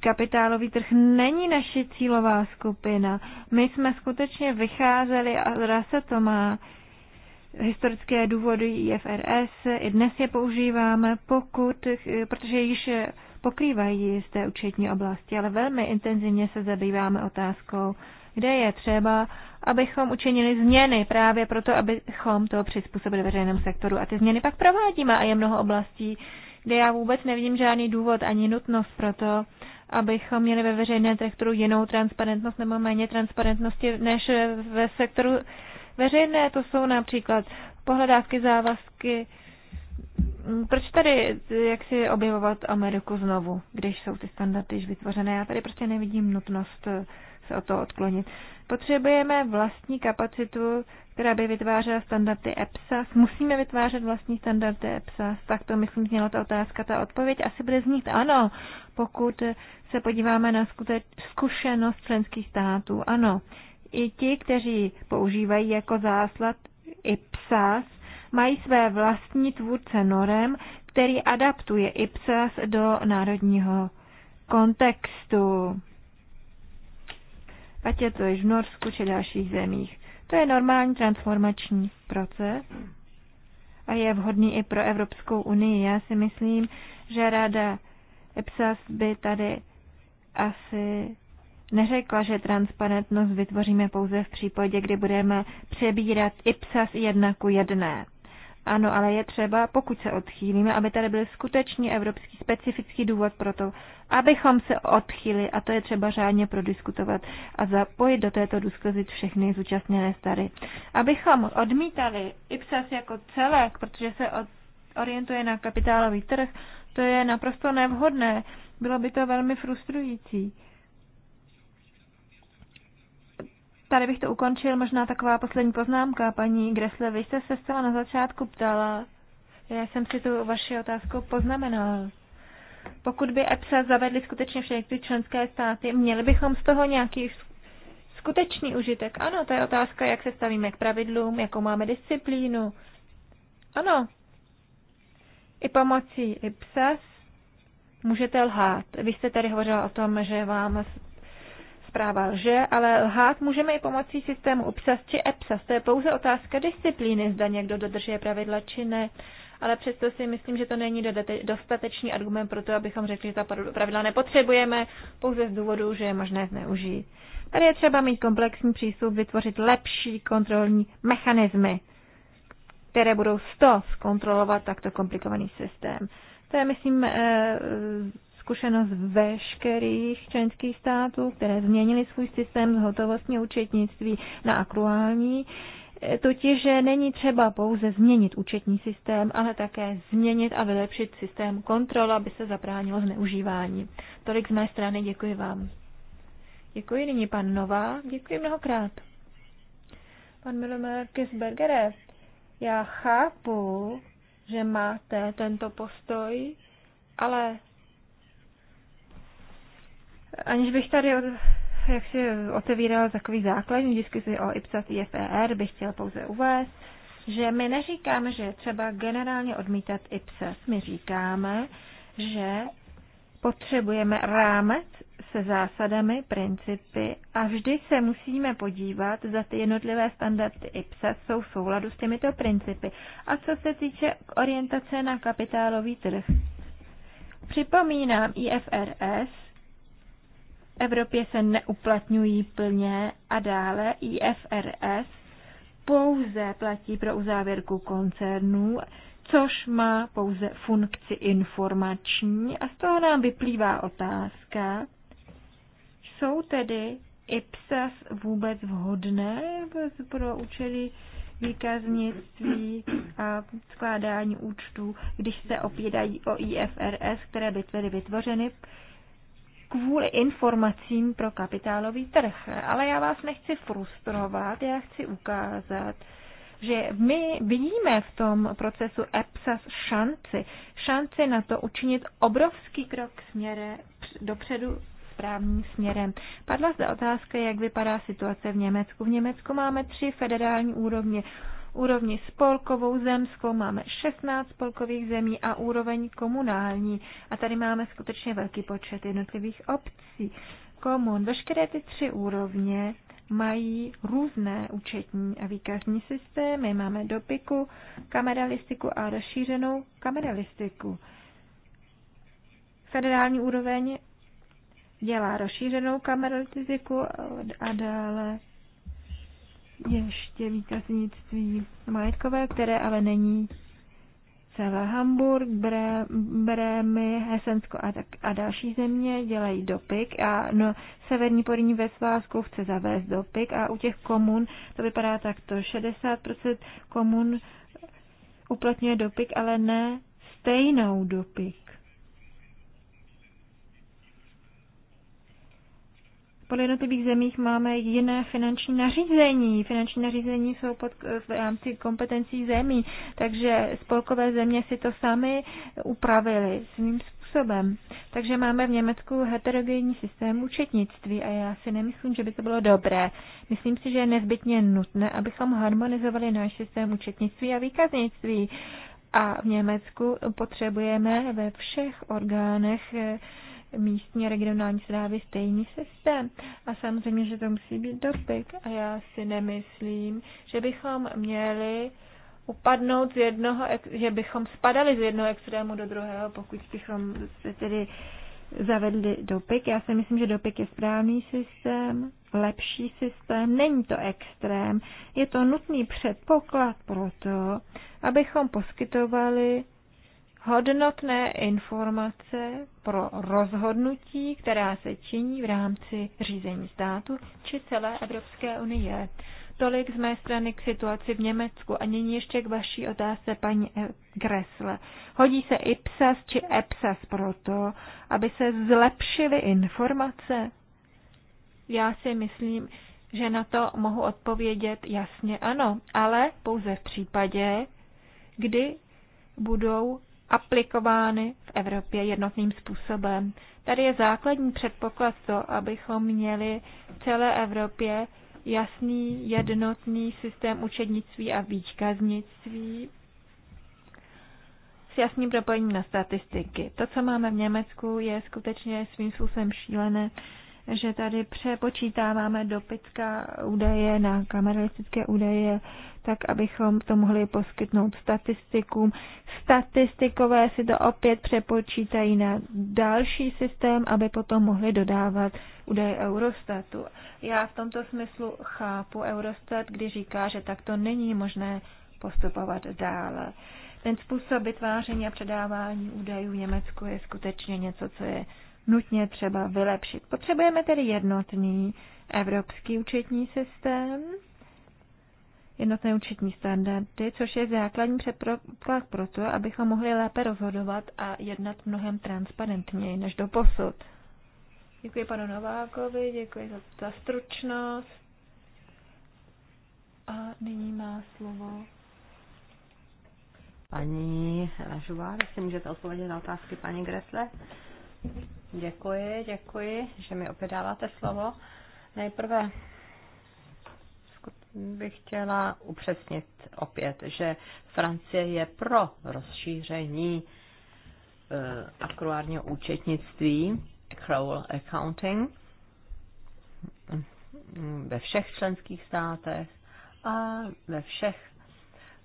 kapitálový trh není naše cílová skupina. My jsme skutečně vycházeli, a zase to má historické důvody IFRS, i dnes je používáme, pokud, protože již pokrývají z té účetní oblasti, ale velmi intenzivně se zabýváme otázkou, kde je třeba, abychom učinili změny právě proto, abychom to přizpůsobili veřejnému sektoru. A ty změny pak provádíme a je mnoho oblastí, kde já vůbec nevidím žádný důvod ani nutnost pro to, abychom měli ve veřejné sektoru jinou transparentnost nebo méně transparentnosti než ve sektoru veřejné. To jsou například pohledávky, závazky, Mm, proč tady jak si objevovat Ameriku znovu, když jsou ty standardy již vytvořené? Já tady prostě nevidím nutnost eh, se o to odklonit. Potřebujeme vlastní kapacitu, která by vytvářela standardy EPSAS. Musíme vytvářet vlastní standardy EPSAS. Tak to, myslím, zněla ta otázka. Ta odpověď asi bude znít ano, pokud se podíváme na zkušenost členských států. Ano, i ti, kteří používají jako záslad EPSAS mají své vlastní tvůrce norem, který adaptuje IPSAS do národního kontextu. Ať je to již v Norsku či dalších zemích. To je normální transformační proces a je vhodný i pro Evropskou unii. Já si myslím, že rada EPSAS by tady asi neřekla, že transparentnost vytvoříme pouze v případě, kdy budeme přebírat IPSAS jedna ku jedné. Ano, ale je třeba, pokud se odchýlíme, aby tady byl skutečný evropský specifický důvod pro to, abychom se odchýli, a to je třeba řádně prodiskutovat a zapojit do této diskuzi všechny zúčastněné stary. Abychom odmítali IPSAS jako celek, protože se od, orientuje na kapitálový trh, to je naprosto nevhodné. Bylo by to velmi frustrující. Tady bych to ukončil, možná taková poslední poznámka, paní Gresle. Vy jste se zcela na začátku ptala, já jsem si tu vaši otázku poznamenal. Pokud by EPSA zavedly skutečně všechny členské státy, měli bychom z toho nějaký skutečný užitek? Ano, to je otázka, jak se stavíme k pravidlům, jakou máme disciplínu. Ano, i pomocí IPSAS můžete lhát. Vy jste tady hovořila o tom, že vám zpráva lže, ale lhát můžeme i pomocí systému UPSAS či EPSAS. To je pouze otázka disciplíny, zda někdo dodržuje pravidla či ne. Ale přesto si myslím, že to není dostatečný argument pro to, abychom řekli, že ta pravidla nepotřebujeme, pouze z důvodu, že je možné zneužít. Tady je třeba mít komplexní přístup, vytvořit lepší kontrolní mechanismy, které budou z to zkontrolovat takto komplikovaný systém. To je, myslím, eh, zkušenost veškerých členských států, které změnili svůj systém z hotovostního účetnictví na akruální, totiž že není třeba pouze změnit účetní systém, ale také změnit a vylepšit systém kontrol, aby se zabránilo zneužívání. Tolik z mé strany, děkuji vám. Děkuji, nyní pan Nová, děkuji mnohokrát. Pan Milomer Kisbergere, já chápu, že máte tento postoj, ale Aniž bych tady jak si otevíral takový základní diskuzi o IPSAT IFER, bych chtěl pouze uvést, že my neříkáme, že je třeba generálně odmítat IPSAT. My říkáme, že potřebujeme rámec se zásadami, principy a vždy se musíme podívat, zda ty jednotlivé standardy IPSA jsou v souladu s těmito principy. A co se týče orientace na kapitálový trh, připomínám IFRS, Evropě se neuplatňují plně a dále IFRS pouze platí pro uzávěrku koncernů, což má pouze funkci informační a z toho nám vyplývá otázka, jsou tedy IPSAS vůbec vhodné pro účely výkaznictví a skládání účtů, když se opírají o IFRS, které by byly vytvořeny kvůli informacím pro kapitálový trh. Ale já vás nechci frustrovat, já chci ukázat, že my vidíme v tom procesu EPSAS šanci, šanci na to učinit obrovský krok směre dopředu správným směrem. Padla zde otázka, jak vypadá situace v Německu. V Německu máme tři federální úrovně úrovni spolkovou, zemskou máme 16 spolkových zemí a úroveň komunální. A tady máme skutečně velký počet jednotlivých obcí, komun. Veškeré ty tři úrovně mají různé účetní a výkazní systémy. Máme dopiku, kameralistiku a rozšířenou kameralistiku. Federální úroveň dělá rozšířenou kameralistiku a dále ještě výkaznictví majetkové, které ale není celé Hamburg, Bre, Brémy, Hesensko a, tak, a další země dělají dopik a no, severní porní ve Svázku chce zavést dopik a u těch komun to vypadá takto. 60% komun uplatňuje dopik, ale ne stejnou dopik. podle jednotlivých zemích máme jiné finanční nařízení. Finanční nařízení jsou pod, v rámci kompetencí zemí, takže spolkové země si to sami upravili svým způsobem. Takže máme v Německu heterogenní systém účetnictví a já si nemyslím, že by to bylo dobré. Myslím si, že je nezbytně nutné, abychom harmonizovali náš systém účetnictví a výkaznictví. A v Německu potřebujeme ve všech orgánech místní a regionální zprávy stejný systém. A samozřejmě, že to musí být dopik. A já si nemyslím, že bychom měli upadnout z jednoho, že bychom spadali z jednoho extrému do druhého, pokud bychom se tedy zavedli dopik. Já si myslím, že dopik je správný systém, lepší systém, není to extrém. Je to nutný předpoklad pro to, abychom poskytovali hodnotné informace pro rozhodnutí, která se činí v rámci řízení státu či celé Evropské unie. Tolik z mé strany k situaci v Německu a nyní ještě k vaší otázce, paní e- Gressle. Hodí se IPSAS či EPSAS proto, aby se zlepšily informace? Já si myslím, že na to mohu odpovědět jasně ano, ale pouze v případě, kdy budou aplikovány v Evropě jednotným způsobem. Tady je základní předpoklad to, abychom měli v celé Evropě jasný, jednotný systém učednictví a výkaznictví s jasným propojením na statistiky. To, co máme v Německu, je skutečně svým způsobem šílené že tady přepočítáváme dopitka údaje na kameralistické údaje, tak abychom to mohli poskytnout statistikům. Statistikové si to opět přepočítají na další systém, aby potom mohli dodávat údaje Eurostatu. Já v tomto smyslu chápu Eurostat, když říká, že takto není možné postupovat dále. Ten způsob vytváření a předávání údajů v Německu je skutečně něco, co je nutně třeba vylepšit. Potřebujeme tedy jednotný evropský účetní systém, jednotné účetní standardy, což je základní předpoklad pro to, abychom mohli lépe rozhodovat a jednat mnohem transparentněji než do posud. Děkuji panu Novákovi, děkuji za, za stručnost. A nyní má slovo paní Ražová, jestli můžete odpovědět na otázky paní Gresle. Děkuji, děkuji, že mi opět dáváte slovo. Nejprve bych chtěla upřesnit opět, že Francie je pro rozšíření eh, akruárního účetnictví, accrual accounting, mm, ve všech členských státech a ve všech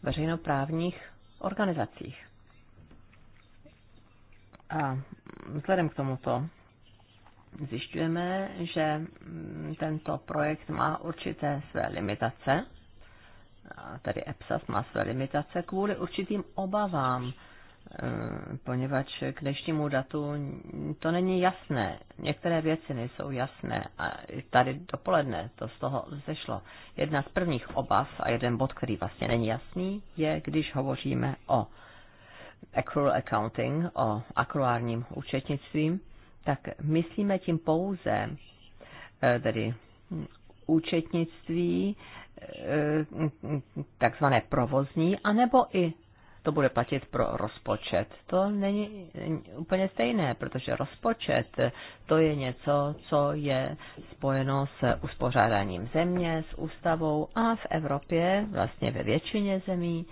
veřejnoprávních organizacích. A vzhledem k tomuto zjišťujeme, že tento projekt má určité své limitace, tedy EPSAS má své limitace kvůli určitým obavám, e, poněvadž k dnešnímu datu to není jasné. Některé věci nejsou jasné a tady dopoledne to z toho zešlo. Jedna z prvních obav a jeden bod, který vlastně není jasný, je, když hovoříme o accrual accounting, o akruárním účetnictví, tak myslíme tím pouze eh, tedy hm, účetnictví eh, takzvané provozní, anebo i to bude platit pro rozpočet. To není úplně stejné, protože rozpočet eh, to je něco, co je spojeno s uspořádáním země, s ústavou a v Evropě, vlastně ve většině zemí,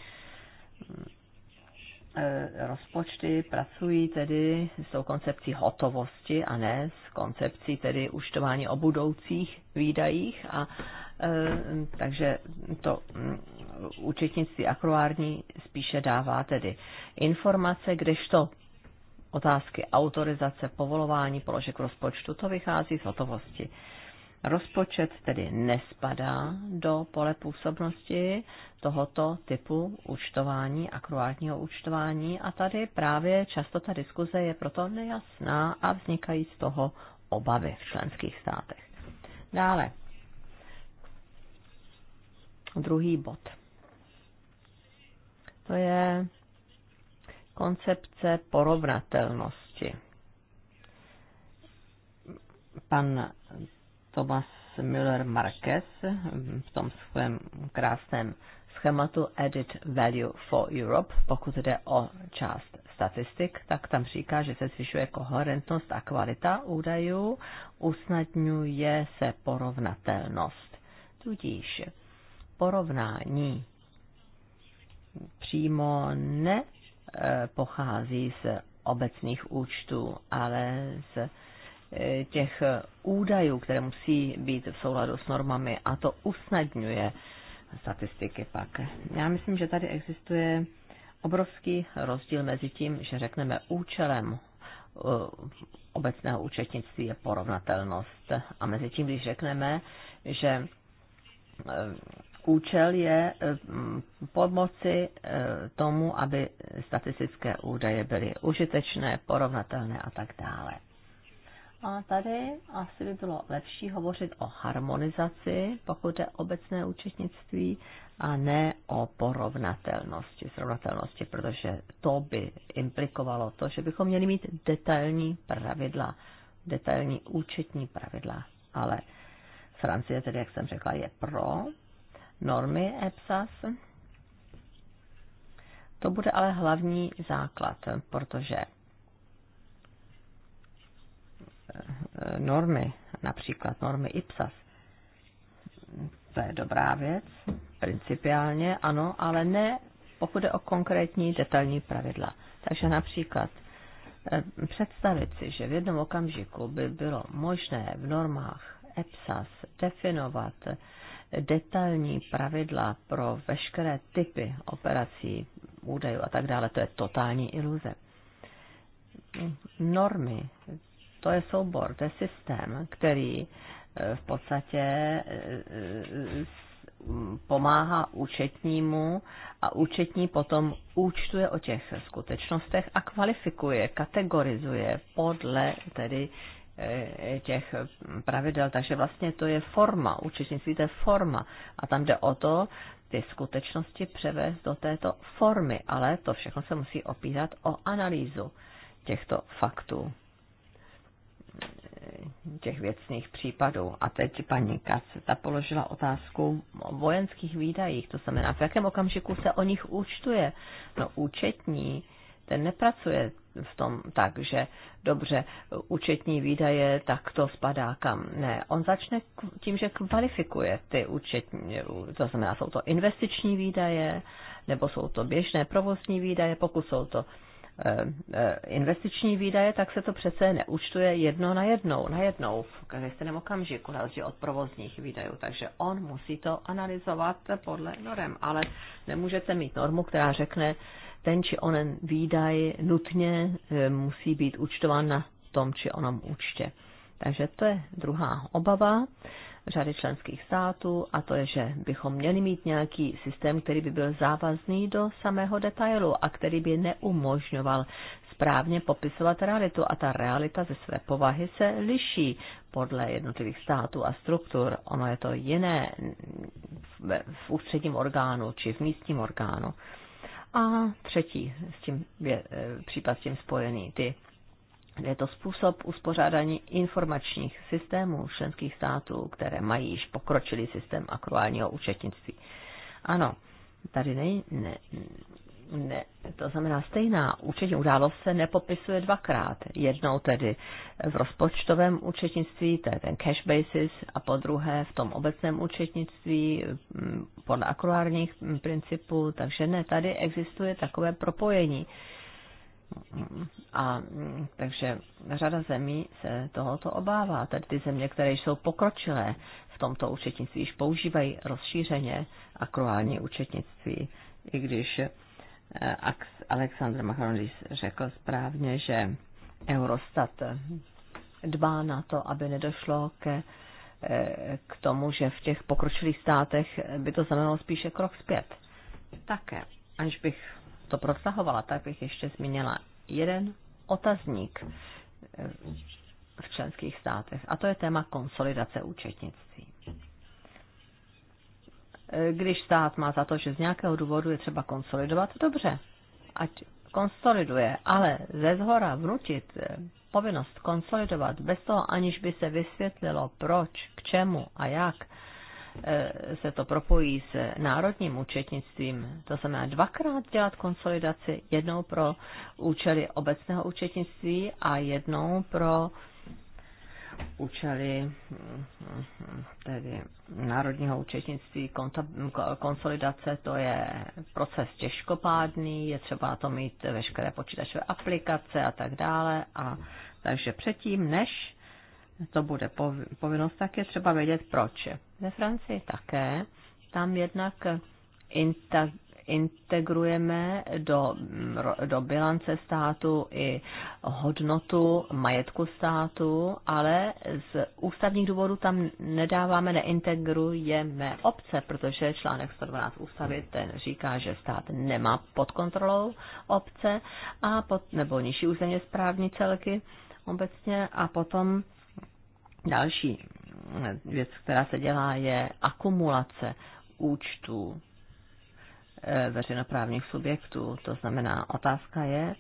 hm, E, rozpočty pracují tedy s tou koncepcí hotovosti a ne s koncepcí tedy uštování o budoucích výdajích a e, takže to mm, účetnictví akruární spíše dává tedy informace, kdežto otázky autorizace, povolování položek rozpočtu, to vychází z hotovosti. Rozpočet tedy nespadá do pole působnosti tohoto typu účtování, akruátního účtování a tady právě často ta diskuze je proto nejasná a vznikají z toho obavy v členských státech. Dále, druhý bod. To je koncepce porovnatelnosti. Pan Thomas Müller Marquez v tom svém krásném schématu Edit Value for Europe, pokud jde o část statistik, tak tam říká, že se zvyšuje koherentnost a kvalita údajů, usnadňuje se porovnatelnost. Tudíž porovnání přímo nepochází eh, z obecných účtů, ale z E, těch e, údajů, které musí být v souladu s normami a to usnadňuje statistiky pak. Já myslím, že tady existuje obrovský rozdíl mezi tím, že řekneme účelem e, obecného účetnictví je porovnatelnost a mezi tím, když řekneme, že účel je pomoci tomu, aby statistické údaje byly užitečné, porovnatelné a tak dále. A tady asi by bylo lepší hovořit o harmonizaci, pokud je obecné účetnictví, a ne o porovnatelnosti, srovnatelnosti, protože to by implikovalo to, že bychom měli mít detailní pravidla, detailní účetní pravidla. Ale Francie tedy, jak jsem řekla, je pro normy EPSAS. To bude ale hlavní základ, protože Eh, normy, například normy IPSAS. To je dobrá věc, principiálně ano, ale ne pokud je o konkrétní detailní pravidla. Takže například eh, představit si, že v jednom okamžiku by bylo možné v normách EPSAS definovat detailní pravidla pro veškeré typy operací, údajů a tak dále, to je totální iluze. Normy, to je soubor, to je systém, který eh, v podstatě eh, eh, pomáhá účetnímu a účetní potom účtuje o těch skutečnostech a kvalifikuje, kategorizuje podle tedy těch pravidel. Takže vlastně to je forma, účetnictví to je forma. A tam jde o to, ty skutečnosti převést do této formy, ale to všechno se musí opírat o analýzu těchto faktů těch věcných případů. A teď paní Kaceta položila otázku o vojenských výdajích, to znamená, v jakém okamžiku se o nich účtuje. No účetní, ten nepracuje v tom tak, že dobře, účetní výdaje, tak to spadá kam. Ne, on začne tím, že kvalifikuje ty účetní, to znamená, jsou to investiční výdaje, nebo jsou to běžné provozní výdaje, pokud jsou to uh, Eh, eh, investiční výdaje, tak se to přece neúčtuje jedno na jednou, na jednou v každém okamžiku, na rozdíl od provozních výdajů. Takže on musí to analyzovat podle norem, ale nemůžete mít normu, která řekne, ten či onen výdaj nutně eh, musí být účtován na tom či onom účtě. Takže to je druhá obava řady členských států, a to je, že bychom měli mít nějaký systém, který by byl závazný do samého detailu a který by neumožňoval správně popisovat realitu. A ta realita ze své povahy se liší podle jednotlivých států a struktur. Ono je to jiné v ústředním orgánu či v místním orgánu. A třetí s tím je, e, případ s tím spojený, ty je to způsob uspořádání informačních systémů členských států, které mají již pokročilý systém akruálního účetnictví. Ano, tady ne, ne, ne, to znamená stejná účetní událost se nepopisuje dvakrát. Jednou tedy v rozpočtovém účetnictví, to je ten cash basis, a po druhé v tom obecném účetnictví mm, podle akruárních mm, principů, takže ne, tady existuje takové propojení. A mm, takže řada zemí se tohoto obává. Tady ty země, které jsou pokročilé v tomto účetnictví, již používají rozšířeně akruální účetnictví, i když eh, Alexandr Macronis řekl správně, že Eurostat dbá na to, aby nedošlo ke, eh, k tomu, že v těch pokročilých státech by to znamenalo spíše krok zpět. Také, aniž bych to protahovala, tak bych ještě zmínila jeden otazník eh, v členských státech, a to je téma konsolidace účetnictví. Eh, když stát má za to, že z nějakého důvodu je třeba konsolidovat, dobře, ať konsoliduje, ale ze zhora vnutit eh, povinnost konsolidovat bez toho, aniž by se vysvětlilo proč, k čemu a jak, E, se to propojí s národním účetnictvím, to znamená dvakrát dělat konsolidaci, jednou pro účely obecného účetnictví a jednou pro účely tedy národního účetnictví, konsolidace, to je proces těžkopádný, je třeba to mít veškeré počítačové aplikace a tak dále. A, takže předtím, než to bude povinnost, tak je třeba vědět proč ve Francii také. Tam jednak integrujeme do, do bilance státu i hodnotu majetku státu, ale z ústavních důvodů tam nedáváme, neintegrujeme obce, protože článek 112 ústavy ten říká, že stát nemá pod kontrolou obce a pod, nebo nižší územně správní celky obecně a potom Další mm, věc, která se dělá, je akumulace účtů eh, veřejnoprávních subjektů. To znamená, otázka je,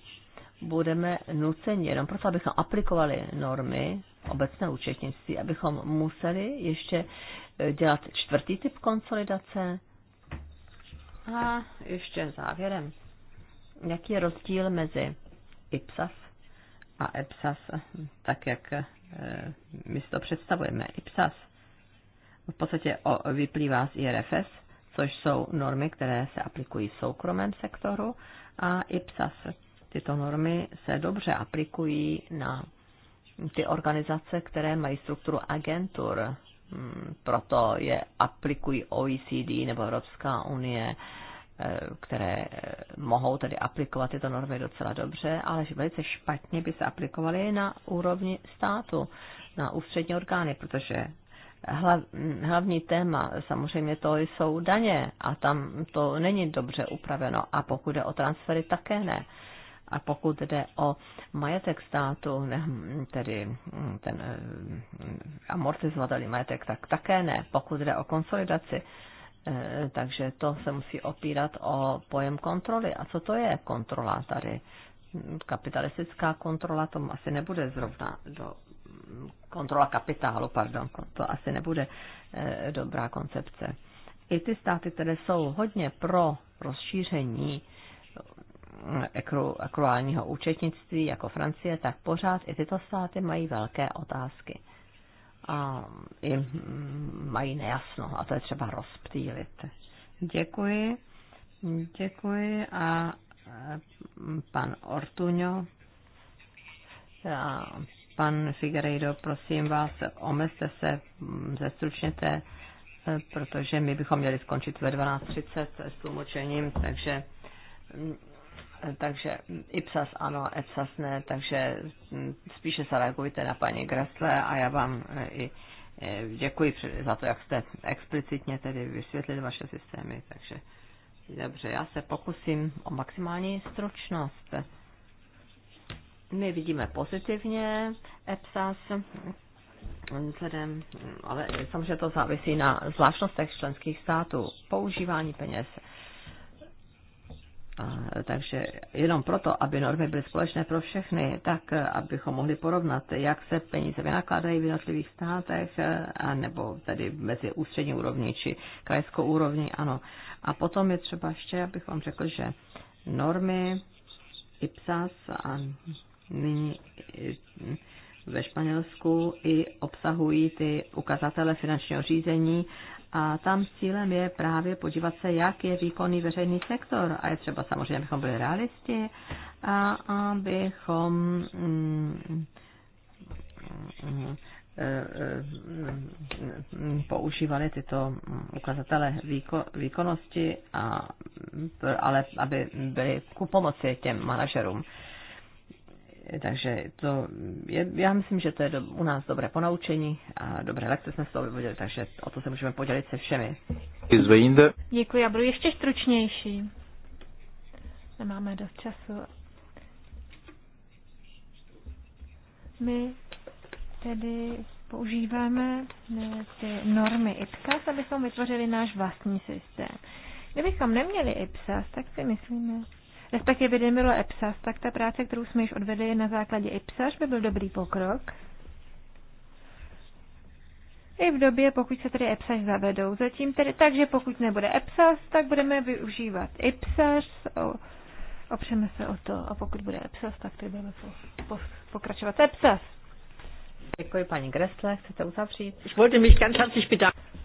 budeme nuceni jenom proto, abychom aplikovali normy obecné účetnictví, abychom museli ještě eh, dělat čtvrtý typ konsolidace. A ještě závěrem. Jaký je rozdíl mezi IPSAS a EPSAS, tak jak eh, my si to představujeme. IPSAS v podstatě vyplývá z IRFS, což jsou normy, které se aplikují v soukromém sektoru a IPSAS. Tyto normy se dobře aplikují na ty organizace, které mají strukturu agentur, hmm, proto je aplikují OECD nebo Evropská unie, Eh, které eh, mohou tedy aplikovat tyto normy docela dobře, ale že velice špatně by se aplikovaly na úrovni státu, na ústřední orgány, protože hlavní téma samozřejmě to jsou daně a tam to není dobře upraveno a pokud jde o transfery, také ne. A pokud jde o majetek státu, ne, tedy ten eh, amortizovatelný majetek, tak také ne. Pokud jde o konsolidaci, Eh, takže to se musí opírat o pojem kontroly. A co to je kontrola tady? Kapitalistická kontrola to asi nebude zrovna do kontrola kapitálu, pardon, to asi nebude eh, dobrá koncepce. I ty státy, které jsou hodně pro rozšíření eh, akruálního účetnictví, jako Francie, tak pořád i tyto státy mají velké otázky a i mm, mají nejasno a to je třeba rozptýlit. Děkuji. Děkuji a mm, pan Ortuňo a pan Figueiredo, prosím vás, omezte se, mm, zestručněte, e, protože my bychom měli skončit ve 12.30 s tlumočením, takže takže IPSAS ano, EPSAS ne, takže mm, spíše reagujte na paní Gressle a já vám e, i e, děkuji za to, jak jste explicitně tedy vysvětlili vaše systémy, takže dobře, já se pokusím o maximální stručnost. My vidíme pozitivně EPSAS, vzhledem, ale samozřejmě to závisí na zvláštnostech členských států, používání peněz a, takže jenom proto, aby normy byly společné pro všechny, tak eh, abychom mohli porovnat, jak se peníze vynakládají v jednotlivých státech, eh, a nebo tedy mezi ústřední úrovní či krajskou úrovní, ano. A potom je třeba ještě, abych vám řekl, že normy IPSAS a nyní eh, ve Španělsku i obsahují ty ukazatele finančního řízení a tam cílem je právě podívat se, jak je výkonný veřejný sektor. A je třeba samozřejmě, abychom byli realisti a abychom mm, mm, mm, používali tyto ukazatele výko, výkonnosti, a, ale aby byly ku pomoci těm manažerům. Takže to je, já myslím, že to je do, u nás dobré ponaučení a dobré lekce jsme z toho vyvodili, takže o to se můžeme podělit se všemi. Děkuji, já budu ještě stručnější. Nemáme dost času. My tedy používáme ty normy IPSAS, abychom vytvořili náš vlastní systém. Kdybychom neměli IPSAS, tak si myslíme, respektive by nebylo EPSAS, tak ta práce, kterou jsme již odvedli na základě EPSAS, by byl dobrý pokrok. I v době, pokud se tedy EPSAS zavedou. Zatím tedy takže pokud nebude EPSAS, tak budeme využívat EPSAS, opřeme se o to a pokud bude EPSAS, tak tedy budeme po, po, pokračovat EPSAS. Děkuji paní Gressle, chcete uzavřít?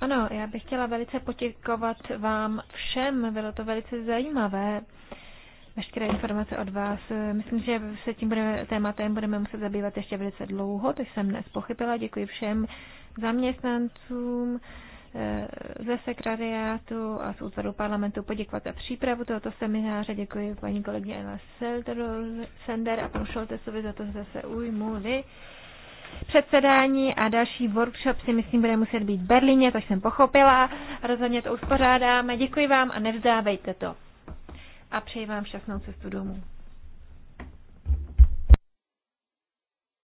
Ano, já bych chtěla velice poděkovat vám všem, bylo to velice zajímavé veškeré informace od vás. Eh, myslím, že se tím budeme, tématem budeme muset zabývat ještě velice dlouho, to jsem pochybila. Děkuji všem zaměstnancům eh, ze sekretariátu a z útvaru parlamentu poděkovat za přípravu tohoto semináře. Děkuji paní kolegyně Ela Sender a panu Šoltesovi za to, že se ujmuli. Předsedání a další workshop si myslím bude muset být v Berlíně, to jsem pochopila. Rozhodně to uspořádáme. Děkuji vám a nevzdávejte to a přeji vám šťastnou cestu domů.